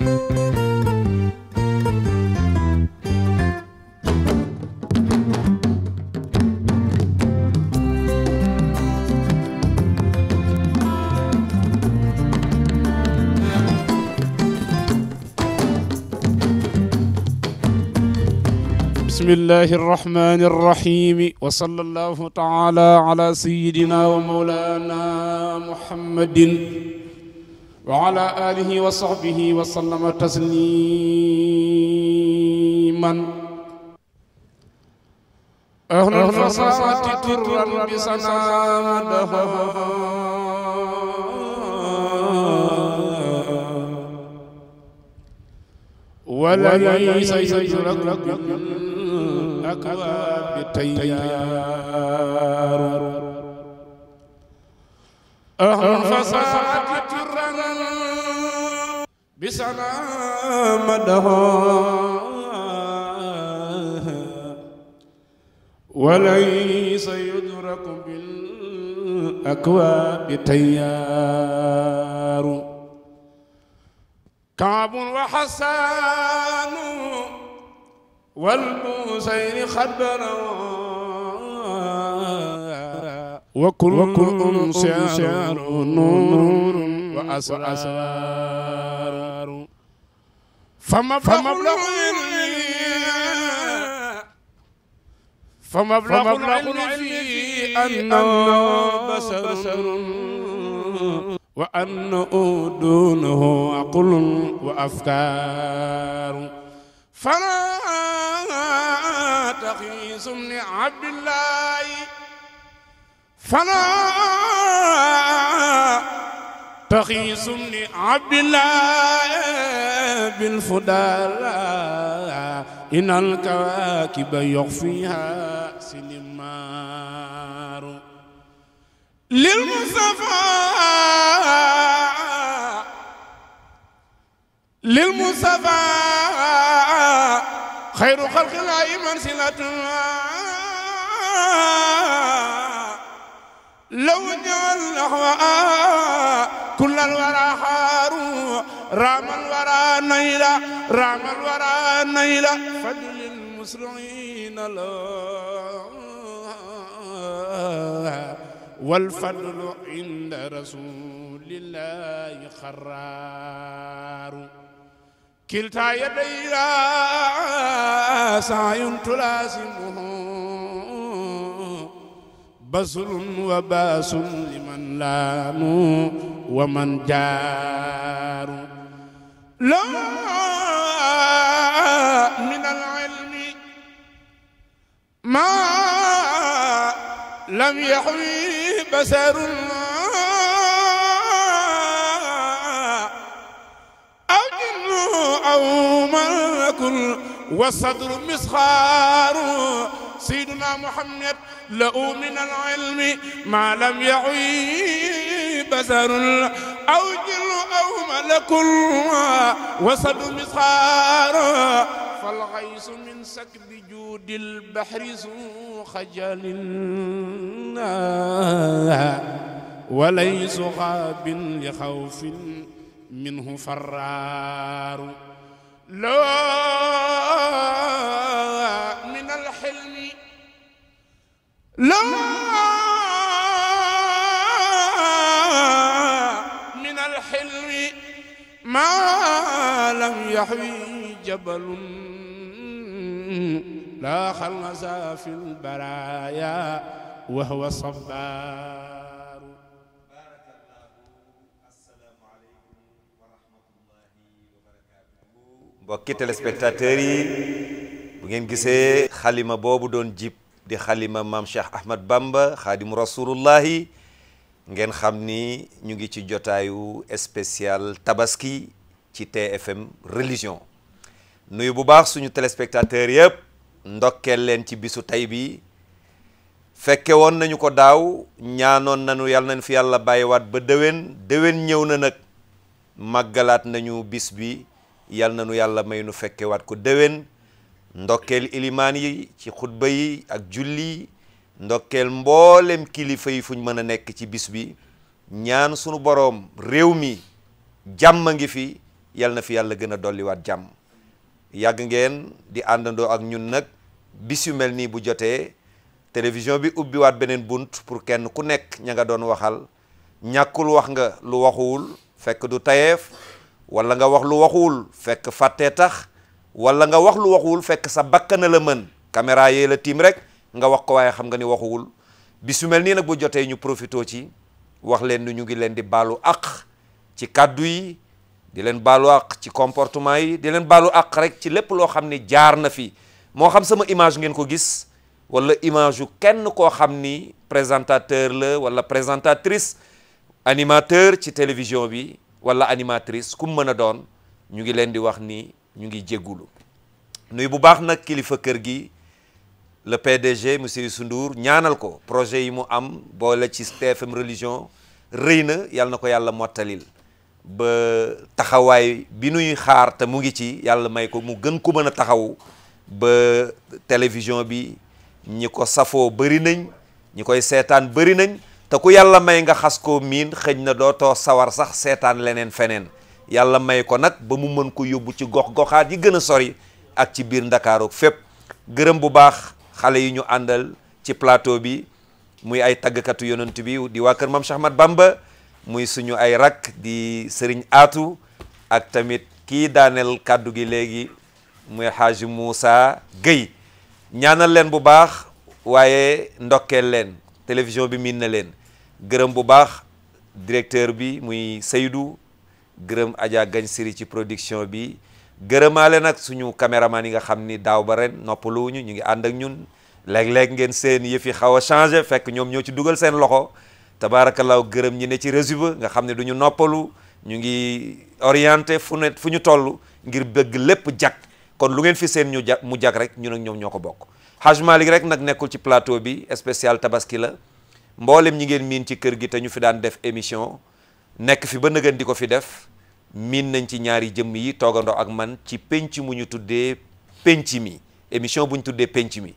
بسم الله الرحمن الرحيم وصلى الله تعالى على سيدنا ومولانا محمد وعلى آله وصحبه وسلم تسليما أهل الفصاحة ترا بسنامها وليس يدرك بالأكواب تيار أهل الفصاحة بسنا مده وليس يدرك بالأكواب تيار كعب وحسان والبوسين خبروا وكل شعر نور وأسرار فما فمبلغ فمبلغ العلم أنه بشر وأنه دونه عقل وأفكار فلا تخيس من عبد الله فلا تخيس من عبد الله بالفضاء إن الكواكب يخفيها سنمار للمصطفى للمصطفى خير خلق الله من سنة لو جل كل الورى حارو رام الورى نيلا رام الورى نيلا فضل المسرعين لا والفضل عند رسول الله خرار كلتا يديا سعي تلازمه بزل وباس لمن لام ومن جار لا من العلم ما لم يحوي بصر أو جن أو ملك wa sadru misxaaru sayyiduna Muhammad lahu min al-ilmi ma lam ya'i basarun aw jinnu aw malakun wa sadru misxaaru fal-ghaysu min sakbi juudil bahri zu xajalin wa laysa xaabin li xawfin minhu farraaru لا من الحلم لا من الحلم ما لم يحوي جبل لا خلص في البرايا وهو صبا mbokki téléspectateurs yi bu ngeen gisee xalima boobu doon jib di xalima maam Cheikh Ahmad Bamba xaadimu rasulullahi ngeen xam ni ñu ngi ci jotaayu spécial tabaski ci TFM religion nuyu bu baax suñu téléspectateurs yëpp ndokkeel leen ci bisu tey bi fekke woon nañu ko daaw ñaanoon nañu yàlla nañ fi yàlla bàyyiwaat ba déwén déwén ñëw na nag màggalaat nañu bis bi yal na nu yàlla may nu fekkewaat ko déwén ndokkeel ilimaan yi ci xutba yi ak julli ndokkeel mboolem kilifa yi fuñ mën a nekk ci bis bi ñaan sunu boroom réew mi jàmm a ngi fi yal na fi yàlla gën a dolliwaat jàmm yàgg ngeen di àndandoo ak ñun nag bis yu mel nii bu jotee télévision bi ubbiwaat beneen bunt pour kenn ku nekk ña nga doon waxal ñàkkul wax nga lu waxuwul fekk du tayeef wala nga wax lu waxuwul fekk fàtte tax wala nga wax lu waxuwul fekk sa bakkana la mën caméra yee la tiim rek nga wax ko waaye xam nga ni waxuwul bi su mel nii nag bu jotee ñu profitoo ci wax leen ni ñu ngi leen di baalu àq ci kàddu yi di leen baalu àq ci comportement yi di leen baalu àq rek ci lépp loo xam ni jaar na fi moo xam sama image ngeen ko gis wala image yu kenn koo xam ni présentateur la wala présentatrice animateur ci télévision bi wala animatrice ku mën a doon ñu ngi leen di wax ni ñu ngi jéggulu nuy bu baax nag kilifa kër gi le PDG monsieur Youssou Ndour ñaanal ko projet yi mu am boole ci TFM religion rëy na yàlla na ko yàlla mottalil ba taxawaay bi nuy xaar te mu ngi ci yàlla may ko mu gën ko mën a taxaw ba télévision bi ñi ko safoo bëri nañ ñi koy seetaan bëri nañ te ku yàlla may nga xas ko miin xëj na dootoo sawar sax seetaan leneen feneen yàlla may ko nag ba mu mën ko yóbbu ci gox-goxaat yi gën a sori ak ci biir ndakaaru fépp gërëm bu baax xale yi ñu àndal ci plateau bi muy ay taggkatu yonent bi di waa kër Maam Cheikh Ahmad Bamba muy suñu ay rakk di sëriñ aatu ak tamit kii daaneel kàddu gi léegi muy Haji Moussa Guèye ñaanal leen bu baax waaye ndokkeel leen télévision bi miin na leen gërëm bu baax directeur bi muy Seydou gërëm ajaa Gagne Siri ci production bi gërëmaale nag suñu caméraman yi nga xam ni daaw ba ren noppaluwuñu ñu ñu ngi ànd ak ñun léeg-léeg ngeen seen yëf yi xaw a changé fekk ñoom ñoo ci dugal seen loxo tabaarakallaahu gërëm ñi ne ci réseau nga xam ne du ñu noppalu ñu ngi orienté fu ne fu ñu toll ngir bëgg lépp jag kon lu ngeen fi seen ñu jag mu jag rek ñu ak ñoom ñoo ko bokk Haj Malik rek nag nekkul ci plateau bi spécial tabaski la mboolem ñi ngeen miin ci kër gi te ñu fi daan def émission nekk fi ba nëgën di ko fi def miin nañ ci ñaari jëmm yi toogandoo ak man ci penc mu ñu tuddee penc mi émission bu tuddee penc mi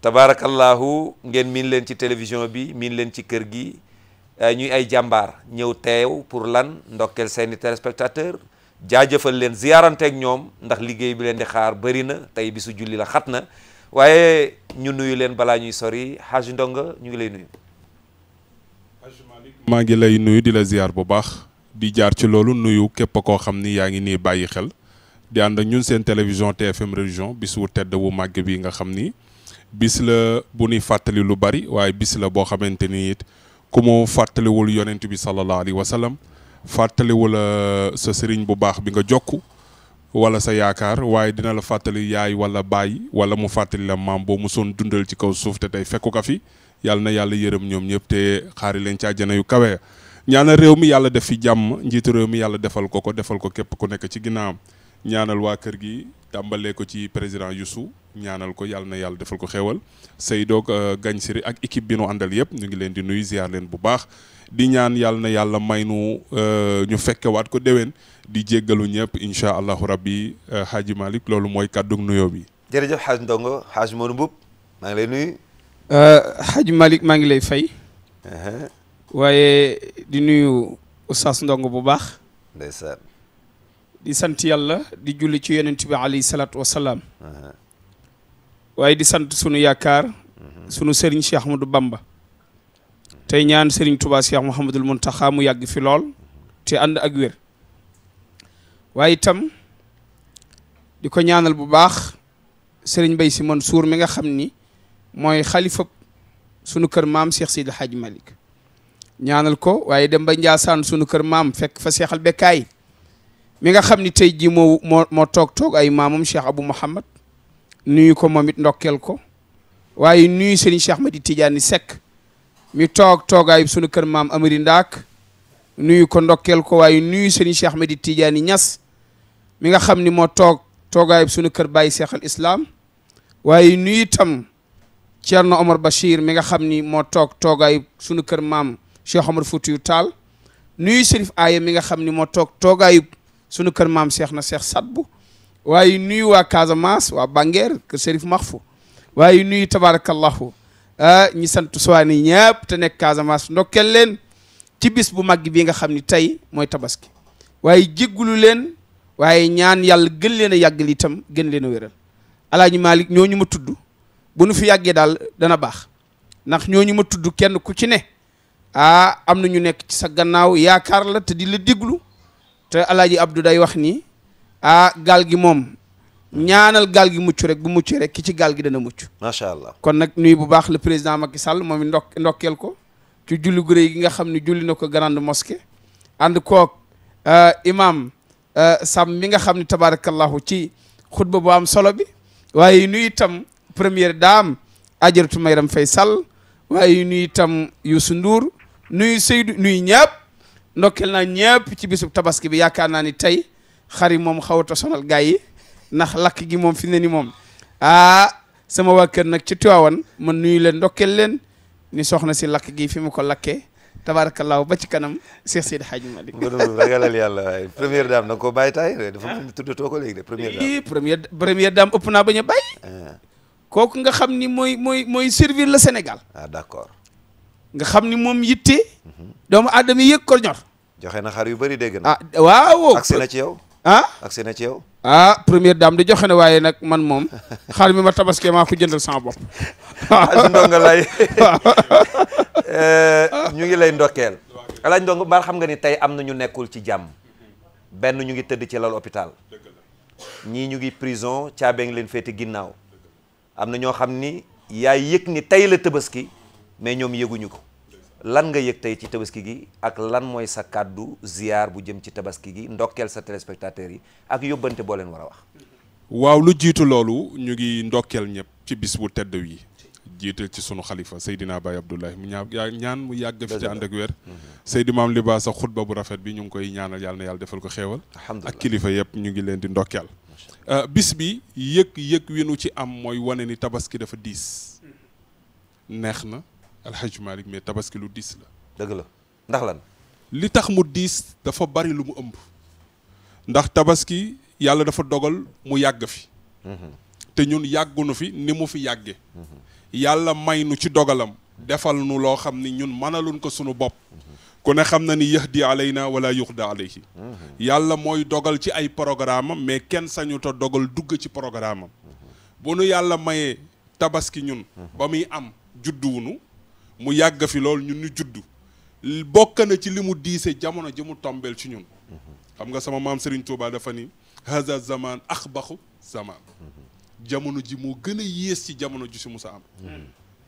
tabaarakallahu ngeen miin leen ci télévision bi miin leen ci kër gi eh, ñuy ay jàmbaar ñëw teew pour lan ndokkeel seeni téléspectateur jaajëfal leen ziyaaranteeg ñoom ndax liggéey bi leen di xaar bëri na tey bisu julli la xat na waaye ñu nuyu leen balaa ñuy sori Haji Ndonga ñu ngi lay nuyu maa ngi lay nuyu di la ziar bu baax di jaar ci loolu nuyu képp koo xam ni yaa ngi nii bàyyi xel di ànd ak ñun seen télévision TFM religion bis wu tedd wu màgg bi nga xam ni bis la bu nuy fàttali lu bari waaye bis la boo xamante ni it ku mu fàttaliwul yonent bi sallallahu alayhi wa sallam fàttaliwul euh, sa sëriñ bu baax bi nga jokk wala sa yaakaar waaye dina la fàttali yaay wala baay wala mu fàttali la maam boo mu soon dundal ci kaw suuf te tey fekku ka fi. yàlla na yàlla yërëm ñoom ñëpp te xaari leen ci àjjana yu kawe ñaanal réew mi yàlla def fi jàmm njiitu réew mi yàlla defal ko ko defal ko képp ku nekk ci ginnaawam ñaanal waa kër gi tàmbalee ko ci président Youssou ñaanal ko yàlla na yàlla defal ko xéewal Seydou euh, Gagne Siri ak équipe bi nu àndal yëpp ñu ngi leen di nuyu ziar leen bu baax di ñaan yàlla na yàlla may nu euh, ñu fekkewaat ko déwén di jéggalu ñëpp incha allahu rabbi euh, Hadji Malick loolu mooy kàddu nuyoo bi. Euh, Hadj Malick maa ngi lay fay. Uh-huh. waaye di nuyu Oustaz Ndong bu baax. di sant yàlla di julli ci yonent bi alayhi salaam. Uh-huh. waaye di sant sunu yaakaar. Uh-huh. sunu Serigne Cheikh du Bamba. tey ñaan Serigne tubaa Cheikh Mouhamadul Mountakha mu yàgg fi lool. te ànd ak wér. waaye itam di ko ñaanal bu baax Serigne si Sy suur mi nga xam ni. mooy xalifa sunu kër maam Cheikh Sidi Hadj Malick ñaanal ko waaye dem ba Njaasaan sunu kër maam fekk fa seexal bekkaay mi nga xam ni tey jii mo moo moo toog toog ay maamam Cheikh Abou Mouhamad nuyu ko moom it ndokkeel ko waaye nuyu Serigne Cheikh Madi Tidiane Seck mi toog toogaayu sunu kër maam Amari Ndaak nuyu ko ndokkeel ko waaye nuyu Serigne Cheikh Madi Tidiane ñas mi nga xam ni moo toog toogaayu sunu kër Baye Cheikh al Islam waaye nuyu na Omar Bachir mi nga xam ni moo toog toogaayu sunu kër maam Cheikh Omar Foutiou Tall nuyu Serif Aye mi nga xam ni moo toog toogaayu sunu kër maam Cheikh na Cheikh Sadbu waaye nuyu waa Casamance waa Banguer kër Serif Maxfu waaye nuyu tabarakallahu ah ñi sant suwaani ñëpp te nekk Casamance ndokkeel leen ci bis bu mag bi nga xam ni tey mooy tabaski waaye jéggulu leen waaye ñaan yàlla gën leen a yàggal itam gën leen a wéral alaaji Malick ñooñu ma tudd bu nu fi yàggee daal dana baax ndax ñooñu ma tudd kenn ku ci ne ah am na ñu nekk ci sa gannaaw yaakaar la te di la déglu te alaaji Abdou day wax nii ah gaal gi moom ñaanal gaal gi mucc rek bu mucc rek ki ci gaal gi dana mucc. macha allah kon nag nuyu bu baax la président Macky Sall moom it ndok ndokkeel ko ci julli gu rëy gi nga xam ni julli na ko grande mosquée ànd koog euh, imam euh, Sam mi nga xam ne tabaarakallahu ci xutba bu am solo bi waaye nuyu itam. première daam ajaratu Marième fay sal waaye nuy itam Youssou Ndour seydu Seydou nuy ñëpp ndokkel naa ñëpp ci bisub tabaski bi yaakaar naa ni tey xari moom xawata sonal gars yi ndax lakk gi moom fi ne ni moom ah sama waa kër nag ci Tiwaawan man nuyu leen ndokkel leen ni soxna si lakk gi fi mu ko lakkee tabaarakallaahu ba ci kanam Cheikh Seydi Hadji Malick nga dul ragalal yàlla waaye première dame na ko bàyyi taay dafa mën tuddatoo ko léegi de première dame première première ëpp naa bañ a kooku nga xam ni mooy mooy mooy servir le Sénégal. ah d'accord. nga xam ni moom yitte. doomu aadama yëg ko ñor. joxe na xar yu bari dégg na. ah waaw. agsi na ci yow. ah agsi na ci yow. ah première dame di joxe na waaye nag man moom xar mi ma tabaskee maa ko jëndal sama bopp. Aladji Ndongo Laye eh, ngi lay ndokkeel. Aladji Ndongo xam nga ni tey am na ñu nekkul ci jàmm. benn ñu ngi tëdd ci lal hôpital. ñii ñu ngi prison caabe ngi leen féete ginnaaw. am na ñoo xam ni yaay yëg ni tey la tabaski mais ñoom yëguñu ko lan nga yëg tey ci tabaski gi ak lan mooy sa kàddu ziar bu jëm ci tabaski gi ndokkeel sa téléspectateurs yi ak yóbbante boo leen war a wax waaw lu jiitu loolu ñu ngi ndokkeel ñëpp ci bis bu tedd yi jiital ci sunu xalifa Seydina Baye Abdoulaye mu ñaa ñaan mu yàgg fi ci ànd ak weer mhm. Seydi Maam Libaasa xutba bu rafet bi ñu ngi koy ñaanal yàlla na yàlla defal ko xéewal ak kilifa yëpp ñu ngi leen di ndokkeel Euh, bis bi yëg-yëg wi nu ci am mooy wane ni tabaski dafa diis neex na alxaj Malick mais tabaski lu diis la. dëgg la ndax lan. li tax mu diis dafa bari lu mu ëmb ndax tabaski yàlla dafa dogal mu yàgg fi. Mhm. te ñun yàggunu fi ni mu fi yàgge mhm. yàlla may nu ci dogalam defal nu loo xam ni ñun mënaluñ ko sunu bopp mhm. ku ne xam na ni yahdi alayna wala yuxda alayhi mhm. yàlla mooy dogal ci ay programme am mais kenn sañuta dogal dugg ci programme am mhm. bu nu yàlla mayee tabaski ñun mhm. ba muy am judduwunu mu yàgg fi lool ñun ñu juddu bokk na ci li mu diisee jamono ji mu tombeel ci ñun xam nga sama maam Serigne Touba dafa ni haza zaman axbaxu zaman jamono ji moo gën a yées ci jamono ji si musa am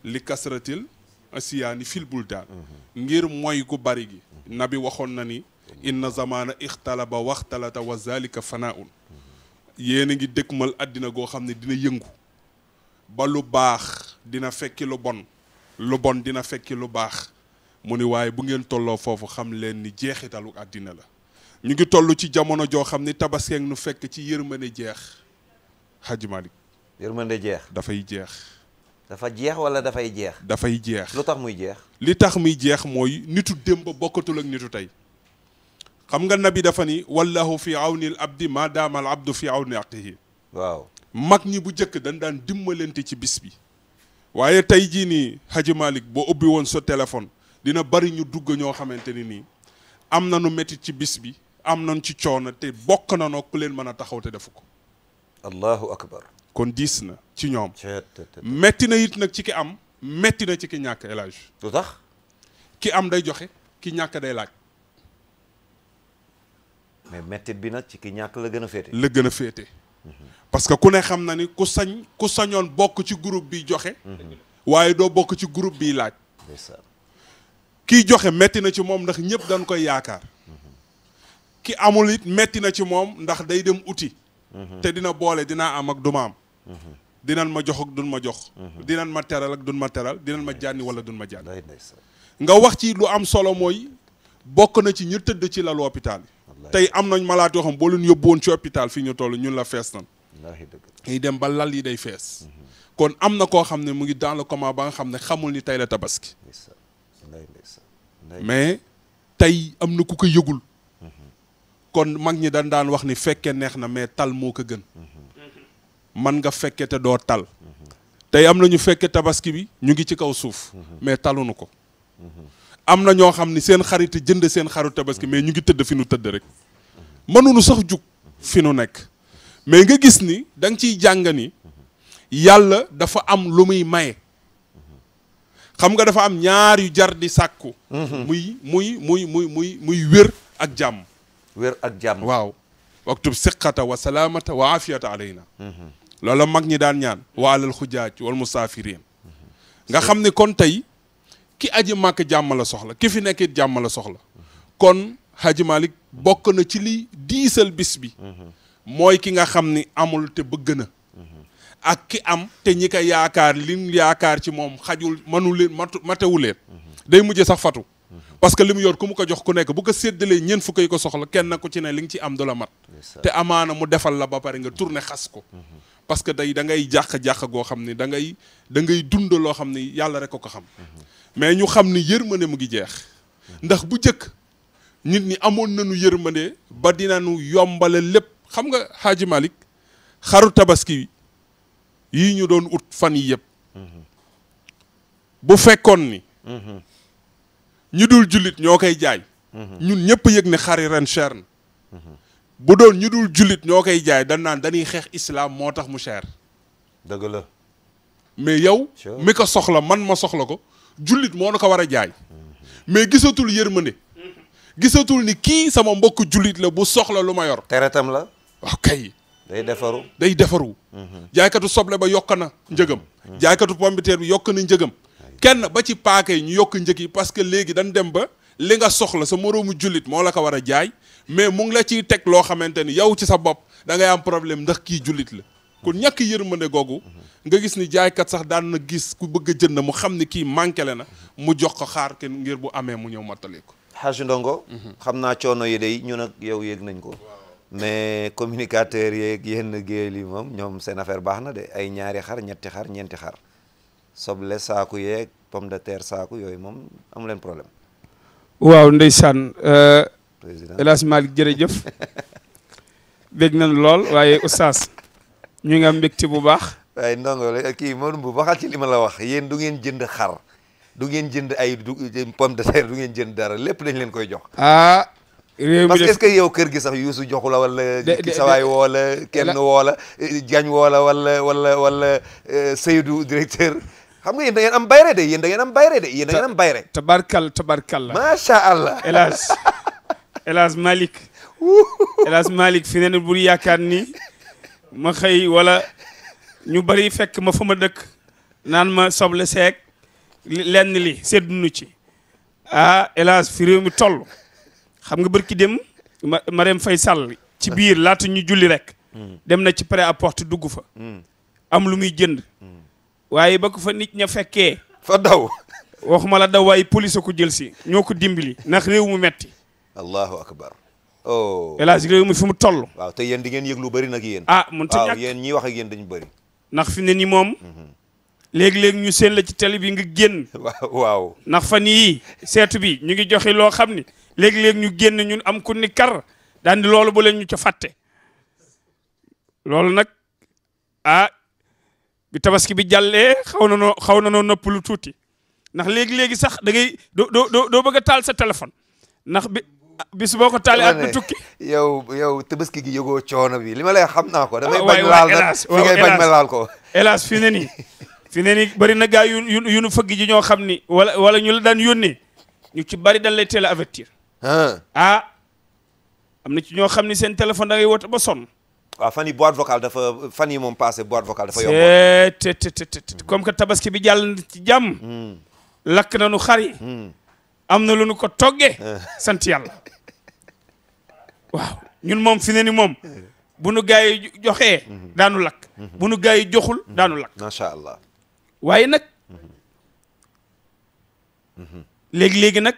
li kasratil asiyaani fil buldaan mhm. ngir mooy gu bari gi na bi waxoon na ni inna zamana ixtalaba waxtalata wa zalika fanaun mhm. yéen a ngi dëkkmal àddina goo xam ne dina yëngu ba lu baax dina fekki lu bon lu bon dina fekki lu baax mu ni waaye bu ngeen tolloo foofu xam leen ni jeexitalu àddina la ñu ngi toll ci jamono joo xam ni tabaskeeg nu fekk ci yërmande jeex Hadji Malick jeex dafay jeex dafa jeex wala dafay jeex. dafay jeex lu tax muy jeex. li tax muy jeex mooy nitu démb bokkatul ak nitu tey xam nga nabi dafa ni wallahu fi awni al abdi ma daama al fi awni aqihi mag ñi bu njëkk dañ daan dimbalante ci bis bi. waaye tey jii nii Hadji Malick boo ubbi woon sa téléphone dina bari ñu dugg ñoo xamante ni nii am na nu métti ci bis bi am nañ ci coono te bokk na noo ku leen mën a taxaw te defu ko. allahu akbar. kon diis na ci ñoom. metti na yit nag ci ki am metti na ci ki ñàkk élage lu tax ki am day joxe ki ñàkk day laaj. mais mettit bi nag ci ki ñàkk la gën a féete. la gën a féete. Mhm. parce que ku ne xam na ni ku sañ ku sañoon bokk ci group bi joxe. Mhm. waaye doo bokk ci groupe bi laaj. kiy joxe metti na ci moom ndax ñëpp dañ koy yaakaar. Mhm. ki amul it metti na ci moom ndax day dem uti. te dina boole dina am ak duma am. dinañ ma jox ak duñ ma jox. Mhm. dinañ ma teral ak dun ma teral dinañ ma jànni wala duñ ma jànni. nga wax ci lu am solo mooy bokk na ci ñu tëdd ci lalu hôpital yi. tey am nañ malaat yoo xam boo leen ci hôpital fii ñu toll ñun la fees nan. ñuy dem ba lal yi day fees. Mhm. kon am na koo xam ne mu ngi dans le coma ba nga xam ne xamul ni tey tabaski. mais tey am na ku ko yëgul. Mhm. kon mag ñi daan daan wax ni fekkee neex na mais tal moo ko gën. man nga fekke te doo tal tey am na ñu fekke tabaski bi ñu ngi ci kaw suuf mais talunu ko am na ñoo xam ni seen xarit jënd seen xaru tabaski mais ñu ngi tëdd fi nu tëdd rek mënuñu sax jug fi nu nekk mais nga gis ni da ciy jàng ni yàlla dafa am lu muy maye xam nga dafa am ñaar yu jar di sàkku muy muy muy muy muy muy wér ak jàmm wér ak jàmm waaw waktub siqata wa salaamata wa afiyata alayna loola mag ñi daan ñaan waalal xujaaj wal musaafirin nga xam ne kon tey ki aji makk jàmmala soxla ki fi nekkit jàmm la kon Haji Malick bokk na ci li diisal bis bi mooy ki nga xam ni amul te bëgg na ak ki am te ñi ko yaakaar lim yaakaar ci moom xajul manu leen matu matewu leen day mujje sax fatu parce que li mu yor ku mu ko jox ku nekk bu ko séddalee ñeent fukk yi ko soxla kenn ku ci ne li nga ci am du la mat te amaana mu defal la ba pare nga tourné xas ko parce que day da ngay jàq-jàq goo xam ni dangay ngay da ngay dund loo xam ni yàlla rek ko ko xam mhm. mais ñu xam ni yërmande mu ngi jeex mhm. ndax bu jëkk nit ñi amoon na nañu yërmande ba dina dinañu yombale lépp xam nga Xaaji Malik xaru tabaski yi ñu doon ut fan yi yëpp mhm. bu fekkoon ni ñu dul jullit ñoo koy jaay ñun ñëpp yëg ne xari ren cher na bu doon ñu dul jullit ñoo koy jaay dañ naan dañuy xeex islam moo tax mu cher. dëgg mais yow. mi ko soxla man ma soxla ko. jullit moo na ko war a jaay. Mhm. mais gisatul yërmande. Mhm. gisatul ni kii sama mbokk jullit la bu soxla lu ma yor. teretam la. waaw kay. day defaru day defaru. Mhm. jaaykatu soble ba yokk na njëgam. jaaykatu pombiteer bi yokk na njëgam. kenn ba ci paaka yi ñu yokk njëg yi parce que léegi dañ dem ba li nga soxla sa moroomu jullit moo la ko war a jaay. mais mu ngi la ci teg loo xamante ni yow ci sa bopp dangay am problème ndax kii jullit la kon ñàkk yërmande googu nga gis ni jaaykat sax daan na gis ku bëgg a jënd mu xam ni kii manqué le na mu jox ko xaar kenn ngir bu amee mu ñëw mattali ko xaaju ndongo xam naa coono yi day ñun ak yow yéeg nañ ko mais communicateur yeeg yenn géel yi moom ñoom seen affaire baax na de ay ñaari xar ñetti xar ñeenti xar soble saaku yeeg pomme de terre saaku yooyu moom amu leen problème euh, président El Hadj Malick jërëjëf bég nañ lool waaye oustaz ñu ngi am mbégte bu baax. waaye ndongo la kii moom bu waxal ci li ma la wax yéen du ngeen jënd xar du ngeen jënd ay du pomme de terre du ngeen jënd dara lépp dañ leen koy jox. ah. réew mi yow kër gi sax yuusu joxu la wala. ki sawaay woo la kenn woo la jañ woo la wala wala wala euh, Seydou directeur. xam nga yéen da ngeen am bayre de yéen da ngeen am bayre de yéen da ngeen am bayre. tabarkal tabarkal la allah El Hadj Malick El Hadj Malick fi neen bul yaakaar ni ma xëy walla ñu bari fekk ma fa ma dëkk naan ma soble seeg lenn li seddunu ci ah El Hadj fi réew mi toll xam nga bërki dem ma Marème fay Sall ci biir laata ñu julli rek hmm. dem na ci prêt-à-porter dugg fa hmm. am lu muy jënd hmm. waaye ba ko fa nit ña fekkee fa daw waxuma la daw waaye police ko jël si ñoo ko dimbali ndax réew mu metti allahu akbar oh El Hadj réew mi fi mu toll waaw te yéen di ngeen yëg lu bëri nag yéen ah mun ta ñàkk yéen ñiy wax ak yéen dañu bëri ndax fi ne ni moom mhm. léegi-léegi ñu seen la ci télé bi nga génn waaw waaw ndax fan yii seetu bi ñu ngi joxe loo xam ni léegi-léegi ñu génn ñun am kun ni kar daan lool loolu bu ñu ca fàtte loolu nag ah bi tabaski bi jàllee xaw na noo xaw na noo nopp tuuti ndax léegi-léegi sax dangay doo doo doo bëgg a taal sa téléphone ndax bis boo ko taalee at bu tukki. yow yow tabaski gi yëgoo coono bi li ma xam naa ko. damay bañ laal nag fi bañ ma laal ko. hélas fi ne nii fi ne nii bëri na gaa yu yu yu nu fëgg ji ñoo xam ni wala wala ñu la daan yónnee ñu ci bëri dañ lay teel a ah am na ci ñoo xam ni seen téléphone da ngay woote waa sonn. waaw fan yi boîte vocale dafa fan yi moom passé boîte vocale dafa yomb. Hmm. comme que tabaski bi jàll na ci jàmm. Hmm. lakk na nu xar hmm. am na lu nu ko toggee. Eh. sant yàlla. waaw ñun moom fi ne ni moom bu nu gaa yi joxee daanu lakk mm-hmm. bu nu gaa yi joxul daanu lakk macha allah waaye nag mm-hmm. Mm-hmm. léegi-léegi nag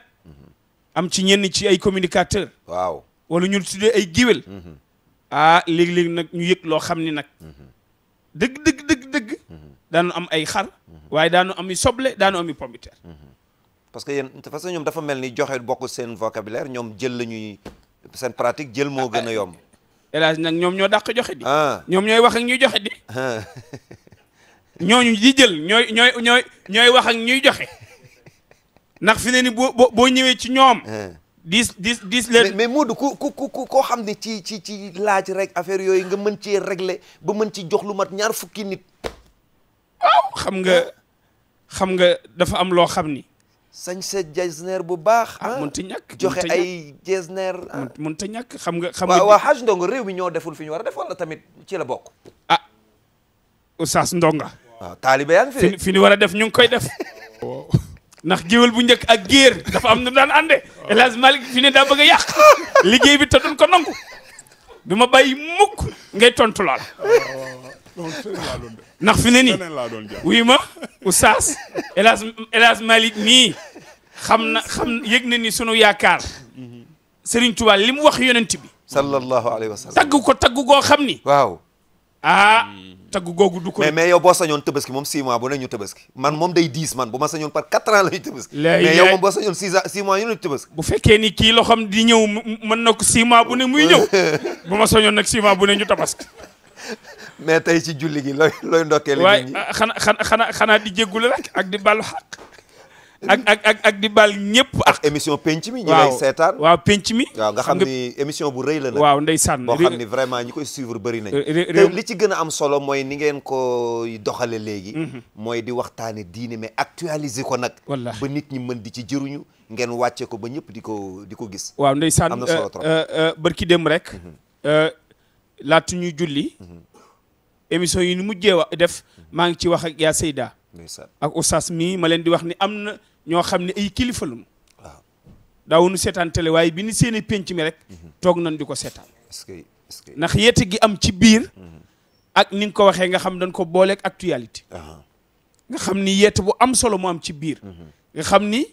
am ci ñenn ci ay communicateur waaw wala ñun tuddee ay giwél ah léegi-léegi nag ñu yëg loo xam ni nag dëgg dëgg dëgg dëgg daanu am ay xar waaye daanu am i soble daanu am i pomme parce que yéen parce ñoom dafa mel ni joxe bokk seen vocabulaire ñoom jël la ñuy seen pratique jël moo gën a yomb. hélas nag ñoom ñoo dàq joxe di. Ah. ñoom ñooy wax ak ñuy joxe di. Ah. ñooñu di jël ñooy ñooy ñooy ñooy wax ak ñuy joxe ndax fi ne ni boo ñëwee ci ñoom. Ah. diis diis diis leen. mais Modou ku ku ku koo xam ne ci ci ci laaj rek affaire yooyu nga mën cee regle ba mën ci jox lu mat ñaar fukki nit. waaw xam nga xam nga dafa am loo xam ni. sañ sa jesner bu baax. ah, ah mënut a ñàkk joxe ay jesner. mënut a ah. ñakk xam nga. xam nga waaw xaj ndongo réew mi ñoo deful fi ñu war a def wala tamit ci la bokk. ah Oustaz Ndonga. waaw taalibe fi fi ñu war a def ñu ngi koy def. ndax géwél bu njëkk ak géer dafa am nu daan ànde El Hadj fi ne daa bëgg a yàq liggéey bi te duñ ko nangu du ma bàyyi mukk ngay tontu lool ndax fi ne nii wuyu ma Oustaz El Hadj El xam na xam yëg na ni sunu yaakaar Serigne Touba li mu wax yonent bi sallallahu alayhi wa sallam tagg ko tagg goo xam ni waaw ah tagg googu du ko mais yow boo sañoon tabaski moom 6 mois bu ne ñu tabaski man moom day 10 man bu ma sañoon par 4 ans la ñu tabaski mais yow moom boo sañoon 6 ans ne tabaski bu fekkee ni kii loxoom di ñëw man na ko 6 mois bu ne muy ñëw bu ma sañoon nag 6 bu ne ñu tabaski mais tey ci julli gi looy looy ndokkee li nit ñi xana xana xanaa xanaa di jéggule rek ak di bàllu xaq ak ak ak ak di baal ñëpp ak émission penc mi ñu lay seetaan waaw penc mi waaw nga xam ni émission bu rëy la nag waaw ndeysaan boo xam ni vraiment ñi koy suivre bëri nañ te li ci gën a am solo mooy ni ngeen ko doxale léegi mhm. mooy di waxtaane diine mais actualiser ko nag ba nit ñi mën di ci jëruñu ngeen wàcce ko ba ñëpp di ko di ko gis waaw ndeysaan am na solo euh, trop euh, euh, bërki dem rek mhm. laatu ñuy julli mhm. émission yi nu mujjee wax def maa ngi ci wax ak yaa Seyda ak oustaz mi ma leen di wax ni am na ñoo xam ne ay kilifa lu waaw daawuñu seetaan waaye bi ni seeni penc mi rek mhm. toog nañ di ko seetaan ndax yeete gi am ci biir mhm. ak ni nga ko waxee nga xam dañ ko boole actualité nga xam ni yeete bu am solo mu am ci biir mhm. nga xam ni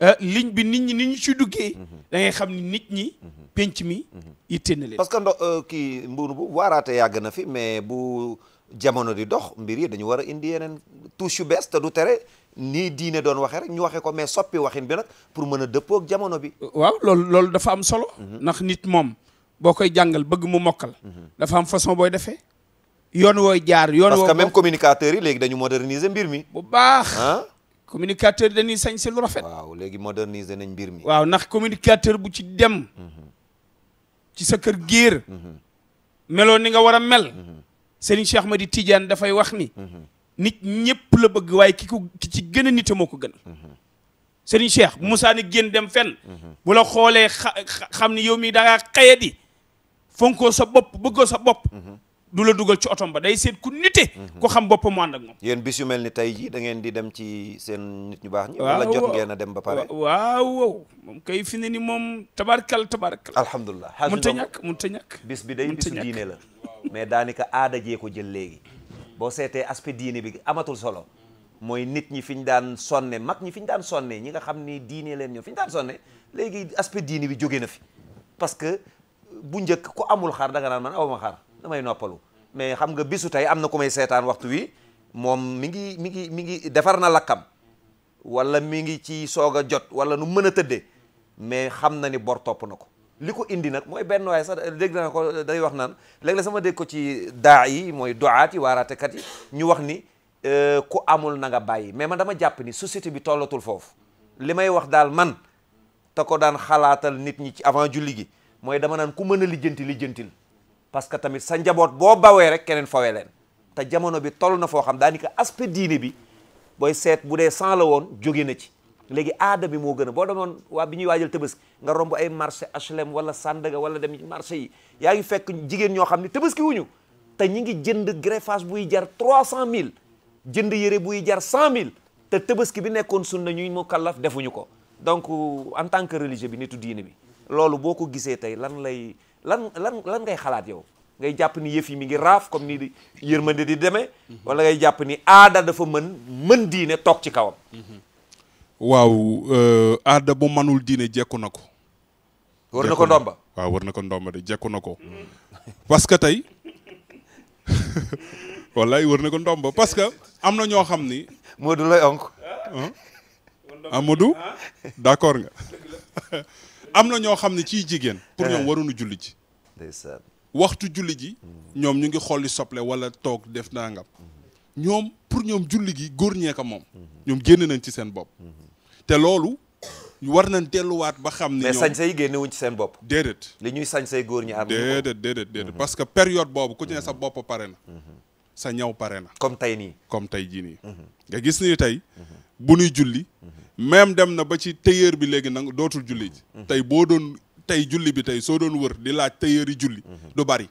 eh, liñ bi nit ñi ni ñu duggee da xam ni nit ñi penc mi yitte na leen parce que ndo euh, kii mbuur bu waaraate yàgg na fi mais bu jamono di dox mbir yi dañu war a indi yeneen touche yu bees du tere nii diine doon waxee rek ñu waxee ko mais soppi waxin bi nag pour mën a dëppoog jamono bi. waaw lool loolu dafa am solo. ndax nit moom boo koy jàngal bëgg mu mokkal. dafa am façon booy defee. yoon wooy jaar yoon woo. parce même communicateurs yi léegi dañu moderniser mbir mi. bu baax communicateur yi dañuy sañ si lu rafet. waaw léegi moderniser nañ mbir mi. waaw ndax communicateur bu ci dem. Mhm. ci sa kër géer. Mhm. meloo ni nga war a mel. Mhm. seen Serigne Cheikh di Tidiane dafay wax ni. Mhm. nit ñëpp la bëgg waaye ki ko ci gën a nite moo ko gën. Mhm. Serigne Cheikh Moussa ni génn dem fen mhm. bu xoolee xa xam ni yow mii da ngaa xëye di fonkoo sa bopp bëggoo sa bopp. du la dugal ci otom ba day seet ku nite. ku xam boppa mu ànd ak moom. yéen bis yu mel ni tey jii da ngeen di dem ci seen nit ñu baax ñi. wala jot ngeen a dem ba pare. waaw waaw moom kay fi ne ni moom tabarkal tabarkal. alhamdulilah mënut a bi day bisu diine la. mais daanaka aada jee ko jël léegi boo seetee aspect diine bi amatul solo mooy nit ñi fi ñu daan sonne mag ñi fi ñu daan sonne ñi nga xam ni diine leen ñoo fi ñu daan sonne léegi aspect diine bi jóge na fi parce que bu njëkk ku amul xar danga daan naan man awma xar damay noppalu mais xam nga bisu tey am na ku may seetaan waxtu wi moom mi ngi mi ngi mi ngi defar na lakkam wala mi ngi ci soog a jot wala nu mën a tëdde mais xam na ni bor topp na ko li ko indi nag mooy benn waaye sax dégg naa ko day wax naan léeg-léeg sama dégg ko ci daa yi mooy doaat yi waaraatekat yi ñu wax ni euh, ku amul na nga bàyyi mais ma dama jàpp ni société bi tollatul foofu li may wax daal man te ko daan xalaatal nit ñi ci avant julli gi mooy dama naan ku mën a lijjanti lijjantil parce que tamit sa njaboot boo bawee rek keneen fawee leen te jamono bi toll na foo xam ko aspe diine bi booy seet bu dee 100 la woon jóge na ci léegi aada bi moo gën a boo demoon waa bi ñuy waajal tabaski nga romb ay marché HLM wala Sandaga wala dem ci marché yi yaa ngi fekk jigéen ñoo xam ne tabaski wuñu te ñi ngi jënd greffage buy jar trois cent mille jënd yére buy jar cent mille te tabaski bi nekkoon sunna ñuy mu kallaf defuñu ko donc en tant que religieux bi nitu diine bi loolu boo ko gisee tey lan lay lan lan lan ngay xalaat yow ngay jàpp ni yëf yi mi ngi raaf comme ni di yërmande di demee mhm. wala ngay jàpp ni aada dafa mën mën diine toog ci kawam mhm. waaw euh, aada bu manul diine jekku na ko. war na ko ndomba waaw na ko ndomba de jekku na ko. parce que tey wallaay war na ko ndomba parce que am na ñoo xam ni. Modou lay onk. Amadou d'accord nga. am na ñoo xam ne ci jigéen. pour ñoom eh. waruñu julli ji. waxtu julli ji. ñoom ñu ngi xolli sople wala toog def nangam. Mm-hmm. ñoom pour ñoom julli gi góor ñee ko moom. Mm-hmm. ñoom génn nañ ci seen bopp. Mm-hmm. te loolu war nañ delluwaat ba xam ne. mais sañse yi ci seen bopp. déedéet li ñuy sañse góor ñi am. déedéet mhm. parce que période boobu ku ci sa bopp pare na. Mhm. sa ñaw pare na. comme tey nii. comme tey jii nii. Mhm. nga gis ni tey bu ñuy julli. même dem na ba ci tailleur bi léegi nag dootul julli ji. tey boo doon tey julli bi tey soo doon wër di laaj tailleur yi julli. du bari.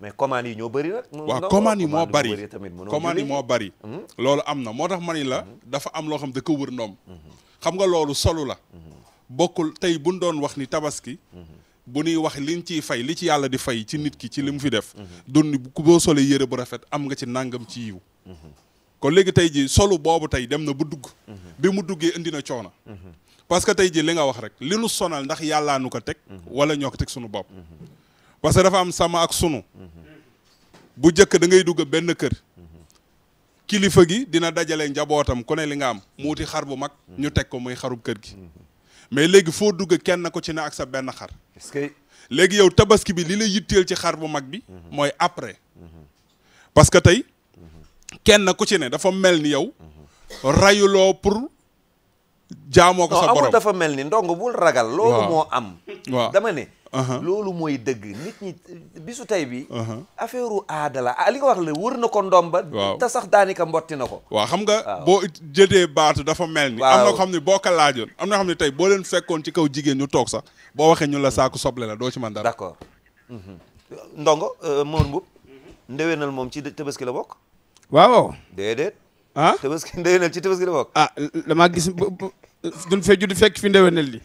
mais commande yi ñoo bëri nag. waaw commande yi moo bëri commande yi moo bëri. loolu am na moo tax ma ni la dafa am loo xam da ko wër ndoom. xam nga loolu solu la bokkul tey buñ doon wax ni tabaski bu nuy wax liñ ciy fay li ci yàlla di fay ci nit ki ci li mu fi def dun ku boo solee yére bu rafet am nga ci nàngam ci yiw kon léegi tey ji solu boobu tey dem na bu dugg bi mu duggee indi na coono parce que tey ji li nga wax rek li nu sonal ndax yàllaa nu ko teg wala ñoo ko teg sunu bopp parce que dafa am sama ak sunu bu jëkk da ngay dugg benn kër kilifa gi dina dajale njabootam ku ne li nga am mu wuti xar bu mag ñu teg ko muy xarub kër gi mais léegi foo dugg kenn ku ci ne ak sa benn xar léegi yow tabaski bi li la yitteel ci xar bu mag bi mooy après parce que tey kenn ku ci ne dafa mel ni yow rayuloo pour jaamoo ko sa borom dafa mel ni ndong bul ragal loolu moo am waaw Uh-huh. loolu mooy dëgg nit ñi bisu tey bi uh-huh. affaire aadala la ah, wax la wër na ko ndomba waaw te sax daanika mbotti na ko waa xam nga boo jëdee baatu dafa mel ni am na xam ne boo ko laajoon am na xam ne tey boo leen fekkoon ci kaw jigéen ñu toog sax boo waxee ñu la mm-hmm. saaku soble la doo ci mën dara d'accord mm-hmm. ndongo euh, moor ndewenal moom ci tabaski la bokk waaw déedéet ah tabaski ci tabaski la bokk ah damaa gis duñ fee di fekk fi ndewenal li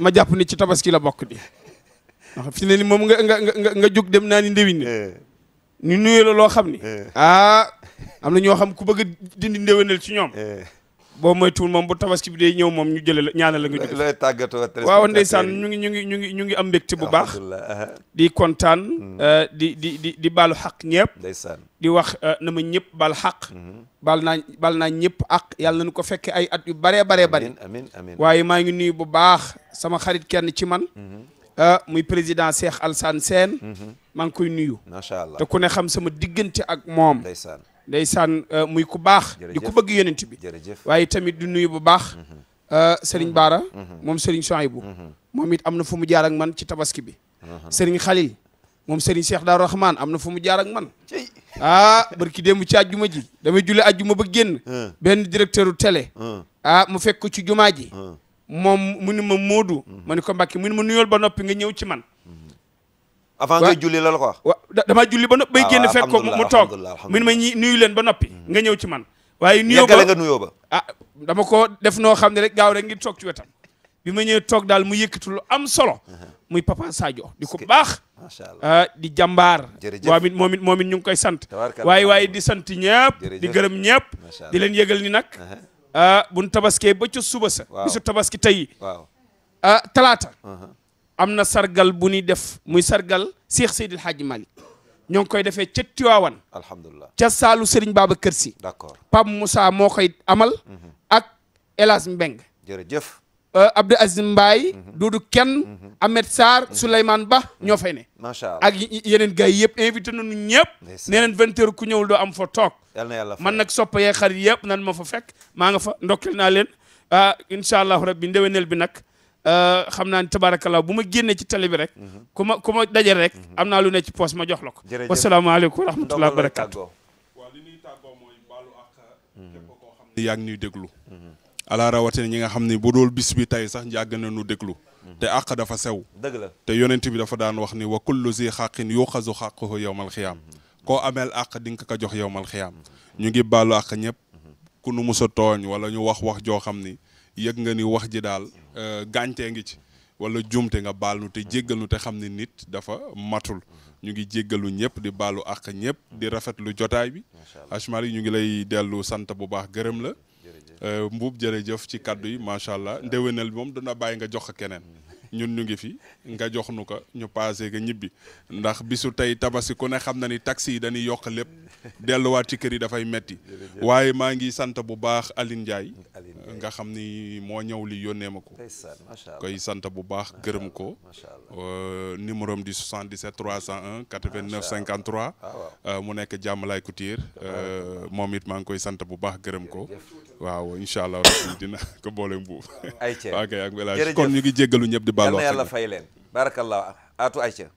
ma jàpp ni ci tabaski la bokk di wax fi ni moom nga nga nga jóg dem naa ni ndewin ni eh. ñu nuyee la loo xam ni eh. ah am na ñoo xam ku bëgg dindi ndéwénal ci ñoom eh. boo moytuwul moom bu tabaski bi day ñëw moom ñu jëlee la ñaanal la nga jóg waaw ndeysaan ñu ngi ñu ngi ñu ngi ñu ngi am mbégte bu baax uh-huh. di kontaan mm. uh, di di di di baalu xaq ñëpp ndeysaan di wax uh, na ma ñëpp bal xaq mm-hmm. bal naa baal naa ñëpp ak yàlla nañu ko fekke ay at yu baree baree bari amiin amiin waaye maa ngi nuyu bu baax sama xarit kenn ci man mm-hmm. uh, muy président Cheikh Alassane Sène mm-hmm. maa ngi koy nuyu macha allah te ku ne xam sama diggante ak moom ndeysaan ndeysaan euh, muy ku baax di ku bëgg yonent bi waaye tamit du nuyu bu baax mm-hmm. euh, Serigne mm-hmm. Baara mm-hmm. moom Serigne Souhaïbou moom it am na fu mu jaar ak man ci tabaski bi Serigne Khalil moom Serigne Cheikh Daaru Rahman am na fu mu jaarak ak man ah barki mu ci àjjuma ji damay julli àjjuma ba génn mm. benn directeur tele télé mm. ah mu fekk ci jumaa ji mm. moom mu ni ma Moodu ma ni ko Mbàkke mu ni ma nuyool ba noppi nga ñëw ci man avant ngay julli la la ko wax julli ba noppi bay ah, génn fekk ko mu toog mun ma ñi nuyu leen ba noppi hmm. nga ñëw ci man waaye nuyoo ba nga nuyoo ba ah dama ko def noo xam ne rek gaaw rek ngi toog ci wetam bi ma ñëwee toog daal mu yëkkatu lu am solo uh-huh. muy papa Sadio di ko baax ah, di jàmbaar waa mit moom it moom it ñu ngi koy sant waaye waaye di sant ñëpp di gërëm ñëpp di leen yëgal ni nag uh-huh. ah, buñ tabaskee ba ca suba sa bisu tabaski tey ah talaata uh-huh. am na sargal bu ñuy def muy sargal Cheikh Seydil Hadji Malick ñoo ngi koy defee ca Tiwaawan alhamdulilah ca saalu Serigne Babacar Sy d'accord Pape Moussa moo koy amal mhm. ak Elas Mbeng jërëjëf euh, Abdou Aziz Mbaye mhm. Doudou Kenn mhm. Ahmed Sarr Souleymane Ba ñoo fay ne macha allah yeneen gars yi yëpp invité nañu ñëpp nee neen vingt ku ñëwul doo am fa toog yal yàlla man nag soppa yee xarit yëpp nan ma fa fekk maa nga fa ndokkel naa leen ah incha allah rabbi ndeweneel bi nag Euh, xam naa ne tabaarakallaa bu ma génnee ci tali bi rek mhm. ku ma ku rek mhm. am naa lu ne ci poos ma jox la ko wasalaamaaleykum wa rahmatullahi wa barakaatu waaw li ñuy mhm. ñuy déglu ala ñi nga xam ne bu dool bis bi tey sax yàgg na nu déglu te àq dafa sew dëgg la te yonent bi dafa daan wax ni wa kullu zi xaqin yuxazu xaquhu yowmal xiyaam koo ameel àq di nga ko jox yowmal xiyaam ñu ngi baalu àq ñëpp ku nu musa tooñ wala ñu wax wax joo xam ni yëg nga ni wax ji daal euh, gàncee ngi ci wala juumte nga baal nu te jéggal nu te xam ne nit dafa matul ñu ngi jéggalu ñëpp di baalu àq ñëpp di rafetlu jotaay bi Achmari ñu ngi lay dellu sant bu baax gërëm la euh, mbuub jërëjëf ci kaddu yi macha allah ndéwénal bi moom dana bàyyi nga jox ko keneen mm-hmm. ñun ñu ngi fi nga jox nu ko ñu passé nga ñibbi ndax bisu tey tabasi ku ne xam na ni taxi yi dañuy yokk lépp delluwaat ci kër yi dafay metti waaye maa ngi sant bu baax Aline Ndiaye nga xam ni moo ñëw li yónnee ma ko koy sant bu baax gërëm ko euh, numéro am di 77 301 89 53 mu nekk Diamalaye Couture ah, euh, moom it maa ngi koy sant bu baax gërëm ko waaw incha allah dina ko boole mbuub. ayca jërëjëf kon ñu ngi jéggalu ñëpp di. baal wax yàlla fay leen. barakallah atu ayca.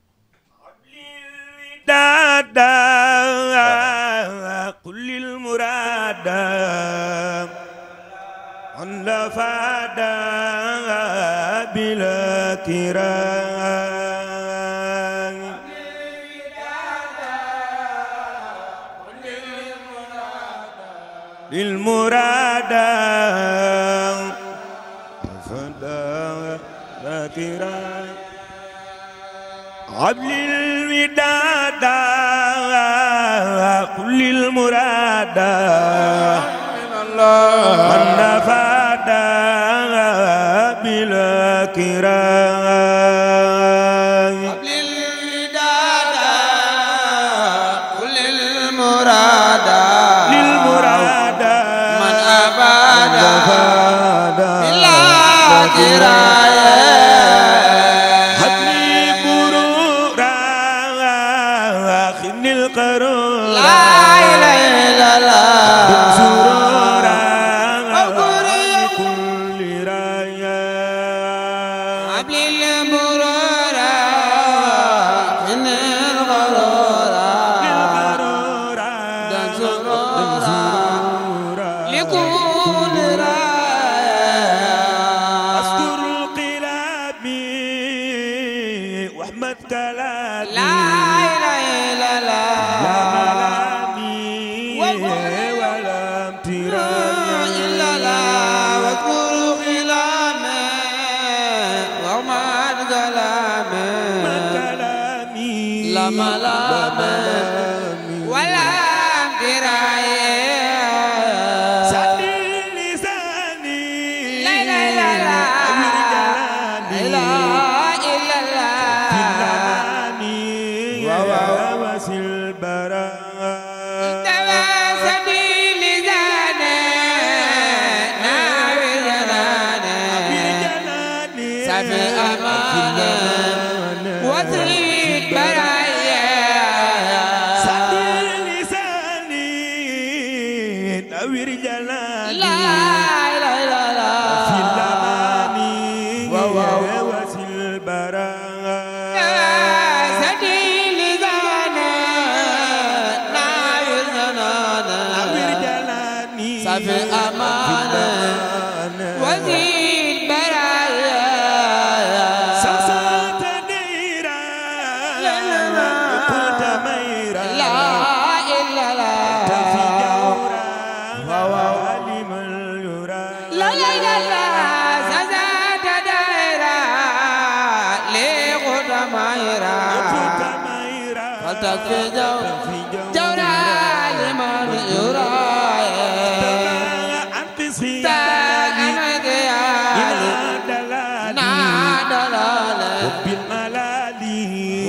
عن فدا فدا ذاكرا عبل الوداد كل المراد من الله من فدا بلا كرام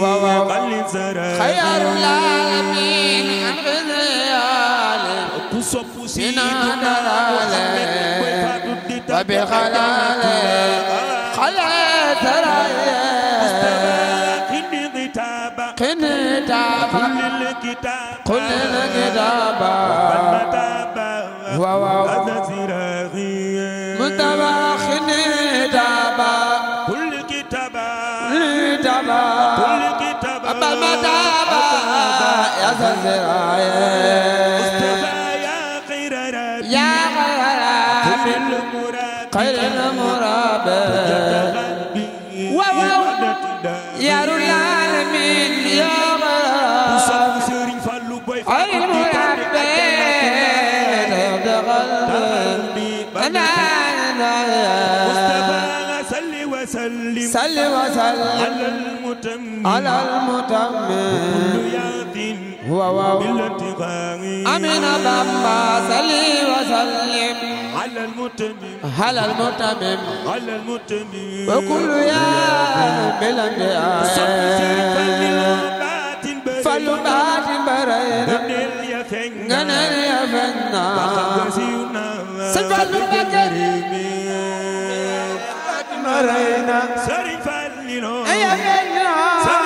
وقل زرع خير العالمين عن غزيان كسب سيدنا محمد وبخلال خلع ثريا قن تابا قل الكتاب وقد زراغي متبع يا سلسلة يا خير رب يا خير رب خير المراب واو يا رب العالمين يا مراب خير المراب أنا مصطفى صل وسلم صل وسلم على المتمم على المتمم waaw waaw amina bamba salli wa sallim halal mutamim halal mutamim halal mutamim wa kullu ya belande falu batin barayna ganal ya fenna safalu batin barayna sarifal lino ya fenna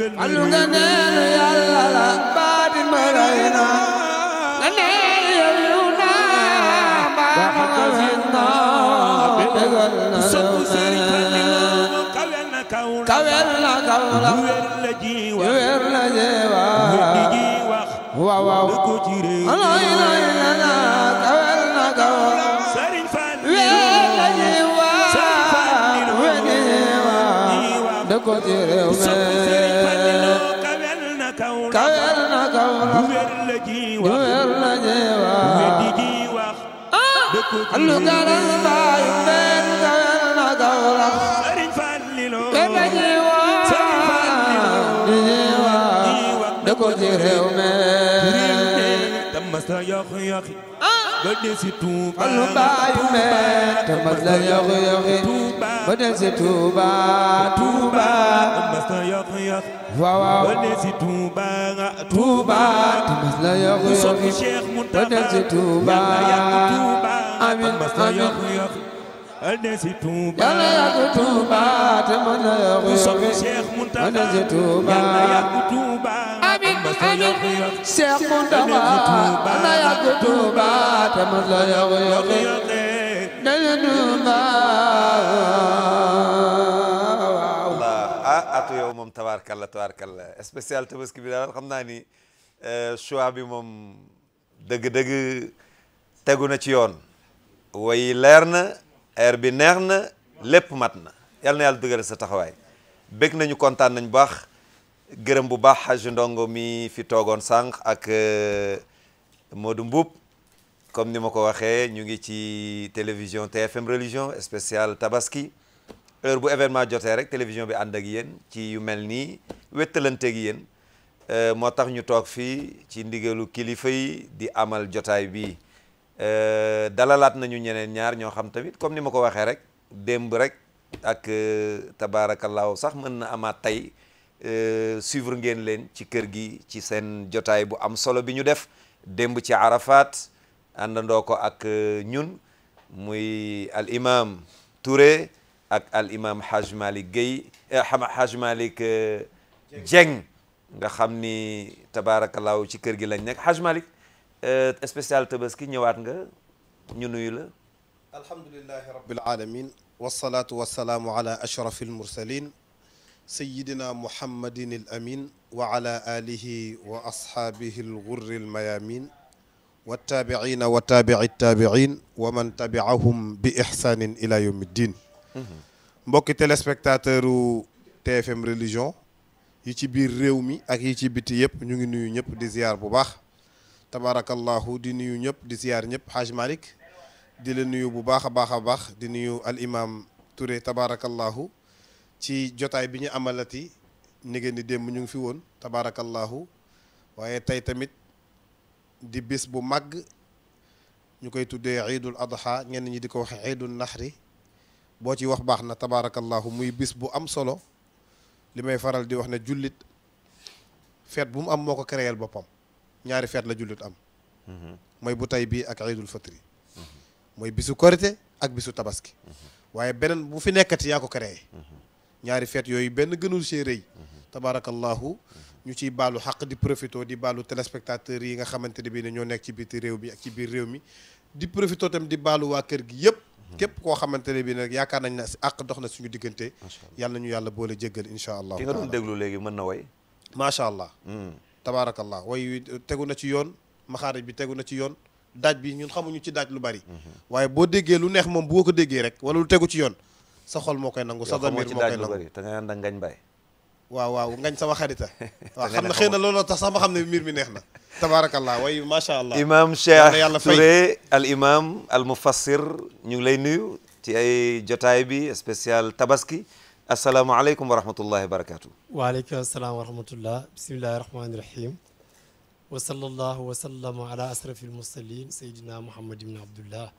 gën alu nga neenu yàlla la baati ma rey na nga neenu yàllu na baat ma rey na tegal na soppu sëriñ kawel na kaw la kawel na kaw la wér la jeewa waaw waaw alay lay la na kawel na kaw la wér la jeewa wér la jeewa dëkk ci réew mi lu garal baayu benn garal na gawrax te dañuy waa di ñuy waa da ko ci réew mee te mas la yoxi yoxi ba del si Tuuba lu baayu mee te mas la yoxi amiin mas na yokk yokk al ne si Touba yal na yàgg Touba te mën na yokk yokk soxna Cheikh Mountakha al ne si Touba yal na yàgg Touba amiin mas na yokk yokk Cheikh Mountakha al na yàgg Touba te mën na yokk yokk dañu Touba ah atu yow moom tabaarkalla tabaarkalla spécial tabaski bi daal xam naa ni eh, choix bi moom dëgg-dëgg tegu na ci yoon way leer na air bi neex na lépp mat na yal na yàlla dëgëral sa taxawaay bég nañu kontaan nañu baax gërëm bu baax Haji Ndongo mi fi toogoon sànq ak euh, Modou Mbuub comme ni ma ko waxee ñu ngi ci télévision TFM religion spécial tabaski heure bu événement jotee rek télévision bi ànd ak yéen ci yu mel nii wettalante ak yéen euh, moo tax ñu toog fii ci ndigalu kilifa yi di amal jotaay bii Euh, dalalaat nañu ñeneen ñaar ñoo xam tamit comme ni ma ko waxee rek démb rek ak euh, tabaarakallaahu sax mën na amaat tey euh, suivre ngeen leen ci kër gi ci seen jotaay bu am solo bi ñu def démb ci Arafat àndandoo ko ak ñun muy al imam Touré ak al imam Haj Malick Guèye Haj Malick Dieng nga xam ni tabaarakallaahu ci kër gi lañ nekk Haj Malick Euh, spécial tabaski ñëwaat nga ñu nuyu la alhamdulilahi rabbil alamin wasalaatu wasalaamu ala ashrafi almursalin sayidina muhammadin al amin wa ala alihi wa ashaabihi algurri almayamin wattaabiciina wa taabici taabicin wa man tabicahum bi ixsaanin ila yawmi ddin mbokki téléspectateur u TFM religion yi ci biir réew mi ak yi ci biti yëpp ñu ngi nuyu ñëpp di ziyaar bu baax tabaarakallaahu di nuyu ñëpp di siyaar ñëpp Haaj Malick di la nuyu bu baax a baax a baax di nuyu al imam Touré tabaarakallaahu ci jotaay bi ñu amalati ni ngeen di démb ñu ngi fi woon tabaarakallaahu waaye tey tamit di bis bu magg ñu koy tuddee iidul adha ñenn ñi di ko wax iidul naxri boo ci wax baax na tabaarakallaahu muy bis bu am solo li may faral di wax ne jullit feet bu mu am moo ko créel boppam ñaari feet la jullit am mhm. mooy bu tay bii ak iidul fitri mooy bisu korite ak bisu tabaski mhm. waaye beneen bu fi nekkati yaa ko créé mhm. ñaari feet yooyu benn gënul see rëy tabaarakallahu ñu ciy baalu xaq di profito di baalu téléspectateurs yi nga xamante ne bii ne ñoo nekk ci biti réew mi ak ci biir réew mi di profito tam di baalu waa kër gi yëpp képp koo xamante ne bii nag yaakaar nañ ne si àq dox na suñu diggante yàlla ñu yàlla boole jéggal incha allah ki nga doon déglu léegi mën na way macha allah mm. tabaarakallah way tegu na ci yoon maxaarij bi tegu na ci yoon daaj bi ñun xamuñu ci daaj lu bari mm-hmm. waaye boo déggee lu neex moom boo ko déggee rek wala lu tegu ci yoon sa xol moo koy nangu sa damir moo koy nangu te nga ànd ak ngañ bay waaw waaw ngañ sama xarita waaw xëy na looloo tax sax ma xam ne mbir mi neex na tabaarakallah way macha allah imam Cheikh Touré al imam al mufassir ñu ngi lay nuyu ci ay jotaay bi spécial tabaski asalaamaaleykum wa rahmatullahi wa barakaatu. salaam wa rahmatullah bismillahi rahmaani rahim. wa sallallahu wa sallama ala asrafil Seydina Muhammad ibn Abdullah.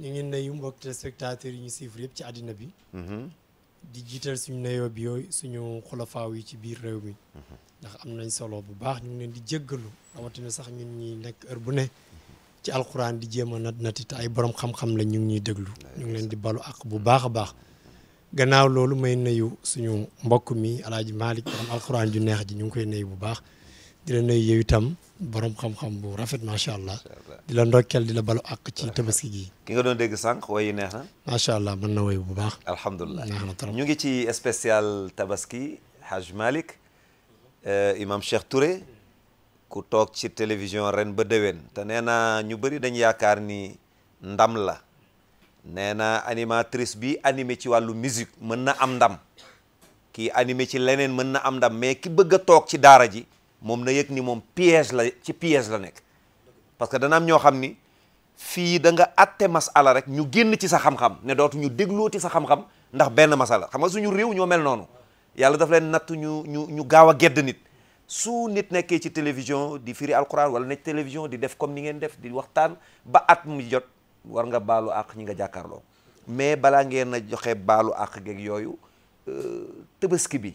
ñu ngi nuyu mbokk téléspectateurs yi ñu siifre yëpp ci àddina bi. Mm-hmm. di jiital suñu nuyoo bi yooyu suñu xulafaaw yi ci biir réew mi. Mm-hmm. ndax am nañ solo bu baax ñu ngi leen di jéggalu rawatina sax ñun ñi nekk heure bu ne. Mm-hmm. ci alquran di jéem a nat nati ay borom xam-xam la ñu ngi ñuy déglu. ñu ngi leen di balu ak bu baax a baax. gannaaw loolu may nuyu suñu mbokk mi alaaji Malick borom alxuraan ju neex ji ñu ngi koy nuyu bu baax di la nuyu yow itam borom xam-xam bu rafet macha allah di la ndokkel di la balu àq ci tabaski gi ki nga doon dégg sànq woyu neex na macha allah mën na woyu bu baax alhamdulilah neex na ñu ngi ci spécial tabaski Haj Malick euh, imam Cheikh Touré ku toog ci télévision ren ba déwén te nee na ñu bëri dañ yaakaar ni ndam la nee na animatrice bi animé ci wàllu musique mën na am ndam kii animé ci leneen mën na am ndam mais ki bëgg a toog ci daara ji moom na yëg ni moom piège la ci piège la nekk parce que dana am ñoo xam ni fii da nga atte masala rek ñu génn ci sa xam-xam ne dootu ñu dégloo ci sa xam-xam ndax benn masala xam nga suñu réew ñoo mel noonu yàlla daf leen natt ñu ñu gaaw a gedd nit su nit nekkee ci télévision di firi alquran wala nekk télévision di def comme ni ngeen def di waxtaan ba at mu jot war nga baalu àq ñi nga jàkkaarloo mais balaa ngeen a joxe baalu àq geeg yooyu euh, tabaski bi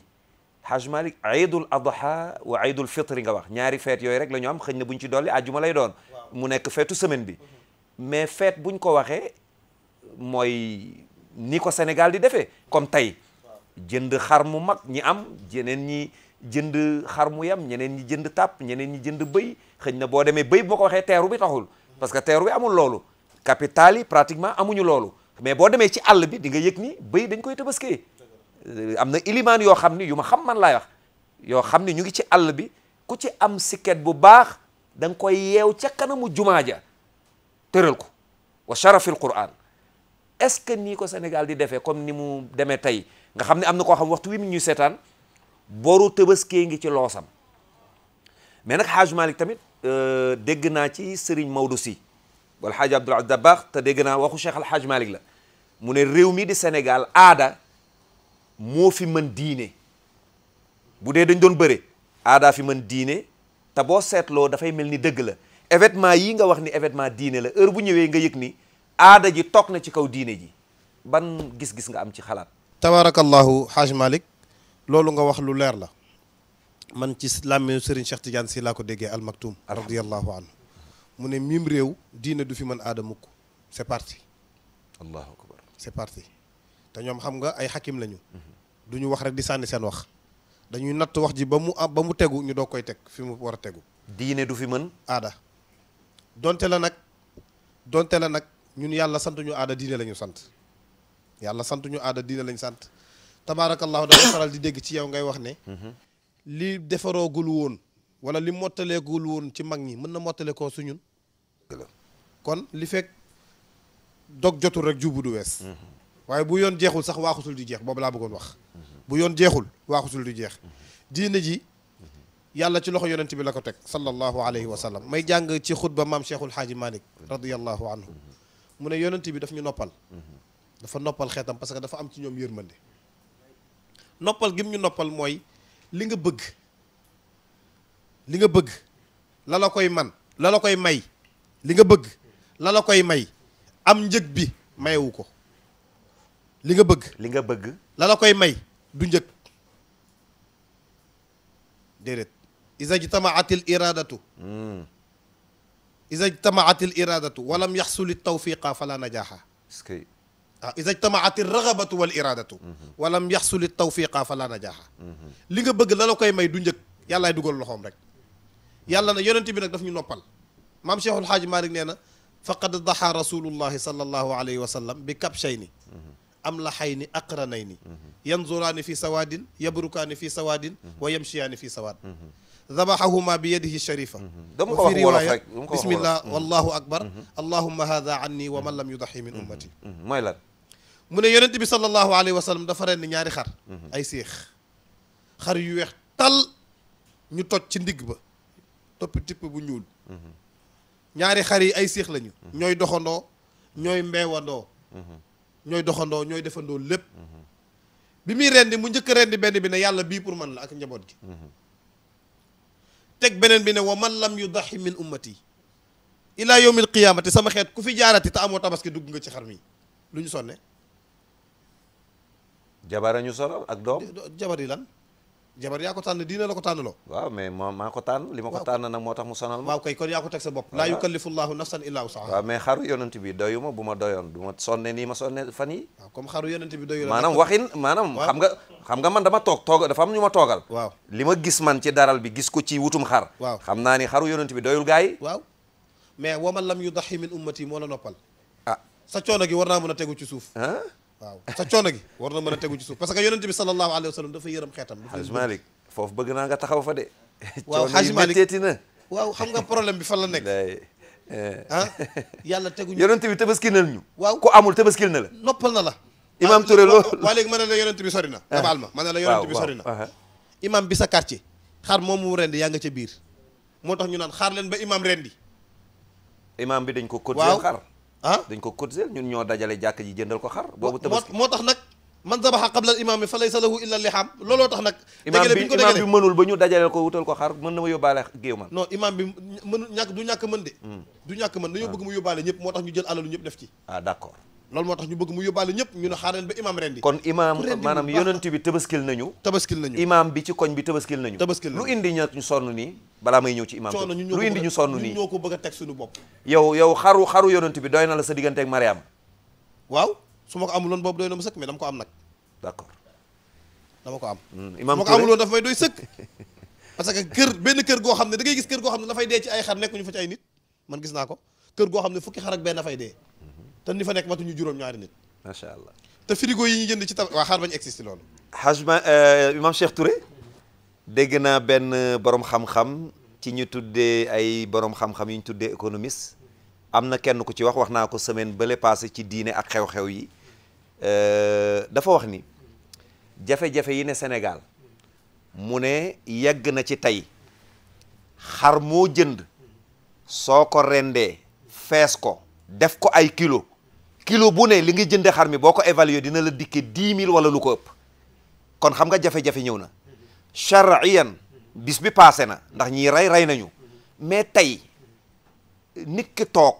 Haj Malik iidul adha wa iidul fitri nga wax ñaari feet yooyu rek la ñu am xëy na bu ñu ci dolli àjjuma lay doon mu nekk feetu semaine bi mm-hmm. mais feet buñ ko waxee mooy ni ko Sénégal di defee comme tey jënd xar mu mag ñi am yeneen ñi jënd xar mu yam ñeneen ñi jënd tàpp ñeneen ñi jënd bëy xëy na boo demee bëy bu ma ko waxee teeru bi taxul mm-hmm. parce que teeru bi amul loolu capital yi pratiquement amuñu loolu mais boo demee ci àll bi di nga yëg ni béy dañ koy tabaskee am na ilimaan yoo xam ni yu ma xam man laay wax yoo xam ni ñu ngi ci àll bi ku ci am siket bu baax da nga koy yeew ca kanamu jumaa ja tëral ko wa sharafil quran est-ce que nii ko Sénégal di defee comme ni mu demee tey nga xam ne am na koo xam waxtu wi mu ñu seetaan boru tabaskee ngi ci loosam mais nag Hadj Malick tamit euh, dégg naa ci Serigne Maodo Sy alxaaji Abdoul Aziz Dabakh te dégg naa waxu Cheikh alxaaj Malick la mu ne réew mii di Sénégal aada moo fi mën diine bu dee dañ doon bëre aadaa fi mën diine te boo seetloo dafay mel ni dëgg la événement yi nga wax ni événement diine la heure bu ñëwee nga yëg ni aada ji toog na ci kaw diine ji ban gis-gis nga am ci xalaat tabarakallahu xaaj Malick loolu nga wax lu leer la man ci làmmiñu Serigne Cheikh Tidiane si laa ko déggee almaktum radiallahu anhu mu ne mim réew diine du fi mën aada mukk c'est parti allahu akbar c'est te ñoom xam nga ay xakim lañu mhm. du ñu wax rek di sànni seen wax dañuy natt wax ji ba mu am ah, ba mu tegu ñu doog koy teg fi mu war a tegu diine du fi mën aada donte la nag donte la nag ñun yàlla sant ñu aada diine la sant yàlla sant ñu aada diine lañu sant tabaarakallaahu dafa faral di dégg ci yow ngay wax ne mhm. li defaroogul woon wala li mottaleegul woon ci mag ñi mën na mottale koo su ñun kon li fekk dog jotul rek jubu du wees waaye bu yoon jeexul sax waaxusul di jeex boobu laa bëggoon wax bu yoon jeexul waaxusul di jeex diine ji yàlla ci loxo yonent bi la ko teg sallallahu alayhi wa sallam may jàng ci xutba maam cheikhul xaaji malik radiallahu anhu mu ne yonent bi daf ñu noppal dafa noppal xeetam parce que dafa am ci ñoom yërmande noppal gim ñu noppal mooy li nga bëgg li nga bëgg la la koy man la la koy may li nga bëgg la la koy may am njëg bi mayewu ko li nga bëgg li nga bëgg la la koy may du njëg déedéet isa jtamaatil iradatu hmm. isa jtamaatil iradatu walam yaxsuli tawfiqa fala najaaxa ah isa jtamaatil raxabatu wal iradatu mhm. walam yaxsuli tawfiqa fala najaaxa mhm. li nga bëgg la la koy may du njëg yàllaay dugal loxoom rek yàlla na yonent bi nag daf ñu noppal maam Cheikhul Xaaji Malik nee na faqad daxa rasulullahi sallallahu alayhi wa sallam bi kabshayni am la xay ni aqranay ni yanzuraani fi sawaadin yabrukaani fi sawaadin wa yamchiyaani fi sawaad dabaxahuma bi yadihi sharifa dama ko wax wolof rek bismillah wallahu akbar mhm. allahumma hada anni wa man lam yudaxi min mhm. ummati mhm. mooy lan mu ne yonent bi sallallahu alayhi wa sallam dafa ren ñaari xar ay séex xar yu weex tal ñu toj ci ndigg ba topp tipp bu ñuul ñaari xar yi ay séex lañu. ñooy doxandoo ñooy mbeewandoo. ñooy doxandoo ñooy defandoo lépp. bi muy rendi mu njëkk rendi benn bi ne yàlla bii pour man la ak njaboot gi. teg beneen bi ne wa man la lam yudaxi min ummati ila yawmil qiyaamati sama xeet ku fi jaarati te amoo tabaski dugg nga ci xar mi lu ñu sonne. jabar ñu sonal ak doom jabar yi lan. jaman yaa ko tànn diina la ko tànn loo waaw mais moo maa ko tànn li ma ko tànn nag moo tax mu sonal ma waaw kay kon yaa ko teg sa bopp laa yukallifu llahu nafsan illaa wusaha waaw mais xaru yonent bi doyu bu ma doyoon du ma sonne nii ma sonne fan yi maanaam waxin maanaam xam nga xam man dama toog toog dafa am ñu ma toogal waaw li ma gis man ci daral bi gis ko ci wutum xar waaw xam naa ni xaru yonent bi doyul gars yi waaw mais waman lam yu yudahi min ummati moo la noppal ah sa coono gi war naa mën a tegu ci suuf waaw sa coono gi war na mën a tegu ci suuf parce que yonente bi sallallahu alayhi wa sallam dafa yërëm xeetam Hajj Malik foofu bëgg naa taxaw fa de waaw Hajj Malik na waaw xam nga problème bi fan la nekk ah yàlla teguñu yonente bi tabaskilal ñu waaw ku amul tabaskil na la noppal na la imam ah, Touré loolu waa léegi ma ne la yonente bi sori na nga ah. baal ma ma na imam bi sa quartier xaar moom mu rendi yaa nga ca biir moo tax ñu naan xaar leen ba imam rendi imam bi dañ ko cotiser xaar ah dañ ko cotiser ñun ñoo dajale jàkk ji jëndal ko xar boobu tabaski moo tax nag man zabaxa qabla al imaami fa laysa lahu illa lihaam looloo tax nag dégale bi ñu imaam bi mënul ba ñu dajaleel ko wutal ko xar mën na ma yóbbaale géew man non imaam bi mënu ñàkk du ñàkk mën de hmm. du ñàkk mën dañoo ah. bëgg mu yóbbaale ñëpp moo tax ñu jël alalu ñëpp def ci ah d'accord loolu moo tax ñu bëgg mu yóbbaale ñëpp ñu ne xaaral ba imaam rendi kon imaam maanaam yonent bi tabaskil nañu tabaskil nañu imaam bi ci koñ bi tabaskil nañu tabaskil lu indi ñag ñu sonn nii balaa may ñëw ci imaam lu indi ñu sonn nii ñoo ko bëgg a teg suñu bopp yow yow xaru xaru yonent bi doy na la sa diggante ak Mariam waaw su ma ko amuloon boobu doy na ma sëkk mais dama ko am nag d'accord dama ko am hmm, imaam su ma ko amuloon daf may doy sëkk parce que kër benn kër goo xam ne da gis kër goo xam ne dafay dee ci ay xar nekkuñu fa ci ay nit man gis naa ko kër goo xam ne fukki xar benn dafay dee te ni fa nekk matuñu juróom-ñaari nit. macha allah te frigo yi ñu jënd ci tabax waa xaar bañ existe loolu. xaj ma euh, imam Cheikh Touré. dégg naa benn borom xam-xam ci ñu tuddee ay borom xam-xam yu ñu tuddee économiste am na kenn ku ci wax wax naa ko semaine bële passé ci diine ak xew-xew yi euh, dafa wax ni jafe-jafe yi ne senegal mu ne yegg na ci tey xar moo jënd soo ko rendee fees ko def ko ay kilo kilo bu ne li nga jënde xar mi boo ko évaluer dina la dikke dix mille wala lu ko ëpp kon xam nga jafe-jafe ñëw na chariyan bis bi passé na ndax ñii rey rey nañu mais tey nit ki toog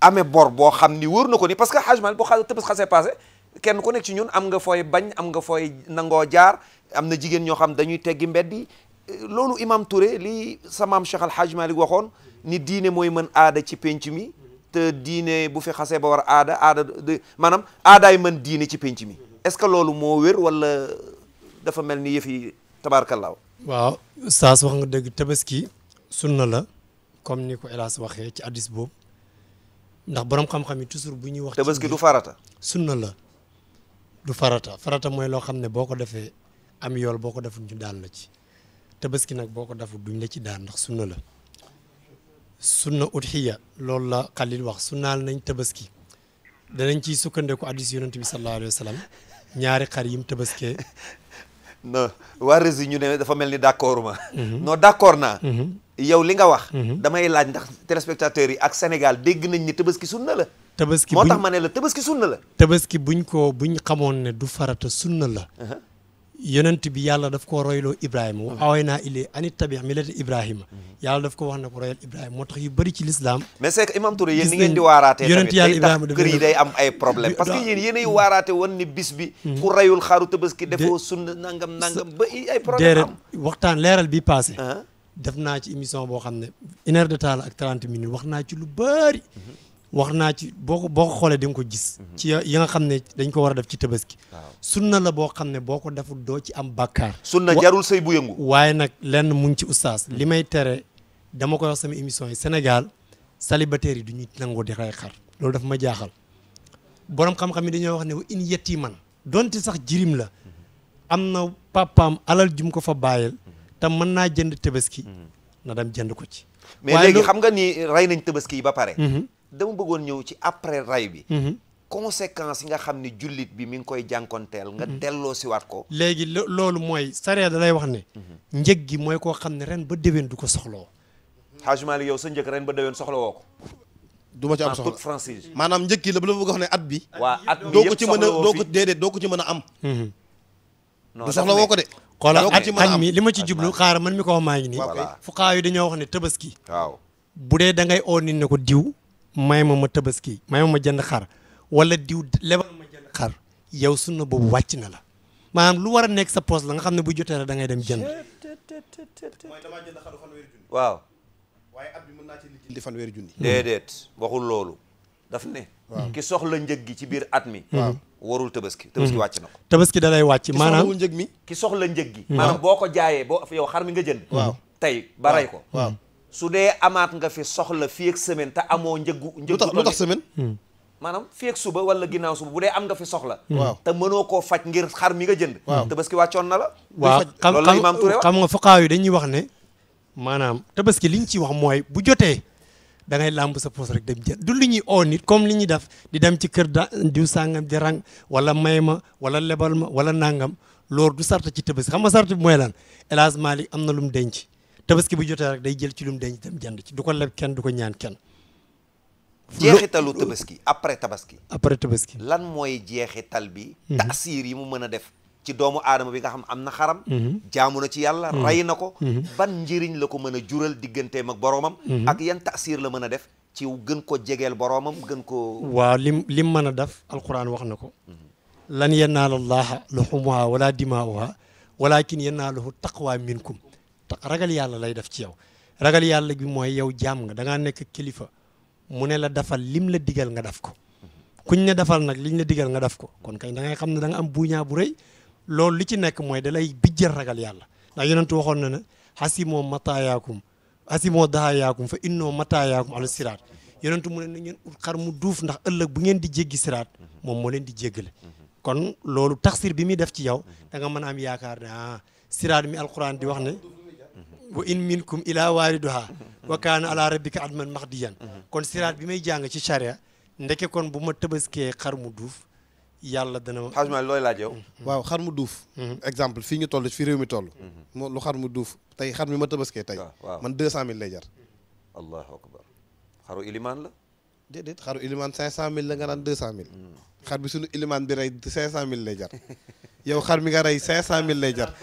amee bor boo xam ni wóor na ko ni parce que xajmal boo xa tëbës xasee passé kenn ku nekk ci ñun am nga fooy bañ am nga fooy nangoo jaar am na jigéen ñoo xam dañuy teggi mbedd yi loolu imam Touré lii sa maam Cheikh Al Hadj Malick waxoon ni diine mooy mën aada ci penc mi te bu fi ba war aada aada maanaam aadaay mën diine ci penc mi est-ce que loolu moo wér wala dafa mel ni yëf yi tabaarkallaaw waaw saas wax nga dëgg tabaski sunna la comme ni ko hélas waxee ci addis boobu ndax borom xam-xam toujours bu ñuy wax tabaski du farata sunna la du farata farata mooy loo xam ne boo ko defee am yool boo ko deful ñu daan la ci tabaski nag boo ko deful duñ la ci daan ndax sunna la sunna udhiya loolu la xalil wax su sunnaal nañ tabaski danañ ciy sukkandeku addis yonent bi sallallahu alayhi wa ñaari xar yim tabaskee non waa rési ñu ne dafa mel ni d'accord ma mhm. non d'accord naa mhm. yow li nga wax mhm. damay laaj ndax téléspectateurs yi ak Sénégal dégg nañ ni tabaski sunna la tabaski moo tax ma ne la tabaski sunna la tabaski buñ ko buñ xamoon ne du farata sunna la uh-huh. yonent bi yàlla daf ko royloo ibrahima wa mhm. away naa illee ani tabix milata ibrahima mhm. yàlla daf ko wax na ko royal ibrahima moo tax yu bëri ci lislaam mais c'est que imam Touré yéen ni ngeen di waaraatee yonent yàlla ibrahima kër yi day am ay problème parce que yéen yéenay mm. waaraate woon ni bis bi mm. ku rayul xaaru tabaski defoo sunna nangam nangam ba ay problème waxtaan leeral bi passé ah. def naa ci émission boo xam ne une heure ak 30 minutes wax naa ci lu bëri mhm. wax naa ci boo ko boo xoolee di nga ko gis. Mhm. ci yi nga xam ne dañ ko war a def ci tabaski. sunna la boo xam ne boo ko deful doo ci am bàkkaar. sunna jarul sëy bu yëngu. waaye nag lenn mu ngi ci oustaz. Mhm. li may tere dama koy wax sama émission yi Sénégal célibataires yi du ñu nangoo di rey xar. loolu dafa ma jaaxal borom xam-xam yi dañoo wax ne in yetti man donte sax jirim la mhm. am na papaam alal jum ko fa bàyyil te mën naa jënd tabaski. na dem jënd ko ci. mais léegi xam nga ni rey nañ tabaski ba pare. dama bëggoon ñëw ci après ray bi. Mhm. conséquences yi nga xam ni jullit bi mi ngi koy jànkonteel. nga mhm. delloo waat ko. léegi loolu mooy sariya da wax ne. Mhm. njëg gi mooy koo xam ne ren ba déwén du ko soxloo. Haji Malick yow sa njëg ren ba déwén soxla woo ko. du ma ci am soxla toute franchise maanaam njëkk yi la la bëgg wax ne at bi. waa a doo ko ko ci mën a am. non soxla woo ko de. xoolal at at li ma ci jublu xaaral man mi ko wax maa ngi nii. fu xaa dañoo wax ne tabaski. bu dee da ngay ne ko diw may ma ma tabaski may ma ma jënd xar wala diw lebal ma jënd xar yow sunna boobu wàcc na la maanaam lu war a nekk sa poos la nga xam ne bu jotee rek dangay dem jënd. mooy waaw. waaye at bi mën naa ci lijjanti hmm. waxul loolu. daf ne. ki soxla njëg gi ci biir at mi. Hmm. warul tabaski tabaski hmm. wàcc na ko. tabaski da wàcc maanaam njëg mi. ki soxla njëg gi. maanaam boo ko jaayee boo yow xar mi nga jënd. waaw tey ba rey ko. su dee amaat nga fi soxla fii ak semaine te amoo njëggu tax lu tax semaine hmm. maanaam fii ak suba wala ginnaaw suba bu dee am nga fi soxla waaw te mënoo koo faj ngir xar mi nga jënd tabaski wàccoon na la waaw loolu la imaam Touré wax xam nga fuqaa yu dañuy wax ne maanaam tabaski li ciy wax mooy bu jotee da ngay làmb sa poos rek dem jël du lu ñuy oo nit comme li ñuy def di dem ci kër da diw sàngam di wala may ma wala lebal ma wala nangam loolu du sart ci tabaski xam nga sart bi mooy lan El Hadj Malick am na lu denc tabaski bu jotee rek day jël ci lu mu denc dem jënd ci du ko leb kenn du ko ñaan kenn. jeexitalu tabaski tabaski. après tabaski. lan mooy jeexital bi. Mhm. taasiir yi mu mën a def. ci doomu aadama bi nga xam am na xaram. Mhm. jaamu na ci yàlla mhm. rey na ko. ban njëriñ la ko mën a jural digganteem ak boroomam. ak yan taasiir la mën a def. ci gën ko jegeel boroomam gën ko waaw lim lim mën a def alquran wax na ko. lan yanaala llaaha luhumuhaa wala dimaa'uhaa walaakin yanaaluhu taqwa minkum ragal yàlla lay def ci yow ragal yàlla bi mooy yow jaam nga da nekk kilifa mu ne la defal lim la digal nga def ko kuñ ne defal nag liñ la digal nga def ko kon kay da xam ne danga nga am buuñaa bu rëy loolu li ci nekk mooy da lay bijjal ragal yàlla ndax yonentu waxoon na ne xasimoo matayaakum xasimoo dahayaakum fa innoo matayaakum ala siraat yonentu mu ne na ngeen ut xar mu duuf ndax ëllëg bu ngeen di jéggi siraat moom moo leen di jéggale kon loolu taxsir bi muy def ci yow da nga mën a am yaakaar ne ah siraat mi alquran di wax ne wa in minkum ila waariduha wa kaana ala rabbika adman mahdiyan kon siraat bi may jàng ci charia ndeke kon bu ma tëbaskee xar mu duuf yàlla dana ma. xajma looy laaj yow. Mm-hmm. waaw xar mu duuf. Mm-hmm. exemple fii ñu toll fi réew mi toll. Mm-hmm. moo lu xar mu duuf tey xar mi ma tëbaskee tey. man deux cent mille lay jar. allahu akbar xaru ilimaan la. déedéet xaru ilimaan cinq cent mille la nga naan deux cent mille. Mm. xar bi sunu ilimaan bi rey cinq cent mille lay jar. yow xar mi nga rey cinq cent mille lay jar.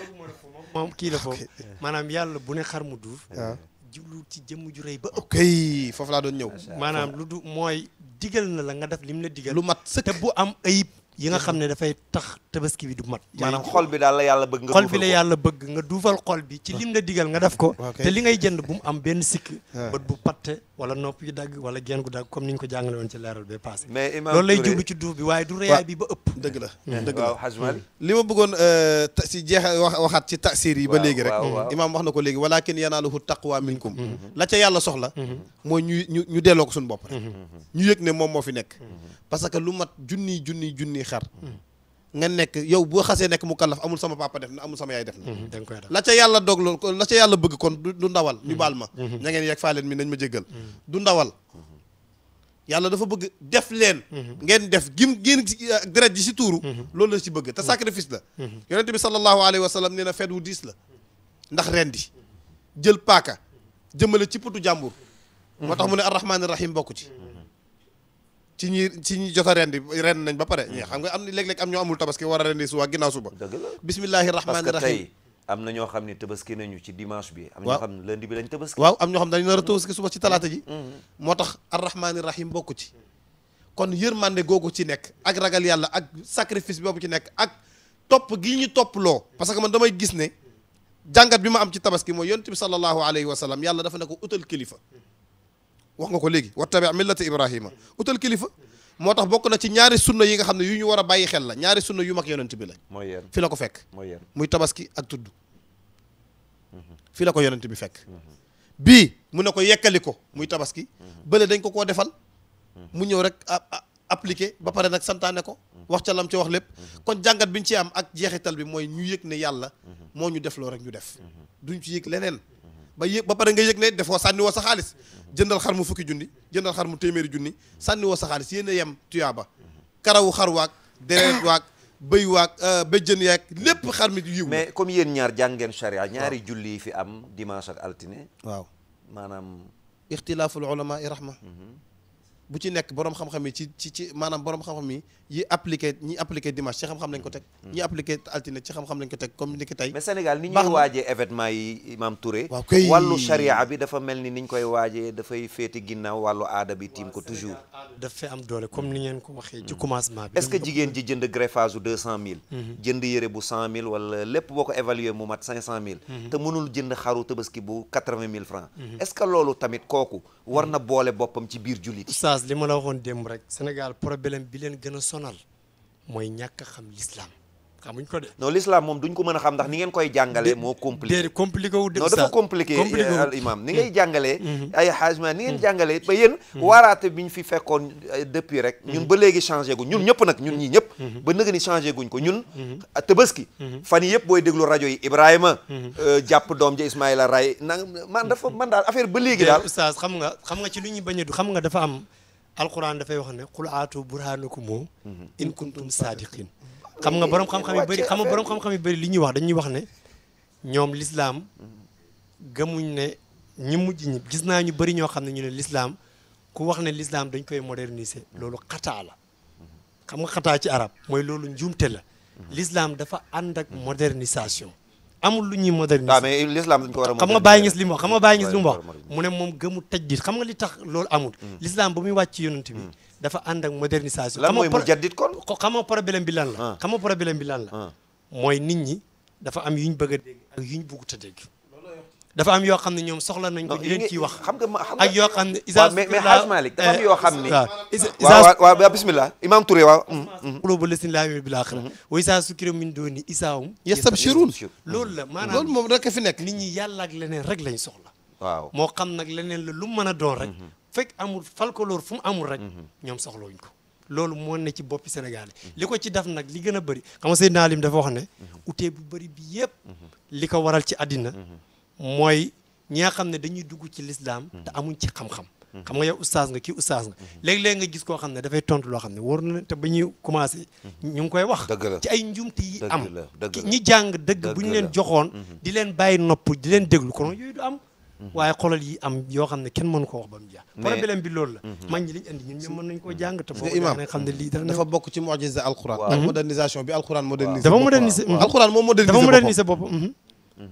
moom kii la foofu maanaam yàlla bu ne xar mu duuf ah. lu ci jëmm ju rëy ba ëpp foofu laa doon ñëw maanaam lu du mooy digal na la nga def lim la digal lu mat te bu am ayib yi nga xam ne dafay tax tabaski bi du mat xol bi daal la yàlla bëgg nga xol bi la yàlla bëgg nga duufal xol bi ci lim la digal nga def ko ah. te li ngay jënd bu mu am benn sikk ah. bët bu patte wala nopp yu dagg wala geen gu dagg ni ñu ko jàngale woon ci leeral bi passé mais imam loolu lay jublu ci duuf bi ba ëpp dëgg la hmm. dëgg la xajmal hmm. li ma bëggoon euh, si jeex waxaat ci tasir yi ba léegi rek hmm. imaam wax na ko léegi walakin yanaaluhu taqwa minkum la ca yàlla soxla mooy ñu ñu delloo ko suñu bopp rek ñu yëg ne moom moo fi nekk parce que lu mat junni junni junni xar nga nekk yow boo xasee nekk mu kallaf amul sama papa def na amul sama yaay def na mhm, la ca yàlla dog loolu la ca yàlla bëgg kon du ndawal ñu mhm, baal ma mhm. ña ngeen yeeg faaleen mi nañ ma jéggal du ndawal yàlla dafa bëgg def leen ngeen def gim ngeen ah, deret ji si tuuru loolu la ci bëgg te sacrifice la yonent bi sallallahu alayhi wa sallam nee na diis la ndax rendi jël paaka jëmale ci putu jàmbur moo tax mu ne arrahmaani rahim ci ci ñi ci ñi jot a rendi ren nañ ba pare ñi xam nga am léeg-léeg am ñoo amul tabaski war a rendi suba ginnaaw suba dëgg la bismillahi rahmaani rahim am na ñoo bi am ñoo xam ne lundi bi lañ tabaski waaw am ñoo xam ne dañu nar a tabaski suba ci talaata ji mm-hmm. Mm-hmm. moo tax arrahmaani ci kon yërmande googu ci nekk ak ragal yàlla ak sacrifice bi boobu ci nekk ak topp gi ñu topp loo parce que man damay gis ne jàngat bi ma am ci tabaski mooy yonent bi sallallahu alayhi wa sallam yàlla defa ne ko utal kilifa wax nga ko léegi wa tabi millata ibrahima utal kilifa moo tax bokk na ci ñaari sunna yi nga xam ne yu ñu war a bàyyi xel la ñaari sunna yu mag yonent bi la fi la ko fekk muy tabaski ak tudd mhm. fi la ko yonent bi fekk mhm. bii mu ne ko yekkali ko muy tabaski mhm. bële dañ ko koo defal mu ñëw rek appliqué ba pare nag santaane ko wax ca lam ci wax lépp kon jàngat bi ñu ci am ak jeexital bi mooy ñu yëg ne yàlla moo ñu def loo rek ñu def duñ ci yëg leneen ba yëg ba pare nga yëg ne defoo sànni woo sa xaalis jëndal xar mu fukki junni jëndal xar mu téeméeri junni sànni woo sa xaalis yéen a yem tuyaaba karawu xar waag deret waag bëy waag euh, béjjën yaag lépp xar mi yiw mais comme yéen ñaar jàngeen charia ñaari julli yi fi am dimanche ak altine waaw maanaam ixtilaaful ulama i rahma mhm. bu ci nekk borom xam-xam yi ci ci maanaam borom xam-xam yi yi appliqué ñi appliqué dimanche ci xam-xam lañ ko teg. Hmm. ñi appliqué altine ci xam-xam lañ ko teg commencement bi est jigéen ji jënd greffage su 200000. Hmm. jënd yére bu 100000 wala lépp boo ko évaluer mu mat hmm. te mënul jënd xaru tabaski bu 80000 francs. est-ce que loolu tamit kooku war na boole boppam ci biir jullit oustaz li ma la waxoon démb rek Sénégal problème bi leen gën a sonal mooy ñàkk a xam l'islam xamuñ ko de. non l'islam moom duñ ko mën a xam ndax ni ngeen koy jàngalee moo compliqué déedéet compliqué wu non dafa compliqué al imam ni ngay mm-hmm. jàngalee mm-hmm. ay xaajma ni ngeen mm-hmm. jàngalee ba yéen waaraate biñ fi fekkoon depuis rek ñun ba léegi changé guñ ñun ñëpp nag ñun ñii ñëpp ba nëga ni guñ ko ñun Tabaski fan yëpp booy déglu rajo yi Ibrahima euh, jàpp doom ja Ismaïla Ray man daal affaire ba léegi daal xam nga ci lu ñuy bañ a du xam nga dafa am alquran dafay wax ne qul aatu burhaanakum mhm. in kuntum saadiqin xam nga borom xam-xam yu bëri xam nga borom xam-xam yu li ñuy wax dañuy wax ne ñoom lislaam mhm. gëmuñ ne ñi mujj gis naa ñu bëri ñoo xam ne ñu ne lislaam ku wax ne lislaam dañ koy moderniser mhm. loolu xataa la xam nga xataa ci arab mooy loolu njuumte la lislaam dafa ànd ak modernisation amul lu ñuy moderniser waaw ah, mais l'islam dañ ko war a xam nga Baye Niass li mu xam nga Baye Niass li mu wax mu ne moom gëmu tajdid xam nga li tax loolu amul hmm. l'islam ba muy wàcc yonent bi hmm. dafa ànd ak la lan mooy mujaddid kon xam nga problème bi lan la ah. xam nga problème bi lan la ah. mooy nit ñi dafa am yuñ bëgg a dégg ak yuñ bugg ta dégg dafa am yoo xam ne ñoom soxla nañ ko di leen ciy wax xam nga ak yoo xam ne isa mais mais Hadj am euh, yoo xam ne waaw waaw bismillah imam Touré waaw xulubu mm, mm. lasin laa yu'minuuna bil aaxira mm-hmm. wa izaa zukkiru min loolu la maanaam loolu moom rek fi nekk nit ñi yàlla leneen rek lañ soxla waaw moo xam nag leneen la lu mën a doon rek mm-hmm. fekk amul folklore fu mu amul rek mm-hmm. ñoom soxla wuñ ko loolu moo ne ci boppi Sénégal li ko ci def nag li gën a bëri xam nga Seydina Alim dafa wax ne utee bu bari bi yëpp li ko waral ci àddina mooy ñi nga xam ne dañuy dugg ci lislaam te hmm. amuñ ci xam-xam hmm. xam nga yow oustaz nga kii oustaz nga hmm. léeg-léeg nga gis koo xam ne dafay tontu loo xam ne war na te ba ñuy commencé ñu ngi koy wax ci ay njumti yi am ñi jàng dëgg bu leen joxoon di leen bàyyi nopp di leen déglu kon yooyu du am waaye yi am ne kenn mënu ko wax ba mu jeex problème bi koo jàng te boobu imam dafa bokk ci mojisa alquran ak modernisation bi alquran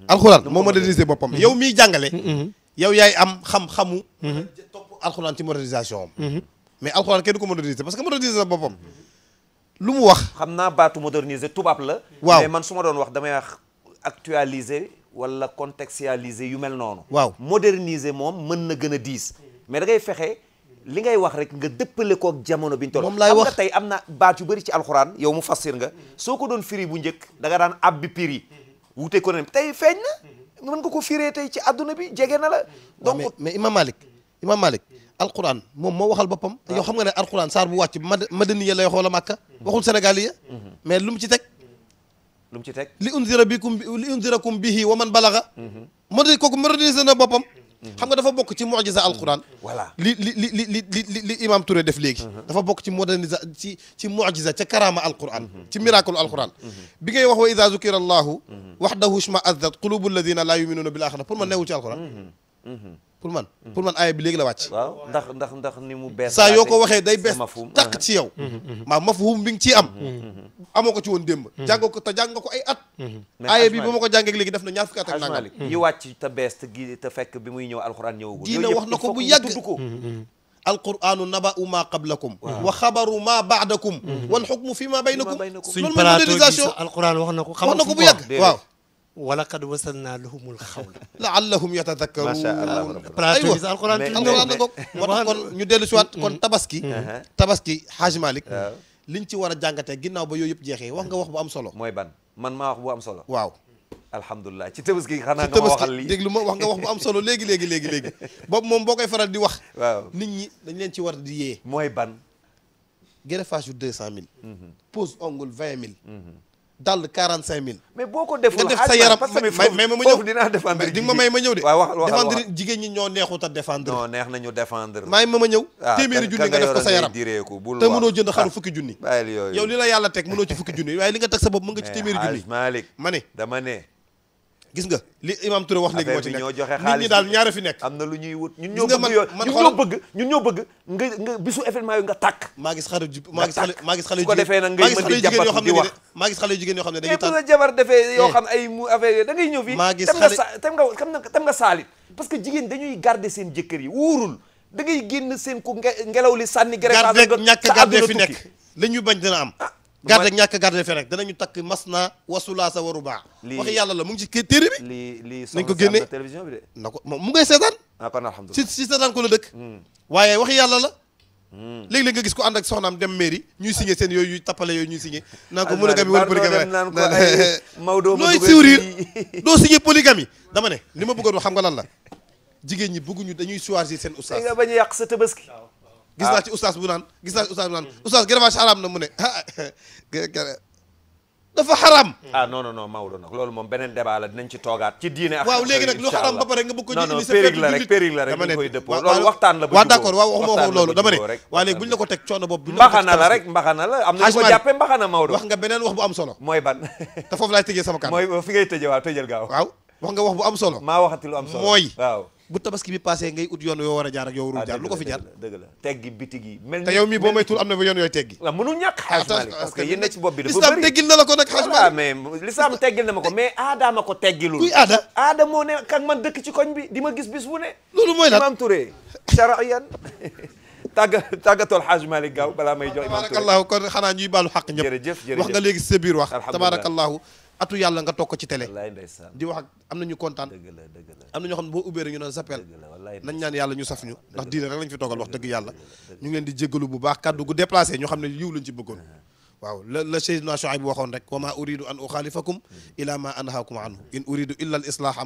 alxuraan moo moderniser boppam mhm. yow miy jàngale mhm. Mhm. yow yaay am xam-xamu topp alxuraan ci modernisation am mais alxuraan kenn du ko moderniser parce que moderniser sa boppam lu mu wax xam naa baatu moderniser tubaab la waaw mais man su ma doon wax damay wax actualiser wala contextualiser yu mel noonu waaw moderniser moom mën na gën a diis mais da fexe li ngay wax rek nga dëppale ko ak jamono bi ñu toll moom wax tey am na baat yu bëri ci alxuraan yow mu fassir nga soo ko wuute ko ne tey feeñ na mën nga ko firee tey ci adduna bi jege na la donc mais imam malik imam malik alquran moom moo waxal boppam te yow xam nga ne alquran saar bu wàcc madaniya lay wax wala màkka waxul sénégaliya mhm. mais lu mu ci teg lu mu ci teg li undira bikum li wa man balaga mhm. moo tax kooku moderniser na boppam xam nga dafa bokk ci mujiza alquran voilà li li li li li li imam Touré def léegi mhm. dafa bokk ci modernisa ci ci mujiza ca karama alquran ci miracle alquran mhm. Mhm. bi ngay wax wa ida zukira allahu waxdahu shma azdat qulubu alladina la yuminuuna bil axira pour ma neewu ci alquran pour man mm. pour man bi léegi la wàcc waaw ndax ndax ndax ni mu bees saa yoo ko waxee day bees tàq ci yow maa mm-hmm, mm-hmm, mm-hmm. mafhum bi nga ciy am amoo ko ci woon démb jàngoo ko te jàng nga ko ay at aaya bi ba ma ko jàngee léegi def na ñaar fukki at ak nangam yi wàcc te bees te gi te fekk bi muy ñëw alxuraan ñëwagul diina wax na ko bu yàgg alquranu naba'u ma qablakum wa xabaru ma ba'dakum wal xukmu fi ma baynakum suñ plateau gi alquran wax na ko wax wa ko bu yàgg waaw walaqad wasalnaa lahumul xawla laallahum yatadakkaruun macha allah aywa alquran na ko moo tax kon ñu dellu si waat kon mm-hmm. tabaski uh-huh. tabaski Haaj Malick liñ ci war a jàngatee ginnaaw ba yooyu yëpp jeexee wax nga wax bu am solo mooy ban man maa wax bu am solo waaw alhamdulilah ci tabaski xanaa nga ma waxal lii déglu ma wax nga wax bu am solo léegi léegi léegi léegi boobu moom boo koy faral di wax waaw nit ñi dañ leen ci war di yee mooy ban greffage yu deux cent mille mm-hmm. pose ongle vingt mille mm-hmm. dàll quarante cinq mille. mais boo ko deful nga def sa yaram may ma ma ñëw dinaa défendre de. waaw wax défendre jigéen ñi ñoo neexut a défendre. non neex nañu défendre. may ma ma ñëw. Ah, téeméeri junni nga def ko sa yaram te mënoo jënd xaru ah, fukki junni. yow li la yàlla teg mënoo ci fukki junni waaye li nga teg sa bopp mën nga ci téeméeri junni. ma dama ne. gis nga li imam Touré wax léegi moo ci nekk fi nekk na lu ñuy wut ñun ñoo bëgg yooyu ñun ñoo bëgg ñun ñoo bëgg nga nga bisu événement maa gis xale maa gis xale maa gis xale ko defee nag ngay mën di jàppat yoo xam ne maa gis xale jigéen yoo xam ne dañuy eh. ñëw fii tem nga na tem nga saalit parce que jigéen dañuy garder seen jëkkër yi wóorul da ngay génn seen ku ngelaw li sànni a garde ñàkk garde fi nekk la ñuy bañ dina am ah. garde ak ñàkk garde fe rek danañu takk mas naa wasulaa sa waru baax wax yàlla la mu ngi ci kër li li nañ ko génne télévision bi na ko mu ngay seetaan ah, kon si seetaan ko la dëkk hmm. waaye wax yàlla la hmm. léeg-léeg nga gis ko ànd ak soxnaam dem mairie ñuy signé seen yooyu yuy tappale yooyu ñuy signé naan ko monogamie a polygamie naan ko Maodo looy siwriir doo signé polygamie dama ne li ma bëggoon wax xam nga lan la jigéen ñi bëgguñu dañuy choisir seen oustaz nga a yàq sa tabaski gis naa ah. ci oustaz bu naan gis naa ci oustaz bu naan oustaz gërëmaas xaraam na mu ne ah, dafa xaram hmm. ah non non non Maodo nag loolu moom beneen débat la dinañ ci toogaat ci diine ak waaw léegi nag lu xaram ba pare nga bëgg ko non non périg la rek périg la rek ñu koy dëppoo la ba waaw d'accord waaw waxuma waxuma ko teg coono boobu mbaxana la rek mbaxana la am na ñu ko jàppee mbaxana wax nga beneen wax bu am solo mooy ban te foofu laay tëjee sama kàddu wax nga wax bu am solo. maa waxati lu am solo mooy. waaw bu tabaski bi paasee ngay ut yoon yoo war a jaar yow warul ah, jaar lu ko fi jaar. dëgg la teggi bitig yi. mel mi te ay mii boo may tuul am na yoon yooyu teggi. waaw mënul ñàkk xaaj ma ko mais aada ko teggilul. kuy aada aada moo ne kan man dëkk ci koñ bi di ma gis bis bu ne. mooy lan Imam Touré sharayan tàgga tàggatool xaaj Malick Gaaw balaa may jox Imam Touré tabaarakallahu kon xanaa ñuy baalu xaq ñëpp jërëjëf jërëjëf wax nga léegi sa biir wax atu yàlla nga toog ko ci télé di wax ak am na ñu kontaan am na ñoo xam ne boo ubbee rek ñu naan s'appelle nañ ñaan yàlla ñu saf ñu ndax diine rek lañ fi toogal wax dëgg yàlla ñu ngi di jéggalu bu baax kàddu gu déplacé ñoo xam ne yiw lañ ci bëggoon uh-huh. waaw la la Seydina Shuayb waxoon rek wa ma uridu an uxaalifakum uh-huh. ila ma anhaakum anhu uh-huh.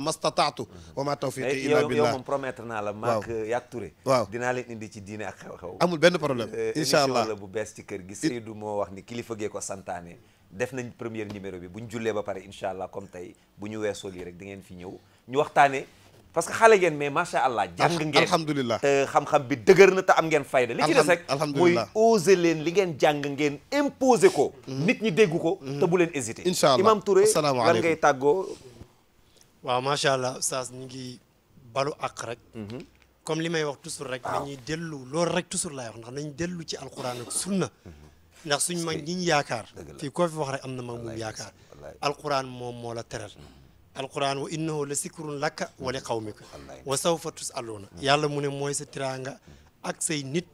ma tawfiqi illa billah yow moom promettre naa la maak yaag Touré waaw dinaa leen indi ci diine ak amul benn problème eh, incha allah la bu bees ci kër gi Seydou moo wax ni kilifa gee ko santaane def nañ première numéro bi bu ñu jullee ba pare incha allah comme tey bu ñu weesoo lii rek di ngeen fi ñëw ñu waxtaanee parce que xale ngeen mais macha allah jàng ngeen alhamdulilah te xam-xam bi dëgër na ta am ngeen fayda li ci des rek mooy oser leen li ngeen jàng ngeen imposer ko mhm. nit ñi dégg ko mhm. te bu leen hésiter incha allah imam Touré lan ngay tàggoo waaw macha allah oustaz ñu ngi balu ak rek mhm. comme li may wax toujours rek nañuy dellu lool rek toujours laay wax ndax nañ dellu ci alquran ak ndax suñ mag ñi ñu yaakaar fii koo fi wax rek am na mag moom yaakaar alxuraan moom moo la teral mm-hmm. alquran wa innahu la sikrun lakka wa li qawmika wa sawfa tusaluuna yàlla mu ne mooy sa tiraanga mm-hmm. ak say nit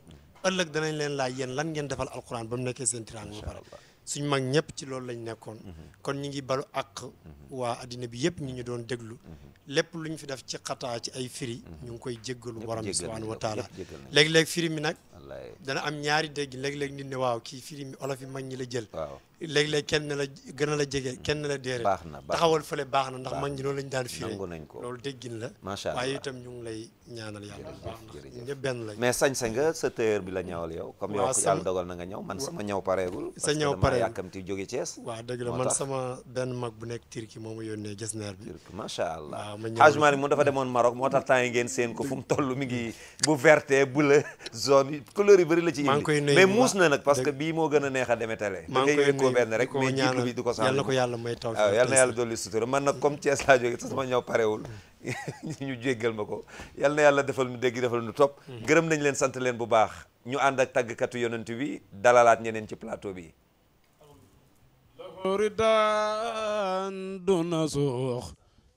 ëllëg danañ leen laa yéen lan ngeen defal alquran ba mu nekkee seen tiraanga ba pare suñ mag ñëpp ci loolu lañ nekkoon mm-hmm. kon ñu ngi balu ak waa addina bi yëpp ñu ñu doon déglu lépp lu ñu fi def ci xataa ci ay firi mhm. ñu ngi koy jéggalu borom bi subhanahu wa taala léeg-léeg firi mi nag dana am ñaari dégg léeg-léeg nit ne waaw kii firi mi olof yi mag ñi la jël léeg-léeg kenn la gën a la jege mhm. kenn la déere taxawal fële baax na ndax mag ñi loolu lañ daan firi loolu déggin la macha allah itam ñu lay ñaanal yàlla benn lañ mais sañ sa nga sa téer bi la ñawal yow comme yow yàlla dogal na nga ñëw man sama ñëw pareegul sa ñëw pareegul yàkkamti jóge Thiès waaw dëgg la man sama benn mag bu nekk Turquie mooma ne gis neer bi macha allah Hadj Malick moom dafa demoon Maroc moo tax temps yi ngeen seen ko fu mu ngi bu verte bu la zone yi yu bëri la ci indi mais muus na nag parce que bii moo gën a neex a demee télé ko yàlla may taw waaw na comme Thiès laa jógee te sama ñëw parewul ñu jéggal ma ko yàlla defal nu dégg defal nu topp mm-hmm. gërëm nañ leen sant leen bu baax ñu ànd ak tàggkatu yonent bi dalalaat ñeneen ci plateau bi ridan duna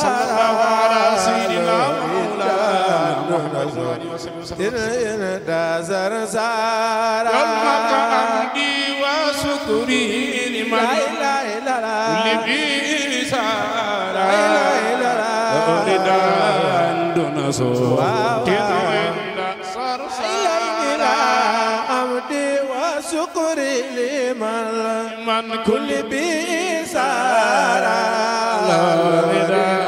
صلى الله على سيدنا مولانا محمد صلى الله عليه وسلم دازر زارا يومك عمدي وشكري لمن لا اله الا الله لبي سارا لا اله الا الله صار صار عمدي وشكري لمن من كل بي سارا لا اله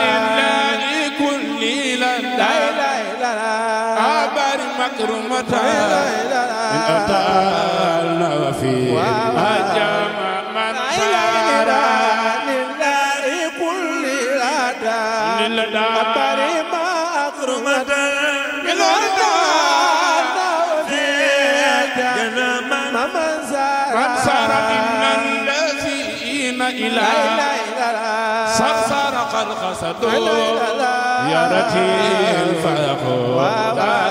رمتا إن أطالنا في أجام من سارا لله كل لدى لله أبرم أكرمتا إن أطالنا في أجام من سارا من سارا إن الذين إلى سرسر قد قصدوا يا رتي الفقر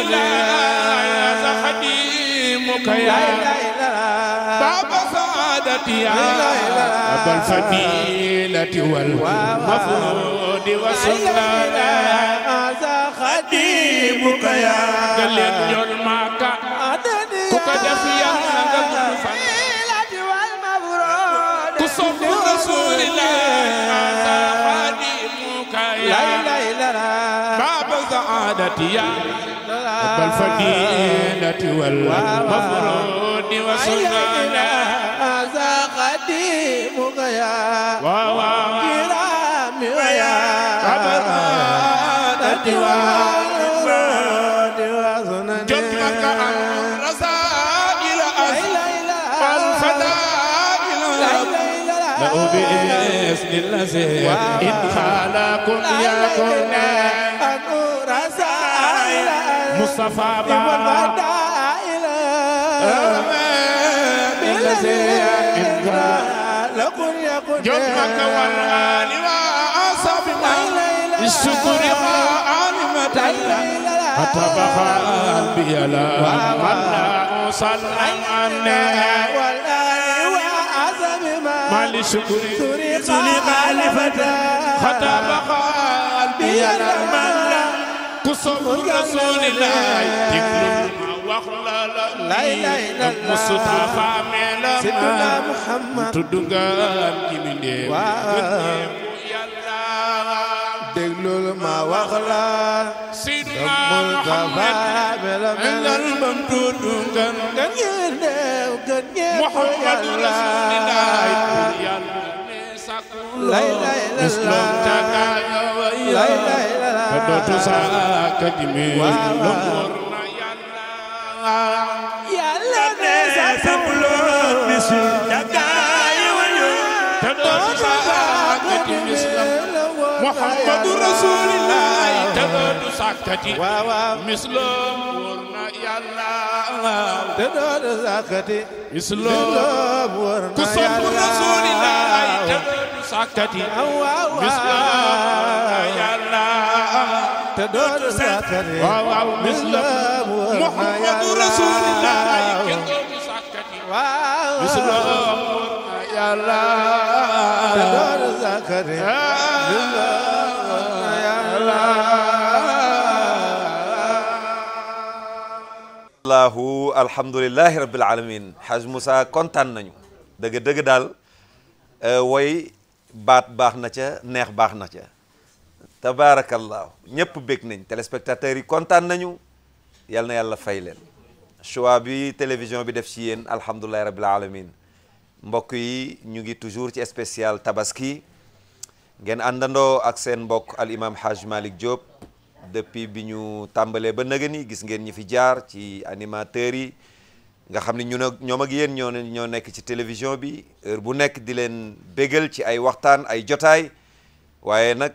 إله خديمك يا باب سعادتي يا أب الفضيلة والمفروض وسلطان هذا خديمك يا دليل يرماك كدف يا الفضيلة والمفروض كسوف رسول الله هذا خديمك يا السعادة يا رب الفقيرة والمفرود وسلطان هذا قديمك يا كرام ويا أبرادة والمفرود وسنن جدك عن رسائل والفضائل لأو بإذن الله إن خلق يكون المصطفى جمك والغالي وأصابنا الشكر عالمة أتبخى الأنبياء ومن صلى عنها ما لشكر سرق الفتى خطبها الأنبياء من لا ku sopp rasulilaay déglu ma wax la la nii ak Mustafa meela ma tudd nga ci mbindeef yàlla déglul ma wax la Seydina Muhammad melal bam tudd nga nga ñeeneew nga ñeenew Muhammadu rasulilaay yàlla ne sakku loo islam tagaayoo yàlla فدوت ساك جميل الأمور يا الله نسأل الله نسأل الله muhammadu rasulillahi dëddu sàkkati misloom wóor na yàlla dëddu sàkkati misloom wóor na yàlla ku sopp rasulillahi dëddu sàkkati dëddu sàkkati misloom muhammadu rasulillahi dëddu sàkkati misloom wóor na yàlla dëddu sàkkati tabarakallahu alhamdulilahi rabbil alamin xaj Moussa kontaan nañu dëgg dëgg daal euh, woy baat baax na ca neex baax na ca tabarakallahu ñëpp bég nañ téléspectateurs yi kontaan nañu yal na yàlla fay leen choix bi télévision bi def ci yéen alhamdulilahi rabbil alamin mbokk yi ñu ngi toujours ci spécial tabaski ngeen àndandoo ak seen mbokk al imam haj Malick Diop depuis bi ñu tàmbalee ba naga ni gis ngeen ñi fi jaar ci animateurs yi nga xam ne ñu ne ñoom ak yéen ñoo ñoo nekk ci télévision bi heure bu nekk di leen bégal ci ay waxtaan ay jotaay waaye nag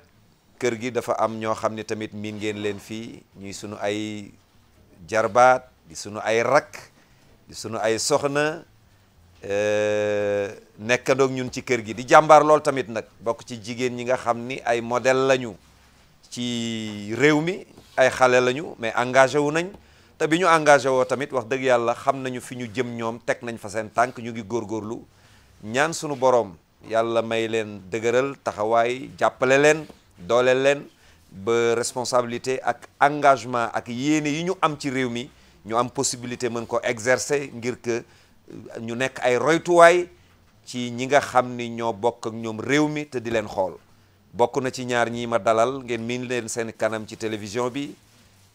kër gi dafa am ñoo xam ne tamit miin ngeen leen fii ñuy sunu ay jarbaat di sunu ay rakk di sunu ay soxna eh, nekkandoog ñun ci kër gi di jàmbaar lool tamit nag bokk ci jigéen ñi nga xam ni ay modèle lañu ci réew mi ay xale lañu mais engagé wu nañ te bi ñu engagé woo tamit wax dëgg yàlla xam nañu fi ñu jëm ñoom teg nañ fa seen tànk ñu ngi góorgóorlu ñaan sunu boroom yàlla may leen dëgëral taxawaay jàppale leen dooleel leen ba responsabilité ak engagement ak yéene yi ñu am ci réew mi ñu am possibilité mën ko exercer ngir que euh, ñu nekk ay roytuwaay ci ñi nga xam ni ñoo bokk ak ñoom réew mi te di leen xool bokk na ci ñaar ñii ma dalal ngeen miin leen seen kanam ci télévision bi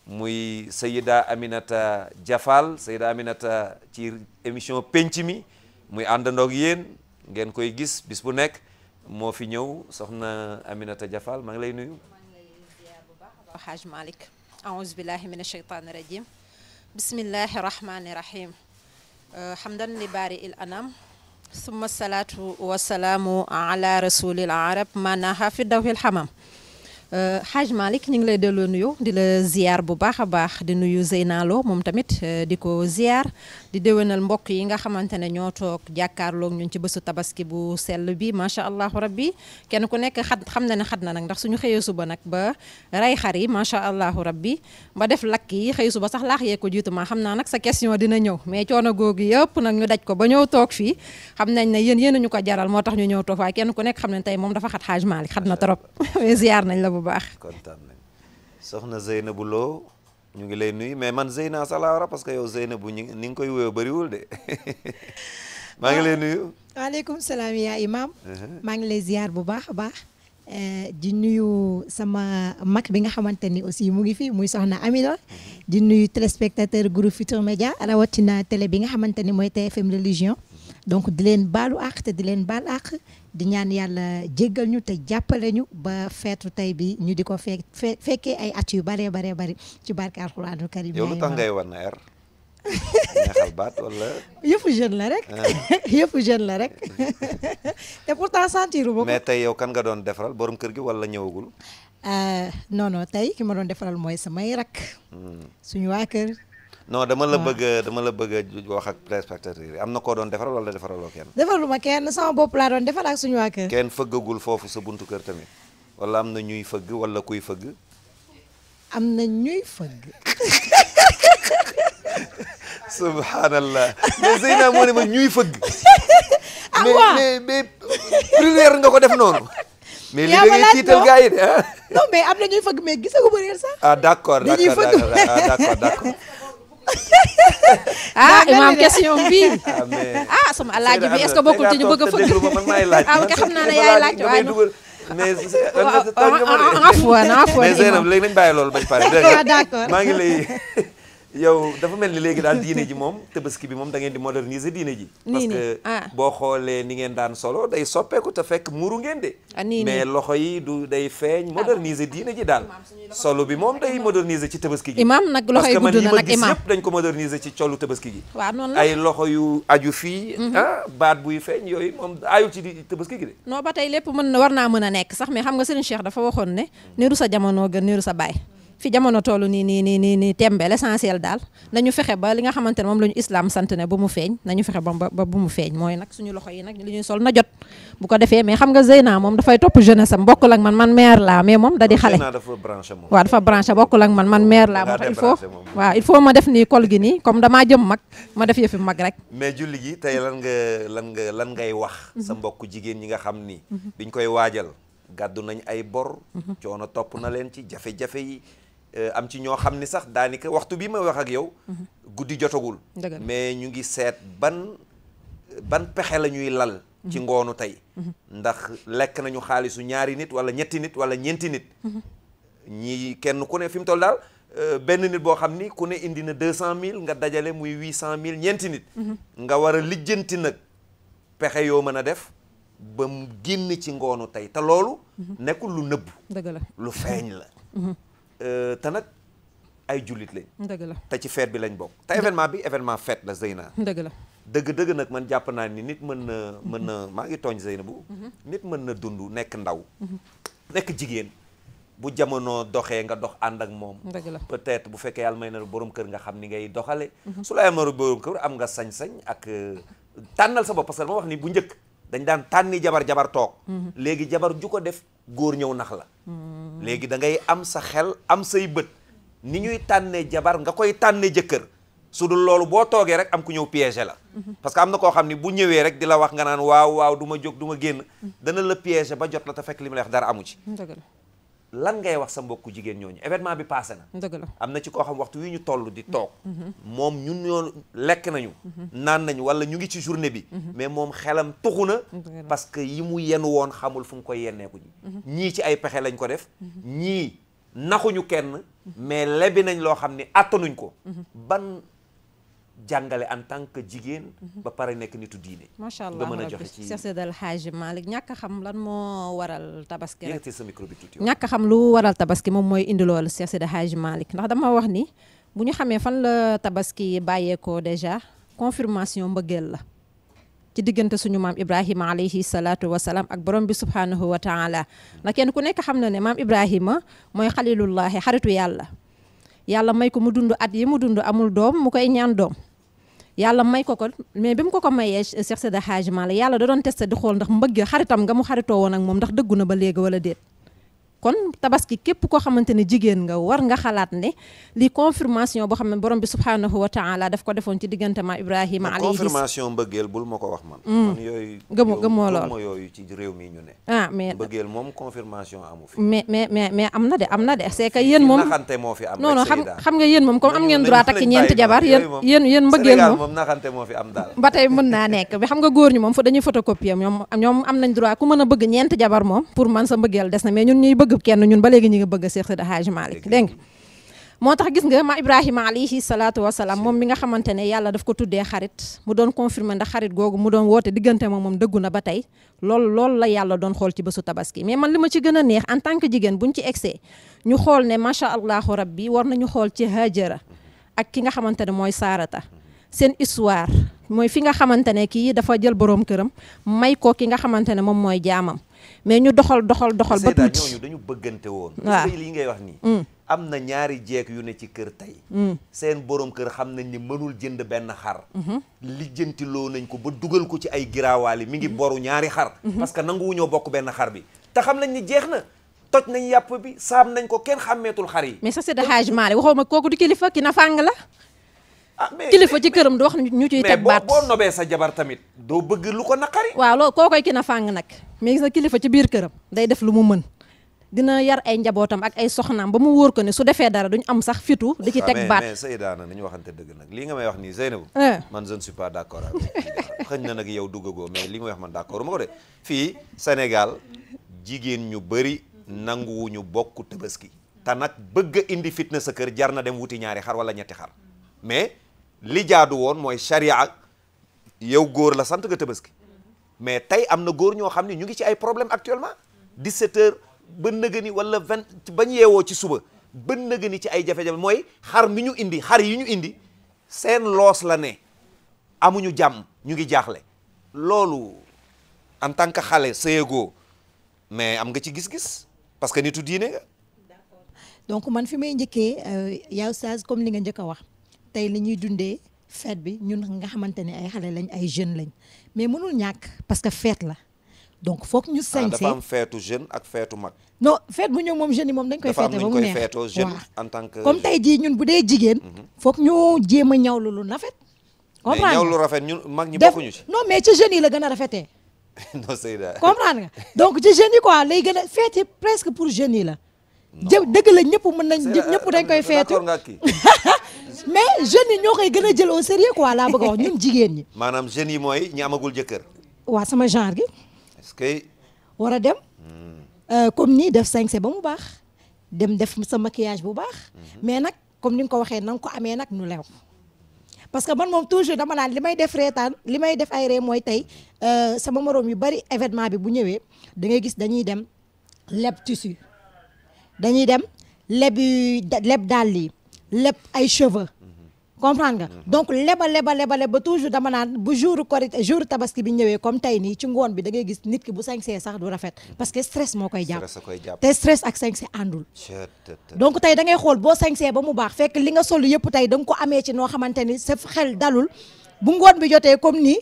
muy Sayida Aminata Jafal Sayida Aminata ci émission penc mi muy àndandoog yéen ngeen koy gis bis bu nekk moo fi ñëw soxna Aminata Jafal maa ngi lay nuyu. maa ngi lay ziar bu baax a baax Haj Malick. aouzu billahi min ashaytani rajim. bismillahi rahmani rahim. hamdan li baari il summa salaatu wasalaamu ala rasulil arab maana xafi dawil xamam xaaj euh, Malick ñu ngi lay delloo nuyu di la ziar bu baax a baax di nuyu Zeyna Lo moom tamit euh, di ko ziar di déwénal mbokk yi nga xamante ne ñoo toog jàkkaarloog ñun ci bésu tabaski bu sell bi macha allah rabbi kenn ku nekk xat xam na ne xat na nag ndax suñu xëyee suba nag ba rey xar yi macha allah rabbi ba def lakk yi xëy suba sax laax yee ko jiitu ma xam naa nag sa question dina ñëw mais coono googu yëpp nag ñu daj ko ba ñëw toog fii xam nañ ne yéen yéen ñu ko jaral moo tax ñu ñëw toog waaye kenn ku nekk xam ne tey moom dafa xat xaaj Maalik xat na trop ziar nañ la bu baax. kontaan nañ soxna Zeynabou Lo ñu ngi lay nuyu mais man Zeyna sax laa war a parce que yow Zeyna bu ñu ni nga koy wéyoo bëriwul de maa ngi lay nuyu. waaleykum salaam yaa imaam. Uh-huh. maa ngi lay ziar bu baax a baax. Eh, di nuyu sama mag bi nga xamante ni aussi mu ngi fi muy soxna Amidor uh-huh. di nuyu téléspectateur groupe Futurs Médias rawatina télé bi nga xamante ni mooy TFM religion uh-huh. donc di leen baalu àq te di leen baal àq di ñaan yàlla jéggal ñu te jàppale ñu ba feetu tey bi ñu di ko fekk fekkee ay at yu baree baree bari ci barke alxuraanul karim yow lu tax ngay wan air neexal baat wala. yëfu jeune la rek. Ah. yëfu jeune la rek te pourtant sentiru ma ko. mais tey yow kan nga doon defaral borom kër gi wala ñëwagul. Euh, non non tey ki ma doon defaral mooy samay rak. Hmm. suñu waa kër. non dama la ah. bëgg dama la bëgg wax ak téléspectateurs yi am na koo doon defaral wala defaraloo kenn defaraluma kenn sama bopp laa doon defar ak suñu waa kër kenn fëggagul foofu sa buntu kër tamit wala am na ñuy fëgg wala kuy fëgg am na ñuy ma ñuy fëgg ah, nga ko def noonu mais li da ngay tiital gars yi de ah. non mais am na ñuy fëgg mais gisagu ma sax d'accord d'accord ah imaam question bi ah sama alaaji bi est-ce que bokkul ci ñu bëgg a fëgg ah ok xam naa ne yaay laaj waaye mais en afwan en afwan mais Zeynab léegi nañ bàyyi loolu bañ pare d'accord maa ngi lay yow dafa mel ni léegi daal diine ji moom tabaski bi moom da ngeen di moderniser diine ji. parce que ah. boo xoolee ni ngeen daan solo day soppeeku fekk muuru ngeen de. Ah, mais loxo yi du day feeñ ah. moderniser diine ji daal. solo bi moom day moderniser ci tabaski ji imaam nag loxo yi gudd na nag imaam parce que yi dañ ko moderniser ci colu tabaski gi. waaw noon la ay loxo yu aju fii. Mhm. baat buy feeñ yooyu moom aayul ci tabaski gi de. non ba tey lépp mën na war naa mën a nekk sax mais xam nga Serigne Cheikh dafa waxoon ne niru sa jamono gën niru sa baay. fi jamono toll nii nii nii nii nii tembe l'essentiel daal nañu fexe ba li nga xamante ne moom la ñu islam sant ba bu mu feeñ nañu fexe ba ba bu mu feeñ mooy nag suñu loxo yi nag li ñuy sol na jot bu ko defee mais xam nga Zeyna moom dafay moom da di xale waaw dafa branché bokkul ak man man maire laa moo tax ma def jëm mag ma def yëfi mag rek mais julli gi tey lan ngay wax sa mhm. mbokk jigéen ñi nga xam ni mhm. biñ koy waajal gàddu nañ ay bor mhm. coono topp na leen ci jafe-jafe yi Euh, am ci ñoo xam ni sax daanaka waxtu bi ma wax ak yow. Mhm. guddi jotagul. mais ñu ngi seet ban ban pexe la ñuy lal. ci mhm. ngoonu tey. Mhm. ndax lekk nañu xaalisu ñaari nit wala ñetti nit wala ñeenti nit. ñi kenn ku ne fi mu toll daal euh, benn nit boo xam ni ku ne indi na deux cent mille nga dajale muy huit cent mille ñeenti nit. nga war a lijjanti nag pexe yoo mën a def. ba mu génn ci ngoonu tey te loolu. nekkul lu nëbb. dëgg lu feeñ la. Euh, te nag ay jullit lañ. dëgg la te ci fête bi lañ bokk. te événement bi événement fête la Zeyna. dëgg la dëgg-dëgg nag man jàpp naa ni nit mën na mën na maa ngi tooñ Zeyna bu. Mhm. nit mën na dund nekk ndaw. Mhm. nekk jigéen. bu jamono doxee nga dox ànd ak moom peut-être bu fekkee yàlla may na boroom kër nga xam ni ngay doxale mhm. su la yamaru borom kër am nga sañ-sañ ak euh, tànnal sa bopp parce que dama wax ni bu njëkk dañ daan tànni jabar jabar toog mhm. léegi jabar ju ko def góor ñëw nax la mhm. léegi da ngay am sa xel am say bët ni ñuy tànnee jabar nga koy tànnee jëkkër su dul loolu boo toogee rek am ku ñëw piégé la mhm. parce que am na koo xam ni bu ñëwee rek di la wax nga naan waaw waaw du ma jóg du ma génn dana la piégé ba jot la te fekk li mu la wax dara amu ci lan ngay wax sa mbokku jigéen ñooñu événement bi passé na. am na ci koo xam waxtu wi ñu toll di toog. Mm-hmm. Mm-hmm. moom ñun ñoo lekk nañu. Mm-hmm. naan nañu wala ñu ngi ci journée bi. mais moom xelam tuxu na. parce que yi mu yenn woon xamul fu mu koy yenneeku ñii ci ay pexe lañ ko def. ñii naxuñu kenn. mais lebi nañ loo xam ni attanuñ ko. ban jàngale en tant que jigéen. Mhm. ba pare nekk nitu diine. macha allah nga mën a joxe ci Cheikh Seydal Hadj Malick ñàkk xam lan moo waral tabaski rek yëkkati ñàkk xam lu waral tabaski moom mooy indi loolu Cheikh Seydal ndax dama wax ni bu ñu xamee fan la tabaski bàyyeekoo déjà confirmation mbëggeel la. ci diggante suñu maam Ibrahima alayhi salaatu wa salaam ak borom bi subhaanahu wa taala ndax kenn ku nekk xam na ne maam Ibrahima mooy xalilullahi xaritu yàlla yàlla may ko mu dund at yi mu dund amul doom mu koy ñaan doom. yàlla may ko ko mais bi mu ko ko mayee euh, Cheikh Seydi Hadji Malick yàlla da doon testé di xool ndax mbëgg xaritam nga mu xaritoo woon ak moom ndax dëggu na ba léegi wala déet kon tabaski képp koo xamante ne jigéen nga war nga xalaat ne li confirmation boo xam ne borom bi subhaanahu wa taala daf ko defoon ci diggante ma Ibrahima. alayhi confirmation mbëggeel bul mm. yooyu. gëmoo yooyu ci réew mi ñu ah, mais mbëggeel moom confirmation amu fi. mais mais mais mais am na de am na de c'est que moom. naxante xam xam nga yéen moom comme am ngeen droit takk ñeenti jabar yéen yéen yéen mbëggeel moom. Sénégal moom naxante moo mën naa nekk mais xam nga góor ñi moom fa dañuy photocopier ñoom ñoom am nañ droit ku mën a bëgg ñeenti jabar moom pour man sa mbëggeel bëgg kenn ñun ba léegi ñu ngi bëgg Seex Seydi Hajji Malick dégg moo tax gis nga ma Ibrahima alayhi salaatu wasalaam moom mi nga xamante ne yàlla daf ko tuddee xarit mu doon confirmer ndax xarit googu mu doon woote diggante moom dëggu na ba tey loolu loolu la yàlla doon xool ci bésu tabaski mais man li ma ci gën a neex en tant que jigéen buñ ci egsee ñu xool ne macha allahu rabbi war nañu xool ci Hajara ak ki nga xamante ne mooy Saarata seen histoire mooy fi nga xamante ne kii dafa jël boroom këram may ko ki nga xamante ne moom mooy jaamam mais ñu doxal doxal doxal ba tuuti ñooñu dañu bëggante woon waaw lii ngay wax nii mm. am na ñaari jeeg yu ne ci kër tey mm. seen borom kër xam nañ ni mënul jënd benn xar mm-hmm. lijjanti loo nañ ko ba dugal ko ci ay giraawaali mi ngi mm-hmm. boru ñaari xar mm-hmm. parce que nanguwu ñoo bokk benn xar bi te xam nañ ni jeex na toj nañ yàpp bi saam nañ ko kenn xàmmeetul xar yi mais ça c'est de waxoo ma kooku di kilifa ki na fàng la Ah, kilifa ci këram du wax ñu ciy teg baat mais boo nobee sa jabar tamit doo bëgg lu ko naqari waaw loolu koo koy kina fàng nag mais na kilifa ci biir këram day def lu mu mën dina yar ay njabootam ak ay soxnaam ba mu wóor ko ne su defee dara duñ am sax fitu di ci ah, teg baat mais Seydina nañu waxante dëgg nag lii nga may wax nii Seynabou eh. man je ne suis pas xëñ na nag yow duggagoo mais li wax man d' accord ma ko de fii Sénégal jigéen ñu bëri nanguwuñu bokk tabaski te nag bëgg indi indi na sa kër jar na dem wuti ñaari xar wala ñetti xar mais li jaadu woon mooy charia yow góor la sant nga tabaski mais tey am na góor ñoo xam ne ñu ngi ci ay problème actuellement di heures ba nëgë ni wala vingt ba yeewoo ci suba ba nëgë ni ci ay jafe-jafe mooy xar mi ñu indi xar yi ñu indi seen loos la ne amuñu jàmm ñu ngi jaaxle loolu en tant que xale sëyegoo mais am nga ci gis-gis parce que nitu diine nga. d'accord donc man fi may njëkkee euh, yaa oustaz comme li nga njëkk a wax. tey li ñuy dundee fête bi ñun nga xamante ne ay xale lañ ay jeunes lañ mais mënul ñàkk parce que feet la donc foog ñu ah, sañse dafa am feetu jeune ak feetu mag non feet bu ñëw moom jeunes yi moom dañ koy feete ba mu neex feetoo jeune en tant que comme tey jii ñun bu dee jigéen mhm. fook ñu jéem a ñawlu lu rafet comprendre ñawlu rafet ñun mag ñi bokkuñu ci non mais ci jeunes yi la gën a rafetee non Seyda comprendre nga donc ci jeunes yi quoi lay gën a feete presque pour jeunes yi la jë dëgg la ñëpp mën nañ ñëpp dañ koy feetu mais jeunes yi ñoo koy gën a jël au sérieux quoi laa bëgg a wax ñun jigéen ñi maanaam jeunes yi mooy ñi amagul jëkkër waa sama genre gi que war a dem hmm. euh, comme nii def sañse ba mu baax dem def sa maquillage bu baax hmm. mais nag comme ni nga ko waxee na nga ko amee nag nu lew parce que man moom toujours dama naan li may def reetaan li may def ay ree mooy tey euh, sama moroom yu bari événement bi bu ñëwee da ngay gis dañuy dem leb tissu dañuy dem lebi leb dàll yi leb ay cheveux comprendre nga mhm. donc leba leba leba leb ba toujours dama naan bu jour korité jour tabaski bi ñëwee comme tey nii ci ngoon bi da ngay gis nit ki bu sañsee sax du rafet mhm. parce que stress moo koy jàpp te stress ak sañse àndul donc tey da ngay xool boo sañsee ba mu baax fekk li nga sol yëpp tey da ko amee ci noo xamante ni sa xel dalul bu ngoon bi jotee comme nii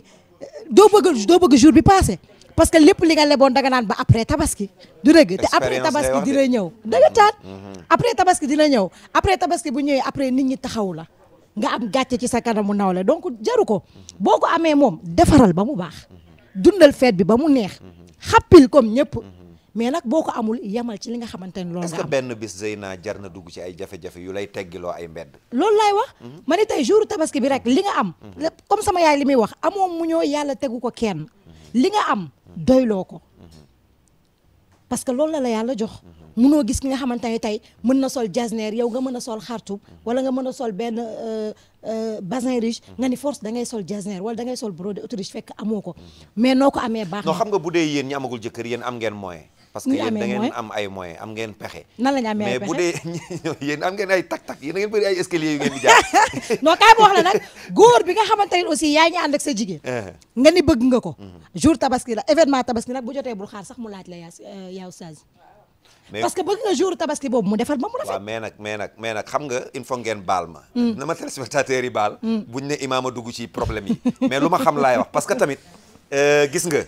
doo bëgg doo bëgg jour bi passé parce que lépp li nga leboon daganaan naan ba après tabaski du dëgg te après tabaski dina ñëw mm-hmm. dëgg mm-hmm. après tabaski dina ñëw après tabaski bu ñëwee après nit ñi taxaw la nga am gàcce ci sa kanamu nawle donc jaru ko mm-hmm. boo ko amee moom defaral ba mu baax dundal feet bi ba mu neex xappil comme ñëpp mais nag boo ko amul yemal ci li nga xamante ne loolu nga am benn bis Zeyna jar na dugg ci ay jafe-jafe yu lay teggiloo ay mbedd loolu laay wax ma ne tey jour tabaski bi rek li nga am comme sama yaay li muy wax amoom mu ñoo yàlla tegu ko kenn li nga am doyloo ko parce que loolu la la yàlla jox munoo gis ki nga xamante ne tey mën na sol jasneer yow nga mën a sol xartub wala nga mën a sol benn euh, euh, bazin riche nga ni force da ngay sol jasneer wala da ngay sol brodé autriche fekk amoo ko mais noo ko amee baax non xam nga bu dee yéen ñi amagul jëkkër yéen am ngeen moyen parce que yéen da ngeen am ay moyens am ngeen pexe. nan la ñu amee ay pexe mais bu dee yéen am ngeen ay tak-tak yéen da ngeen bëri ay escalier yu ngeen di jaar. non kaay ma wax la nag góor bi nga xamante ne aussi yaa ngi ànd ak sa jigéen. Eh. nga ni bëgg nga ko. Mhm. jour tabaski la événement tabaski nag bu jotee bul xaar sax mu laaj la yaa euh, yaa mais parce que bëgg nga jour tabaski boobu mu defar ba mu rafet. waaw mais nag mais nag mais nag xam nga il faut ngeen baal ma. Hmm. na ma téléspectateurs yi baal. Hmm. buñ ne a dugg ci problème yi. mais lu ma xam laay wax parce que tamit euh, gis nga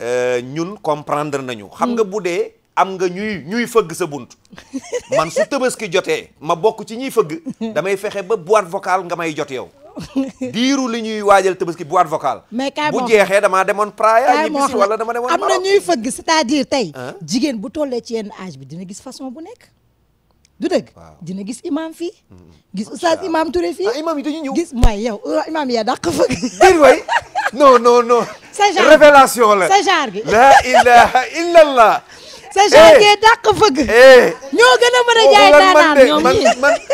Euh, ñun comprendre nañu. xam nga mm. bu dee am nga ñuy ñuy fëgg sa bunt. man su tabaski jotee ma bokk ci ñuy fëgg. damay fexe ba boîte vocal nga may jot yow. diiru li ñuy waajal tabaski boîte vocale. mais kaay bu jeexee damaa demoon praaya ñibbisi wala dama demoon am na ñuy fëgg c'est-à-dire tey. jigéen bu tollee ci yenn âge bi dina gis façon bu nekk. du dëgg dina gis imam fii gis oustaz imam Touré fii ah, imam yi dañu ñëw gis mooy yow euh, imam yaa dàq fëgg biir way non sa genre la sa genre gi la ilaha illa allah sa genre gee eh. dàq fëgg eh. ñoo gën a mën a oh, jaay daanaan ñoom ñi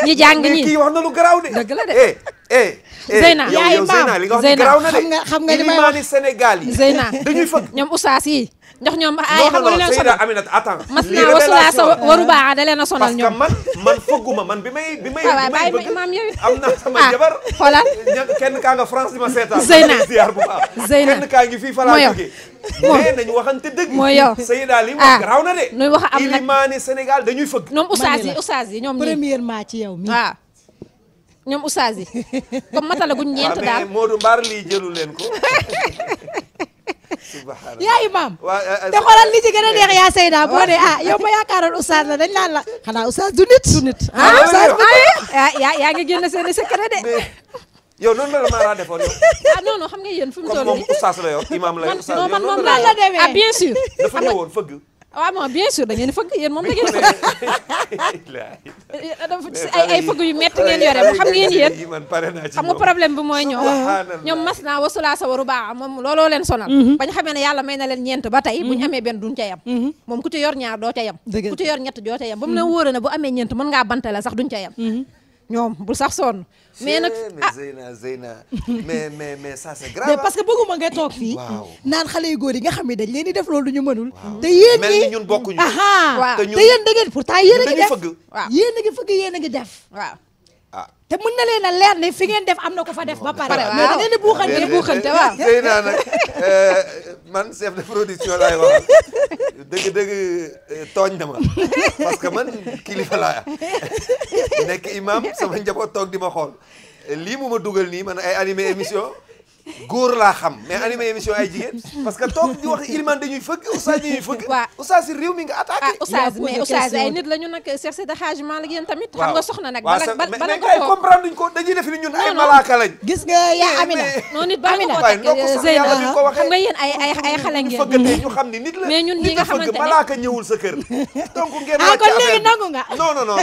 ñu jàng ñi kii wax na lu garaaw de dëgg la de eh. eh, eh Zeyna yaay maam Zeyna xam nga xam nga li may wax Sénégal yi Zeyna dañuy fëgg ñoom oustaz yi ndax ñoom ay xam nga li leen sonal Aminata attends mas naa wasula sa waru baax da leen a sonal ñoom parce que man man fëgguma man bi may bi may waaw bàyyi ma maam am na sama ah, jabar xoolal kenn kaa nga France di ma seetaan Zeyna ziar Zeyna kenn kaa ngi fii fa laa jógee mais nañu waxante dëgg mooy yow Seyda li wax ah. garaaw na de nuy wax am dañuy fëgg ñoom oustaz yi oustaz yi ñoom premièrement ci yow mi waaw ah. ñoom oustaz yi comme matalaguñ ñeent daal waaw mais lii jëlu leen yaa imaam euh, euh, te xoolal li ci gën a neex yaa Seyda boo ne ah yow ma yaakaaroon oustaz la dañ naan la xanaa oustaz du nit. du nit ah, ah oustaz du nit ah, yaa ngi génn seen i secret de. yow noonu la la Mara defoon yow. ah non non xam nga yéen fu mu toll nii comme moom oustaz la yow imaam la yow. man moom la la demee ah bien sûr. waaw ah, ah, moom bien sûr da ngeen fëgg yéen moom da ngeen yu metti ngeen yore bu xam ngeen yéen xam nga problème bi mooy ñoom ñoom mas naa wasulaa sa waru baax moom looloo leen sonal mhm. bañ xamee ne yàlla may na leen ñeent ba tey bu mhm. amee benn duñ ca yem mhm. moom ku ci yor ñaar doo ca yem ku ci yor ñett doo ca yem ba mu ne wóor bu amee ñeent mën ngaa bantale sax duñ ca yem ñoom bul sax sonn. mais nag ah Zeyna Zeyna mais mais mais parce ah. que bëgguma nga toog fii. naan xale yu góor yi nga xam ne dañ leen di def loolu ñu mënul. te yéen ñi mel ni ñun bokkuñu. te yéen da ngeen pourtant yéen a ngi def yéen a ngi fëgg yéen a ngi def waaw. te mën na leen a leer ne fi ngeen def am na ko fa def ba pare waaw mais da ngeen di buuxante buuxante waaw sëy naa nag euh, man chef de production laay wax dëgg dëgg euh, tooñ na ma parce man kilifa laa nekk imam sama njaboot toog di ma xool lii mu ma dugal nii man ay animé émission góor laa xam mais animé émission ay jigéen parce que toog di wax iliman dañuy fëgg oustaz dañuy fëgg oustaz si réew mi nga attaqué ah oustaz mais oustaz ay nit la ñu nag cercé de xaajement la yéen tamit xam nga soxna nag mais kay nga yaa Amina noonu nga ne malaaka ñëwul sa kër donc ngeen ah kon léegi nangu nga non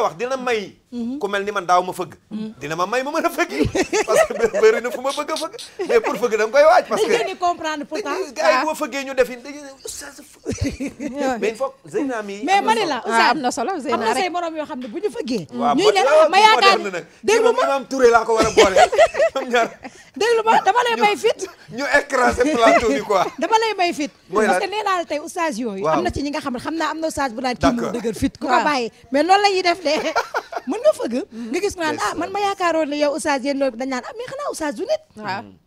wax dina may mhm. ku mel ni man daaw ma fëgg mhm. dina ma may ma mën a fëgg mhm. parce que na fu ma bëgg a fëgg mais pour fëgg da nga koy waaj parce que dañu comprendre pourtant gars yi ah. boo fëggee ñu def yi dañu mais il faut Zeyna mi mais ma ne la Oustaz ah, am na solo Zeyna rek am na say morom yoo xam ne bu ñu fëggee ñuy ne la ma yaakaar ne déglu ma Imam Touré laa ko war a boole ñoom ñaar déglu ma dama lay may fit ñu écrasé plateau bi quoi dama lay may fit parce que nee naa la tey Oustaz yooyu am na ci ñi nga xam ne xam naa am na Oustaz bu naan kii moo dëgër fit ku ko bàyyi mais loolu la ñuy def de mën nga fëgg nga gis ko naan ah man ma yaakaaroon ne yow Oustaz yéen loolu dañ naan ah mais xanaa Oustaz États-Unis. waaw hmm.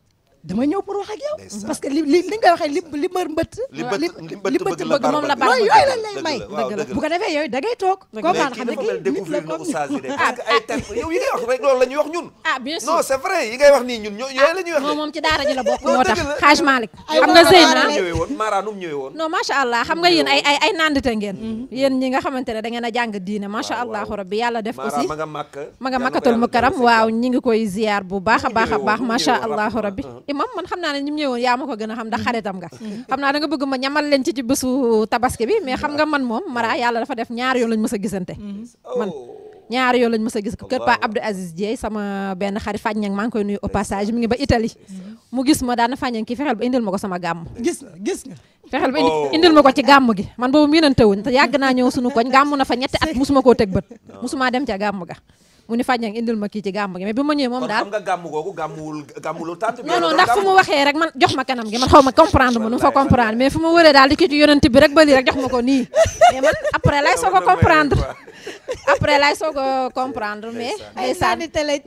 dama ñëw pour wax ak yow. parce que li li li nga waxee li li mër mbëtt. li mbëtt bëgg moom la baax may. bu ko defee yooyu da ngay toog. comprendre xam ne kii ngay wax rek loolu la ñuy ah, ah, moom ci daara ji la bokk moo tax xaaj Malick. xam nga Zeyna Mara nu woon. non macha allah xam nga yéen ay ay ay naandite ngeen. Mm-hmm. yéen ñi nga xamante ne da ngeen a jàng diine macha allah rabbi yàlla def aussi ma nga makkatul mukaram waaw ñi ngi koy ziar bu baax a baax a baax macha allah rabbi uh-huh. imam eh, man xam naa ne ñi mu ñëwoon yaama ko gën a xam ndax mm-hmm. xaritam ga mm-hmm. xam naa da nga ma ñamal leen ci ci bésu tabaski bi mais xam nga man moom mara yàlla dafa def ñaar yoon lañ mës a gisante mm-hmm. man oh. ñaari yoon lañ mës a gis kër pa Abdou Aziz Dieye sama benn xarit fàññang maa ngi koy nuyu au passage mi ngi ba Italie mu gis ma daana fàññang ki fexeel ba indil ma ko sama gàmm gis nga gis nga fexeel ba oh. indil ma ko ci gàmm gi man boobu miinante wuñ te yàgg naa ñëw suñu koñ gàmm na fa ñetti at musuma koo teg bët musuma dem ca gàmm ga mu ni fàjñang indil ma kii ci gàmm gi mais bi ma ñëwee moom daal kon ndax fu mu waxee rek man jox ma kanam gi man xaw ma comprendre ma nu mu mais fu ma wëree daal di kii ci yonent bi rek ba rek jox ma ko nii mais a comprendre après lay soog a mais ay naandite lañ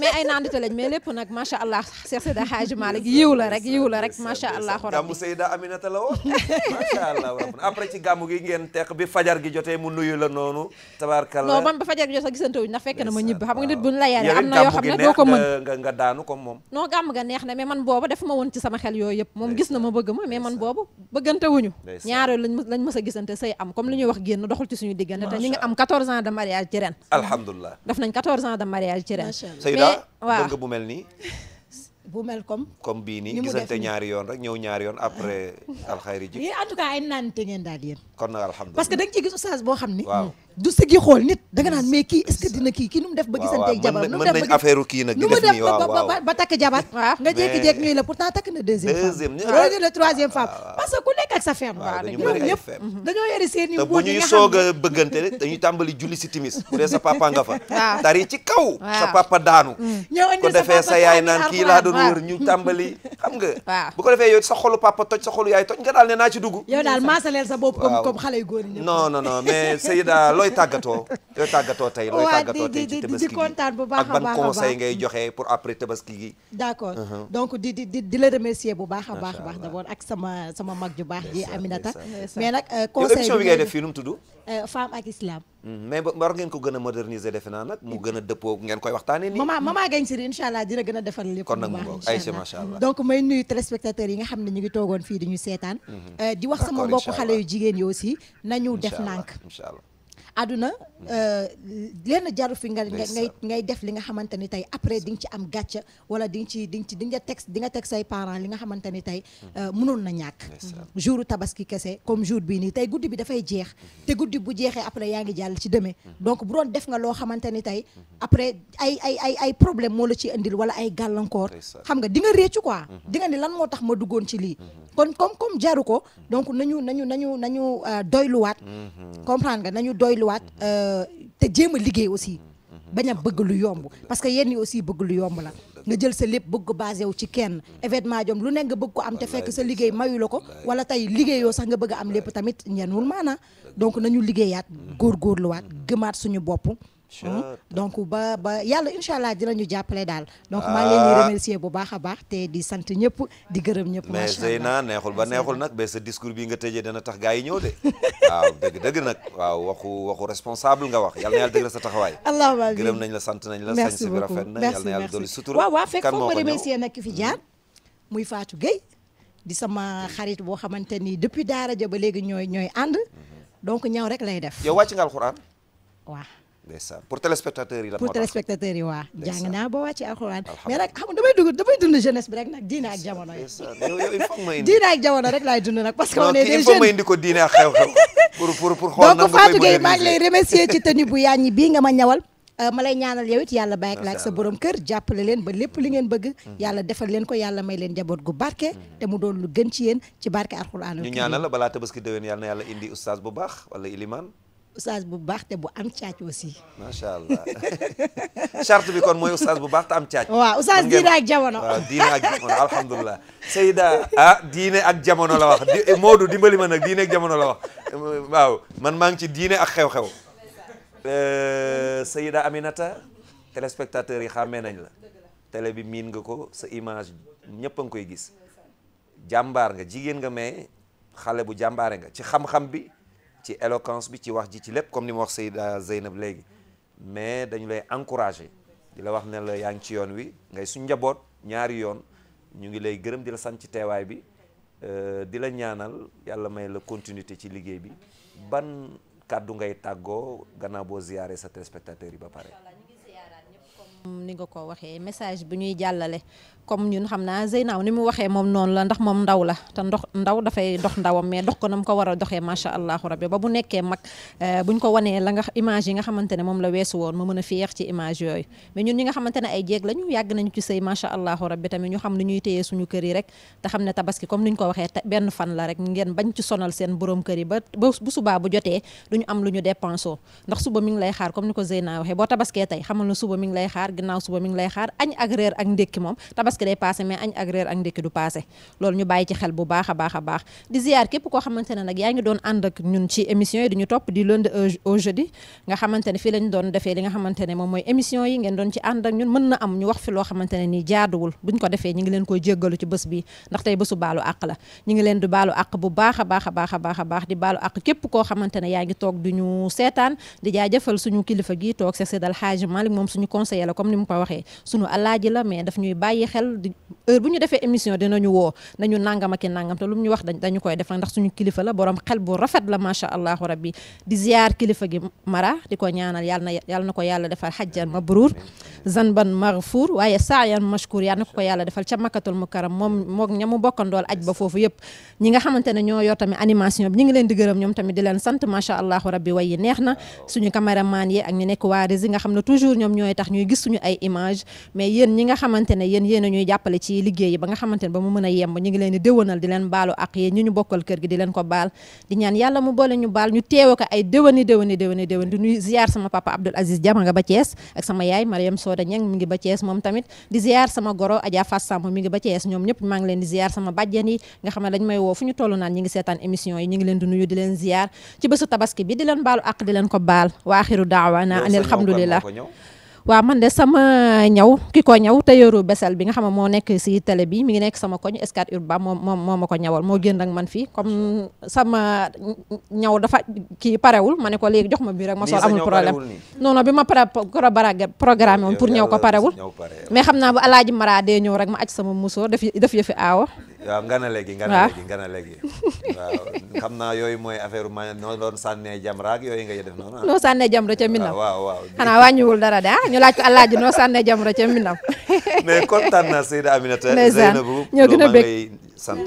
mais ay naandite lañ mais lépp nag macha allah Cheikh Seyda Hadji Malick yiw la rek yiw la rek macha allah gàmmu Seyda la woon macha allah après ci gàmm gi ngeen teq bi fajar gi jotee mu nuyu la noonu tabaarkalla non man ba fajar gi jotee gisante wuñ ndax fekk na ma ñibbi xam nga nit buñ la yaree am na yoo xam ne doo ko mën nga daanu comme moom non gàmm ga neex na mais man booba def ma woon ci sama xel yooyu yëpp moom gis na ma bëgg ma mais man boobu bëggante wuñu ñaaro lañ lañ mës a gisante say am comme li ñuy wax génn doxul ci suñu diggante te ñi nga am 14 ans de mariage ci ren alhamdulilah def nañ 14 ans de mariage ci ren Seyda waaw bëgg bu mel nii bu mel comme comme bii nii gisante ñaari yoon rek ñëw ñaari yoon après alxayri ji en tout cas ay naante ngeen daal yéen kon nag alhamdulilah parce que da nga ci gis oustaz boo xam ni waaw mm. du sëggi xool nit danga naan mais kii est-ce que dina kii kii nu mu def ba gisanteeg jabar jabar nga la pourtant takk na ah. sa femme ñoom ñëpp dañoo yore i bu ñuy soog a bëggante dañuy tàmbali sa papa nga fa tari ci kaw sa papa daanu mm. ko defee sa yaay naan kii laa doon wër ñu tàmbali xam nga waaw bu ko bopp comme comme xale yu góor yi non non non mais Seyda looy tàggatoo looy tàggatoo tey looy tàggatoo tey ci tabaski uh-huh. di kontaan bu baax a baax a baax a baax d'abord ak sama mag ju baax ji Aminata mais nag euh, conseil émission bi ngay def euh, hmm, a a dëppoo ngeen dina gën a defar lépp kon nag mu donc may nuyu téléspectateurs yi nga xam ne ñu ngi toogoon fii di ñu seetaan hmm. euh, di wax sama mbokk xale yu jigéen yi aussi nañu def nànk àdduna Euh, lenn jaru fi nga ngay ngay def li nga xamante ni tey après di nga ci am gàcc wala di nga ci di ci di nga teg di nga teg say parent li nga xamante ni tey hmm. euh, mënoon na ñàkk hmm. jour tabaski kese comme jour bii nii tey guddi bi dafay jeex hmm. te guddi bu jeexee après yaa ngi jàll ci demee donc bu doon def nga loo xamante ni tey après ay ay ay ay problème moo la ci indil wala ay gàllankoor xam nga di nga réccu quoi di nga ni lan moo tax ma duggoon ci lii kon comme comme jaru ko donc nañu nañu nañu nañu euh, doyluwaat comprendre nañu doyluwaat te jéem a liggéey aussi bañ a bëgg lu yomb parce que yenn yi aussi bëgg lu yomb la nga jël sa lépp bëgg basé wu ci kenn événement jom lu nekk nga bëgg ko am te fekk sa liggéey mayu la ko wala tey liggéeyoo sax nga bëgg am lépp tamit ñenwul maanaa donc nañu liggéeyaat góor góorgóorluwaat gëmaat suñu bopp donc ba ba yàlla incha allah ñu jàppale daal donc maa leen di ah. bu baax a baax te di sant ñëpp di gërëm ñëpp mais Zeyna neexul ba neexul nag ba sa discours bii nga tëjee dana tax gaa yi ñëw de waaw dëgg dëgg nag waaw waxu waxu responsable nga wax yàlla na yàlla dëgg la sa taxawaay allahuma amiin gërëm nañ la sant nañ la sañ si bi rafet na yàlla na yàlla dolli fi hmm. jaar muy Fatou Gueye di sama xarit boo xamante ni depuis daara ja ba léegi ñooy ñooy ànd hmm. donc ñaw rek lay def yow wàcc nga alxuraan ndeysaan pour téléspectateur yi la pour téléspectateur yi waa jàng naa boo wàcc alxuraan mais nag xam damay dund jeunesse bi rek nag diine ak jamono yi ak jamono rek laay dund nag parce que on est lay remercier ci tenue bu yaaññi bii nga ma ñawal euh, ma lay ñaanal yow it yàlla bàyyi la ak sa borom kër jàppale leen ba lépp li ngeen bëgg mm-hmm. yàlla defal leen ko yàlla may leen njaboot gu barke mm-hmm. te mu doon lu gën ci yéen ci barke alxuraan ñu ñaanal balaa tabaski déwén yàlla indi oustaz bu oustaz bu baax te bu am caac macha allah charte bi kon mooy oustaz bu baax te am caac. waaw oustaz diine ak jamono waaw diine ak jamono ah diine ak jamono la wax di Modou dimbali ma nag diine ak jamono la wax waaw man maa ngi ci diine ak xew-xew. Euh, Seyda Aminata téléspectateurs yi xàmmee nañ la télé bi miin nga ko sa image ñëpp a ngi koy gis jàmbaar nga jigéen nga mais xale bu jàmbaare nga ci xam-xam bi. ci éloquence bi ci wax ji ci lépp comme ni ma wax Seyda Zeynab léegi mais dañu lay encourager di la wax ne la yaa ngi ci yoon wi ngay suñ njaboot ñaari yoon ñu ngi lay gërëm di la sant ci teewaay bi euh, di la ñaanal yàlla may la continuité ci liggéey bi ban kàddu ngay tàggoo gannaaw boo ziyaare sa téléspectateurs yi ba pare. ni nga ko waxee message bu ñuy jàllale comme ñun xam naa Zeynaaw ni mu waxee moom noonu la ndax moom ndaw la te ndox ndaw dafay ndox ndawam mais dox ko nam ko war a doxee macha allahu rabbi ba bu nekkee mag eh, buñ ko wanee la nga image yi xamante ne moom la weesu woon mu mën a fiyeex yooyu mais ñun nga xamante ne ay jéeg yàgg nañu ci sëy macha allahu rabbi tamit ñu xam ni ñuy téyee suñu kër yi rek te xam ne tabaski comme niñ ko waxee benn fan la rek ngeen bañ ci sonal seen borom kër yi ba bu subaa bu jotee lu ñu am lu ñu dépensé ndax suba mi ngi lay xaar comme ni ko Zeynaaw waxee boo tabaskee tey xamal na suba mi ngi lay xaar ginnaaw suba mi ngi lay xaar añ ak reer ak ndékki moom tabaski que day passé mais añ ak reer ak ndékki du passé loolu ñu bàyyi ci xel bu baax a baax a baax di ziar képp koo xamante ne nag yaa ngi doon ànd ak ñun ci émission yi di ñu topp di lundi au jeudi nga nga xamante moom mooy émission yi ngeen doon ci ànd ak ñun mën na am ñu wax fi loo xamante ne jaaduwul buñ ko defee ñi ngi leen koy jéggalu ci bés bi ndax tey bésu baalu àq la ñi ngi leen di baalu àq bu baax a baax a baax a baax a baax di baalu àq képp koo xamante yaa toog du ñu seetaan di jaajëfal suñu kilifa gi toog Seydal Hadji ni mu ko waxee waral heure bu ñu defee émission dinañu woo nañu nangam ak i nangam te lu mu ñu wax dañu koy def ndax suñu kilifa la borom xel bu rafet la macha allahu rabbi di ziar kilifa gi mara di ko ñaanal yàlla na ko yàlla defal xajjan mabruur zanban maghfuur waaye saayan mashkuur yàlla na ko ko yàlla defal ca makkatul mukarram moom moog ña bokkandool aj foofu yëpp ñi nga xamante ne ñoo yor tamit animation bi ñu ngi leen di ñoom tamit di leen sant macha ñuy jàppale ci liggéey yi ba nga xamante ne ba mu mën a yemb ñu ngi leen di déwénal di leen baalu ak yi ñu ñu bokkal kër gi di leen ko baal waaxiru daawana anil hamdulillah waaw man de sama ñaw ki ko ñaw tailleur Bessél bi nga xam ne moo nekk si télé bi mi ngi nekk sama koñ Scat Urbam moom moom moo ma ko ñawal moo génn ak man fii comme sama ñaw dafa kii parewul ma ne ko léegi jox ma bii rek ma sol amul problème non bi ma pare programme woon pour ñëw ko parewul mais xam naa bu alaaji mara dee ñëw rek ma aj sama musóor daf daf yëfi aawa waaw nganale gi nganale gi nganale gi waaw xam naa yooyu mooy affaire ma noo doon sànnee jamra ak yooyu ngay def noonu ah. noo sànnee jamra ca minam waaw waaw xanaa wàññiwul dara de ah, laaj ko alaaji noo sànnee jamra ca minam mais kontaan na Seyda Aminata Zeynabu ñoo gën a bëgg sant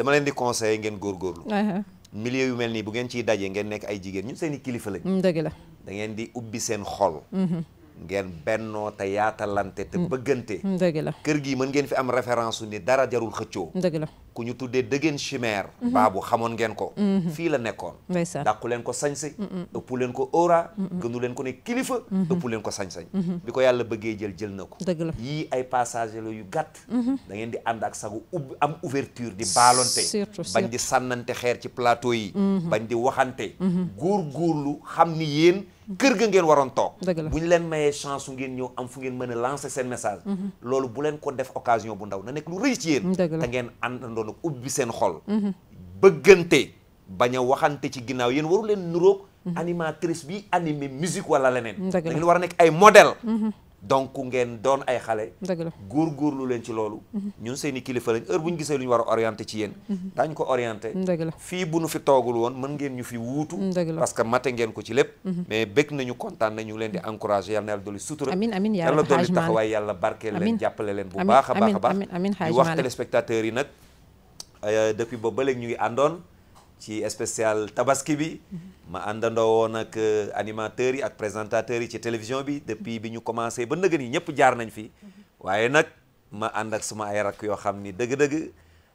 dama leen di conseiller ngeen góorgóorlu uh-huh. milieu yu mel nii bu ngeen ci dajee ngeen nekk ay jigéen ñu seeni i kilifa lañ mm, dëgg la dangeen di ubbi seen xol mm-hmm. ngeen bennoo te yaatalante te mm. bëggante dëgg la kër gi mën ngeen fi am référence ni dara jarul xëccoo dëgg la ku ñu tuddee dëggeen chimère mm-hmm. baabu xamoon ngeen ko mm-hmm. fii la nekkoon dàqu leen ko sañ-sañ ëpp leen ko aura gënu leen ko ne kilifa mm-hmm. ëpp leen ko sañ-sañ bi ko yàlla bëggee jël jël na ko yii ay passager gàtt da ngeen di ànd ak sagu ub am ouverture di baalonte bañ di sànnante xeer ci plateau yi bañ di waxante góor góorlu xam ni yéen kër ga ngeen waroon toog bu ñu leen mayee chance ngeen ñëw am fu ngeen mën a lancer seen message mhm. loolu bu leen ko def occasion bu ndaw na nekk lu rëy ci yéen te ak ubbi seen xol mhm. bëggante bañ a waxante ci ginnaaw yéen waru leen mhm. animatrice bi animé musique wala leneen da war a nekk ay modèle donc ngeen doon ay xale lu leen ci loolu mhm. ñun seen i kilifa lañ heure bu ñu gisee lu ñu war a orienté ci yéen mhm. daañ ko orienté fii bu nu fi toogul woon mën ngeen ñu fi wuutu parce que mate ngeen ko ci lépp mhm. mais bëgg nañu kontaan nañu leen di encouragé yal na yàlla dolli sutura amiin amiin yàlla dolli taxawaay yàlla barkeel leen jàppale leen bu baax a baax a baax di wax téléspectateurs yi nag euh, depuis boobu ba léegi ñu àndoon ci spécial tabaski bi ma àndandoo woon ak euh, animateurs yi ak présentateurs yi ci télévision bi depuis bi ñu commencé ba nëgën yi ñëpp jaar nañ fi waaye nag ma ànd ak suma ay rakk yoo xam ni dëgg-dëgg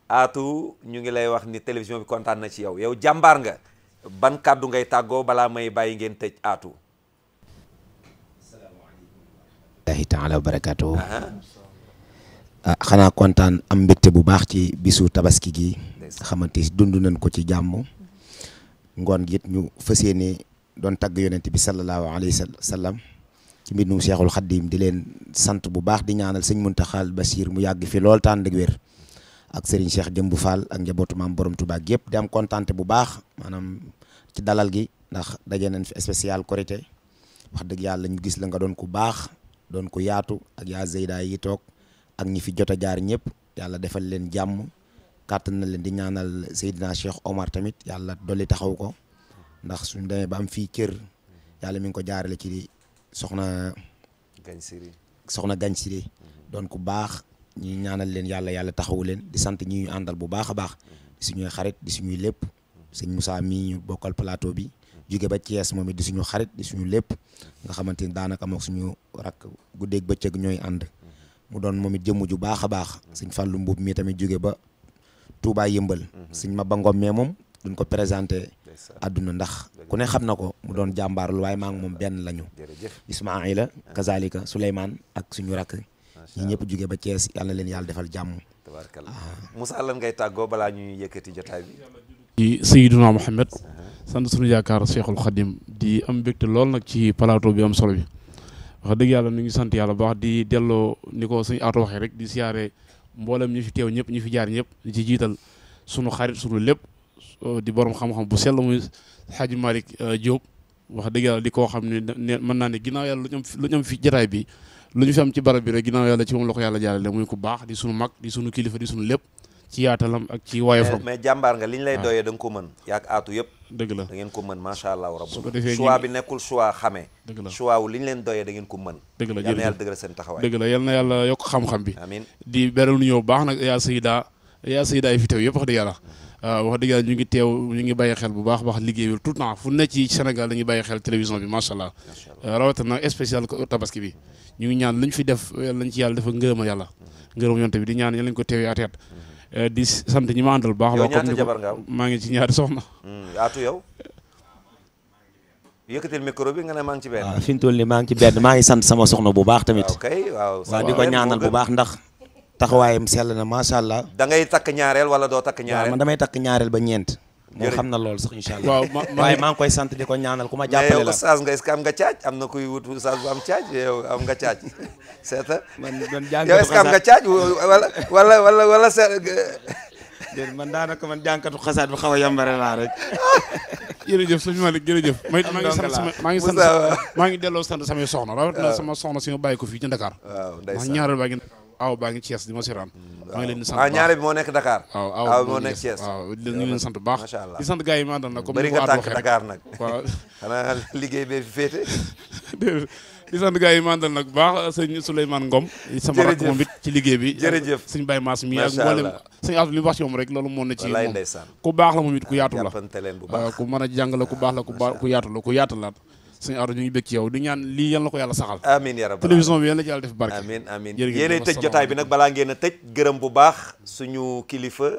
aatu ñu ngi lay wax ni télévision bi kontaan na ci yow yow jàmbaar nga ban kàddu ngay tàggoo balaa may bàyyi ngeen tëj aatu salaamaaleykum taala wa barakaatu ah, xanaa kontaan am mbégte bu baax ci bisu tabaski gi xamante dundu nañ ko ci jàmm ngoon gi ñu fas ne doon tagg yonent bi sallallahu alayhi wa sallam ci mbir nu Seexul Xaddiim di leen sant bu baax di ñaanal sëñ xaal Basiir mu yàgg fi lool tànn deg wér ak sëriñ Cheikh Jëmb Fall ak njabootu maam borom Tuubaa yëpp di am kontaan bu baax maanaam ci dalal gi ndax daje nañ fi spécial Korité wax dëgg yàlla ñu gis la nga doon ku baax doon ku yaatu ak yaa Zeyda yi toog ak ñi fi jot a jaar ñëpp yàlla defal leen jàmm. kàttan na leen di ñaanal Seydina Cheikh Omar tamit yàlla dolli taxaw ko ndax suñu demee ba am fii kër yàlla mi ngi ko jaarale ci soxna. Gagne Siri soxna Gagne Siri doon ku baax ñi ñaanal leen yàlla yàlla taxawu leen di sant ñi àndal bu baax a baax di suñuy xarit lépp sëñ Moussa mii ñu bokkal plateau bi jóge ba Thiès moom it suñu xarit di suñu lépp nga xamante ni daanaka mook suñu rakk guddeeg bëccëg ñooy ànd mu doon moom it jëmm ju baax baax sëñ Fallou Mbuub mii tamit jóge ba Touba yëmbal. Mhm. sëñ ma Ngom mais moom duñ ko présenté. àdduna ndax ku ne xam na ko mu doon jàmbaarul waaye maa ngi moom benn lañu. Ismaila Kazalika Souleymane ak suñu rakk. ñi ñëpp jóge ba Thiès yàlla na leen yàlla defal jàmm. tabarakallah ah. Moussa lan ngay tàggoo balaa ñuy yëkkati jotaay bi. di Seydina Mohamed. Uh-huh. sant suñu yaakaar Cheikhul Khadim di am mbégte lool nag ci plateau bi am solo bi. wax dëgg yàlla ñu ngi sant yàlla baax di delloo ni ko suñu aatu waxee rek di siyaare. mboolem ñu fi teew ñëpp ñu fi jaar ñëpp di ci jiital sunu xarit sunu lépp euh, di boroom xam-xam bu sell muy Xaaji Malick euh, Diop wax dëgg yàlla di koo xam ne ne mën naa ne ginnaaw yàlla lu ñu am fi bi lu ñu fi am ci barab bi rek ginnaaw yàlla ci moom la ko yàlla jaarale muy ku baax di sunu mag di sunu kilifa di sunu lépp ci yaatalam ak ci woyofam mais jàmbaar nga li lay doyee da nga ko mën yaak aatu yëpp dëgg ngeen ko mën macha allah rabbu su ko defee choix bi nekkul choix xamee dëgg la choix wu li ñu leen doyee da ko mën dëgg la yal na yàlla dëgëral seen taxawaay na yàlla yokk xam-xam bi di beral nu ñëw baax nag yëpp yàlla mm-hmm. ah, wax dëgg yàlla ñu ngi teew ñu ngi bàyyi xel bu baax baax liggéey bi tout le temps fu nekk ci Sénégal dañuy bàyyi xel télévision bi macha allah ah, rawatina spécial tabaski bi ñu ngi ñaan lañ fi def ci yàlla dafa ngërëma yàlla mm-hmm. ngërëm yonte bi di ñaan yal nañ ko teew yaat Eh, di sant ñi ma àndal baax. loo comme ni maa ngi ci ñaari soxna. Hmm, yaatu yow. yëkkatil micro bi nga ne maa ngi ci benn. waaw ah, fi mu maa ngi ci benn maa ngi sant sama soxna bu baax tamit. Ah, kay waaw. di ko ñaanal bu baax ndax. taxawaayam sell na macha allah. da takk ñaareel wala doo takk ñaareel. waaw man damay takk ñaareel ba ñeent. moo xam na lool sax incha allah waaw waaye koy sant di ko ñaanal ku ma jàppale la mais yow saas nga est am nga caaj am na kuy wut saas am caaj yow nga caaj seeta man man jàng yow est-ce que am nga caaj wala wala wala wala se euh, man daanaka man jànkatu xasaat bi xaw a yambare laa rek jërëjëf sëñ Malick jërëjëf ma maa ngi sant sama maa ngi sant maa ngi delloo sant samay soxna rawatina sama soxna si ma bàyyi ko fii ci Dakar waaw ndeysaan ñaareel baa aw baa ngi Thiès di ma seetaan maa ngi leen sant ah, moo nekk Dakar waaw sant baax macha allah di sant gars yi ma àndal nag comme bëri nga tànk Dakar nag waaw xanaa liggéey yi ma àndal nag bu baax sëñ Souleymane Ngom sama rakk moom it ci liggéey bi jërëjëf sëñ Baye Mass mi ak mboolem sëñ Abdou li wax ci moom rek loolu moo ne ci moom ku baax la moom it ku yaatu la ku mën a jàng la ku baax la ku yaatu la ku yaatu la suñu aaro ñu ngi bëgg ci yow di ñaan lii yal na ko yàlla saxal amiin ya rabbi télévision bi yal na ci yàlla def barke amiin amiin yéenay tëj jotaay bi nag gërëm bu baax suñu kilifa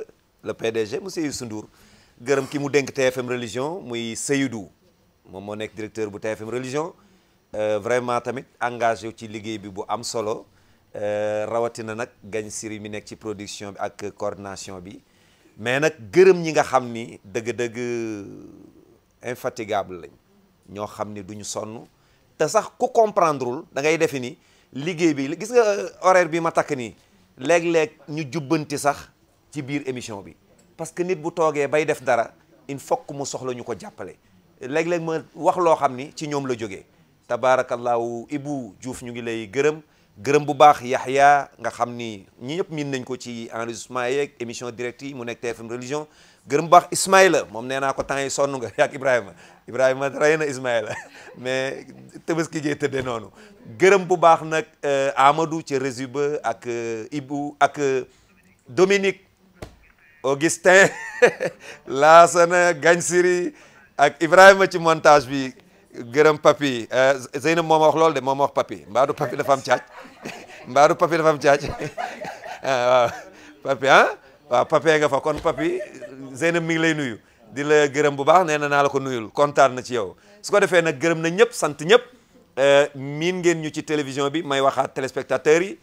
le PDG monsieur Youssou Ndour gërëm ki mu dénk TFM religion muy Seydou moom moo nekk directeur bu TFM religion euh, vraiment tamit engagé ci liggéey bi bu am solo euh, rawatina nag gañ siri mi nekk ci production bi ak coordination bi mais nag gërëm ñi nga xam ni dëgg-dëgg infatigable lañ ñoo xam ni duñu sonn te sax ku comprendrewul da ngay defe ni liggéey bi gis nga euh, horaire bi ma takk nii léeg-léeg ñu jubbanti sax ci biir émission bi parce que nit bu toogee bay def dara il faut que mu soxla ñu ko jàppale léeg-léeg ma wax loo xam ni ci ñoom la jógee tabaarakallaahu Ibou Diouf ñu ngi lay gërëm gërëm bu baax Yaxya nga xam ni ñi ñëpp miin nañ ko ci enregistrement yeeg émission direct mu nekk TFM religion gërëm baax Ismaïla moom nee naa ko temps yi sonn nga yaak Ibrahima Ibrahima rey na Ismaïla mais Tabaski tëddee noonu gërëm bu baax nag euh, Amadou ci réseau ba ak euh, Ibou ak euh, Dominique Augustin Laasana Gansiri ak Ibrahima ci montage bi gërëm papi Zeynab moom wax loolu de moom wax papi mbaa du papi dafa am caaj papi dafa am caaj ah, waaw papi ah waaw papee nga fa kon papi Zeynab mi ngi lay nuyu di la gërëm bu baax nee na naa la ko nuyul kontaan na ci yow su ko defee nag gërëm na ñëpp sant ñëpp eh, miin ngeen ñu ci télévision bi may waxaat téléspectateurs yi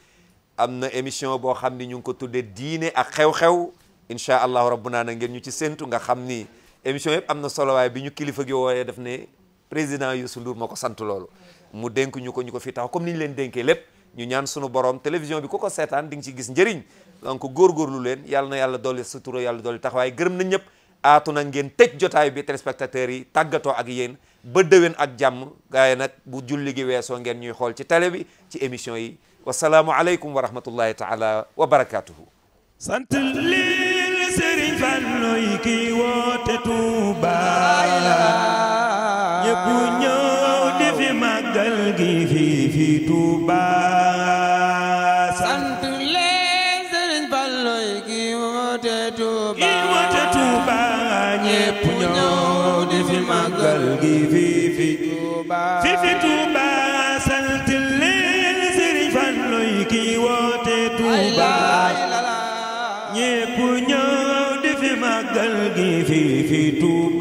am na émission boo xam ni ñu ngi ko tuddee diine ak xew-xew incha allahu naa na ngeen ñu ci séntu nga xam ni émission yëpp am na solo waaye bi ñu kilifa gi wooyee def ne président Youssou Ndour moo ko sant loolu mu dénk ñu ko ñu ko fi tax comme ni leen dénkee lépp ñu ñaan sunu borom télévision bi ku ko seetaan di nga gis njëriñ donc góorgóorlu leen yàlla na yàlla dolli sutura yàlla dolli taxawaay gërëm na ñëpp aatu na ngeen tëj jotaay bi téléspectateurs yi tàggatoo ak yéen ba déwén ak jàmm gars yi nag bu julli gi weesoo ngeen ñuy xool ci télé ci émission yi wasalaamu aleykum wa rahmatullahi taala wa barakatuhu sant lii Sëriñ Fallu yi kii woote Tuubaa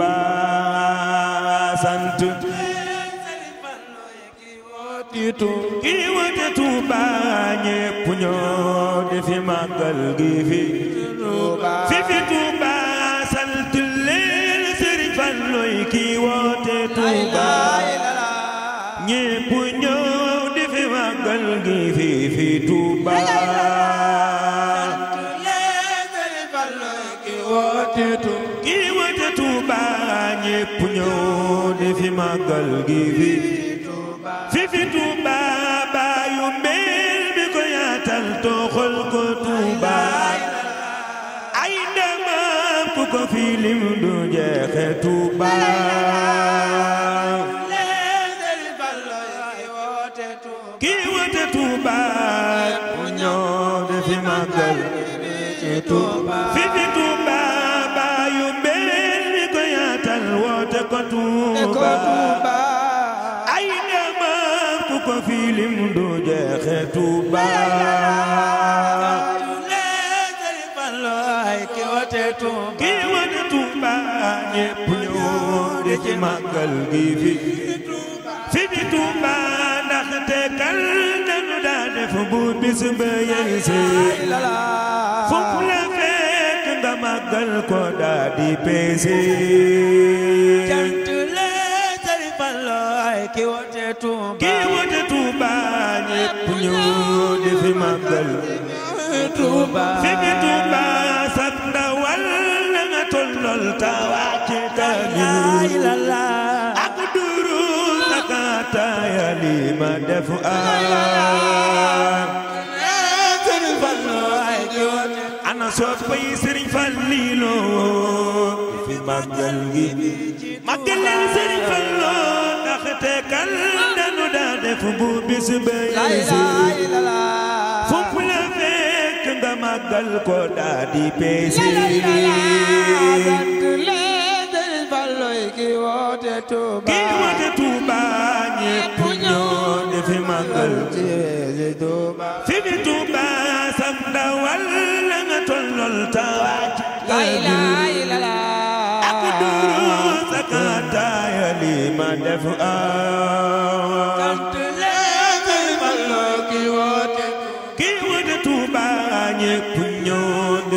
Touba sant ki wote Touba ñépp ñoo di fi màggal gi fi Touba màggal gi fi fi fi Touba baayu mbir mi ko yaatal tooxal ko Touba ay ku ko fi lim du jeexe Touba kii wote Touba Touba ki wone Touba ñépp ñëw di ci màggal gi fi fi di Touba ndax te kal nanu daa def buur bis ba yeesee fukk la fekk nga màggal ko daa di peesee cant lee tari fan looy ki wote Touba Touba sëñ Touba sat ndawal nga tollol ta wàcce ta lilala ak duru sakata ya li ma def am eh, sëriñ Fallu ay joon ana soppay sëriñ Fallilu fi màggal gi màggal leen sëriñ Fallu ndax te kan nanu daa def bu bis bay màggal ko daa di peese ki woote Tuuba ñépp ñëw defi màggal ci weesu Tuuba fi mi Tuuba sam dawal la nga tollol tawaaj ak duru sa kantaaya li ma def aw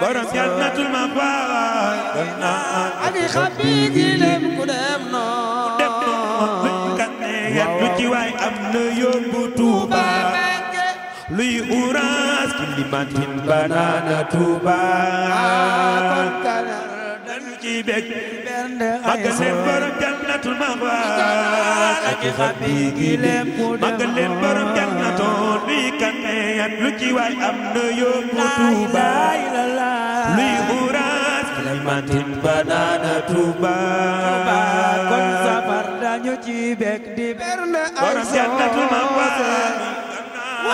borom jannatul ma'waay ali xabidi lem ku dem noon dem noon kan ne yaddu ci waay am na yoon bu Tuuba luy uras kilimantin banana Tuuba ah, kon kan dañu ci bég ak seen borom mawal ak i xabiigi leen magal leen borom jannatoon luy kaneen lu ci waay am na yóbbu Tuuba luy muraas limatin banaana Tuuba kon safar dañu ci bekk di berne borom jannatul mawal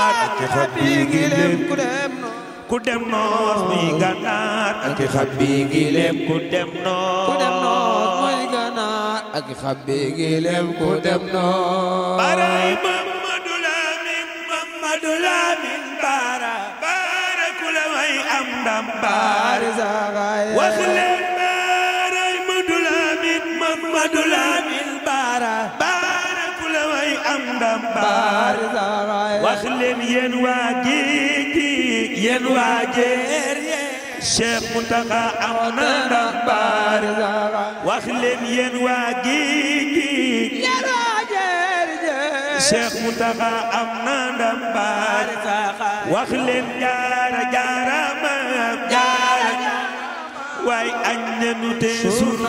ak i xabiigi leen ku dem ku dem noos muy gànnaar ak i xabiigi leen ku dem noos ak xam bi ngi leen ku dem noonu baray Mamadou Lamine Mamadou Lamine Bara Bara ku la way am ndam baari saxaay wax leen baray Mamadou Lamine Mamadou Lamine Bara Bara ku la way am ndam baari saxaay wax leen yéen waa géej gi yéen waa géej Cheikh Mountakha am na ndam baari saxaay wax leen yéen waa géej Cheikh Mountakha am na ndam baar wax leen jaara jaara ma jaara waay añ nenu te suur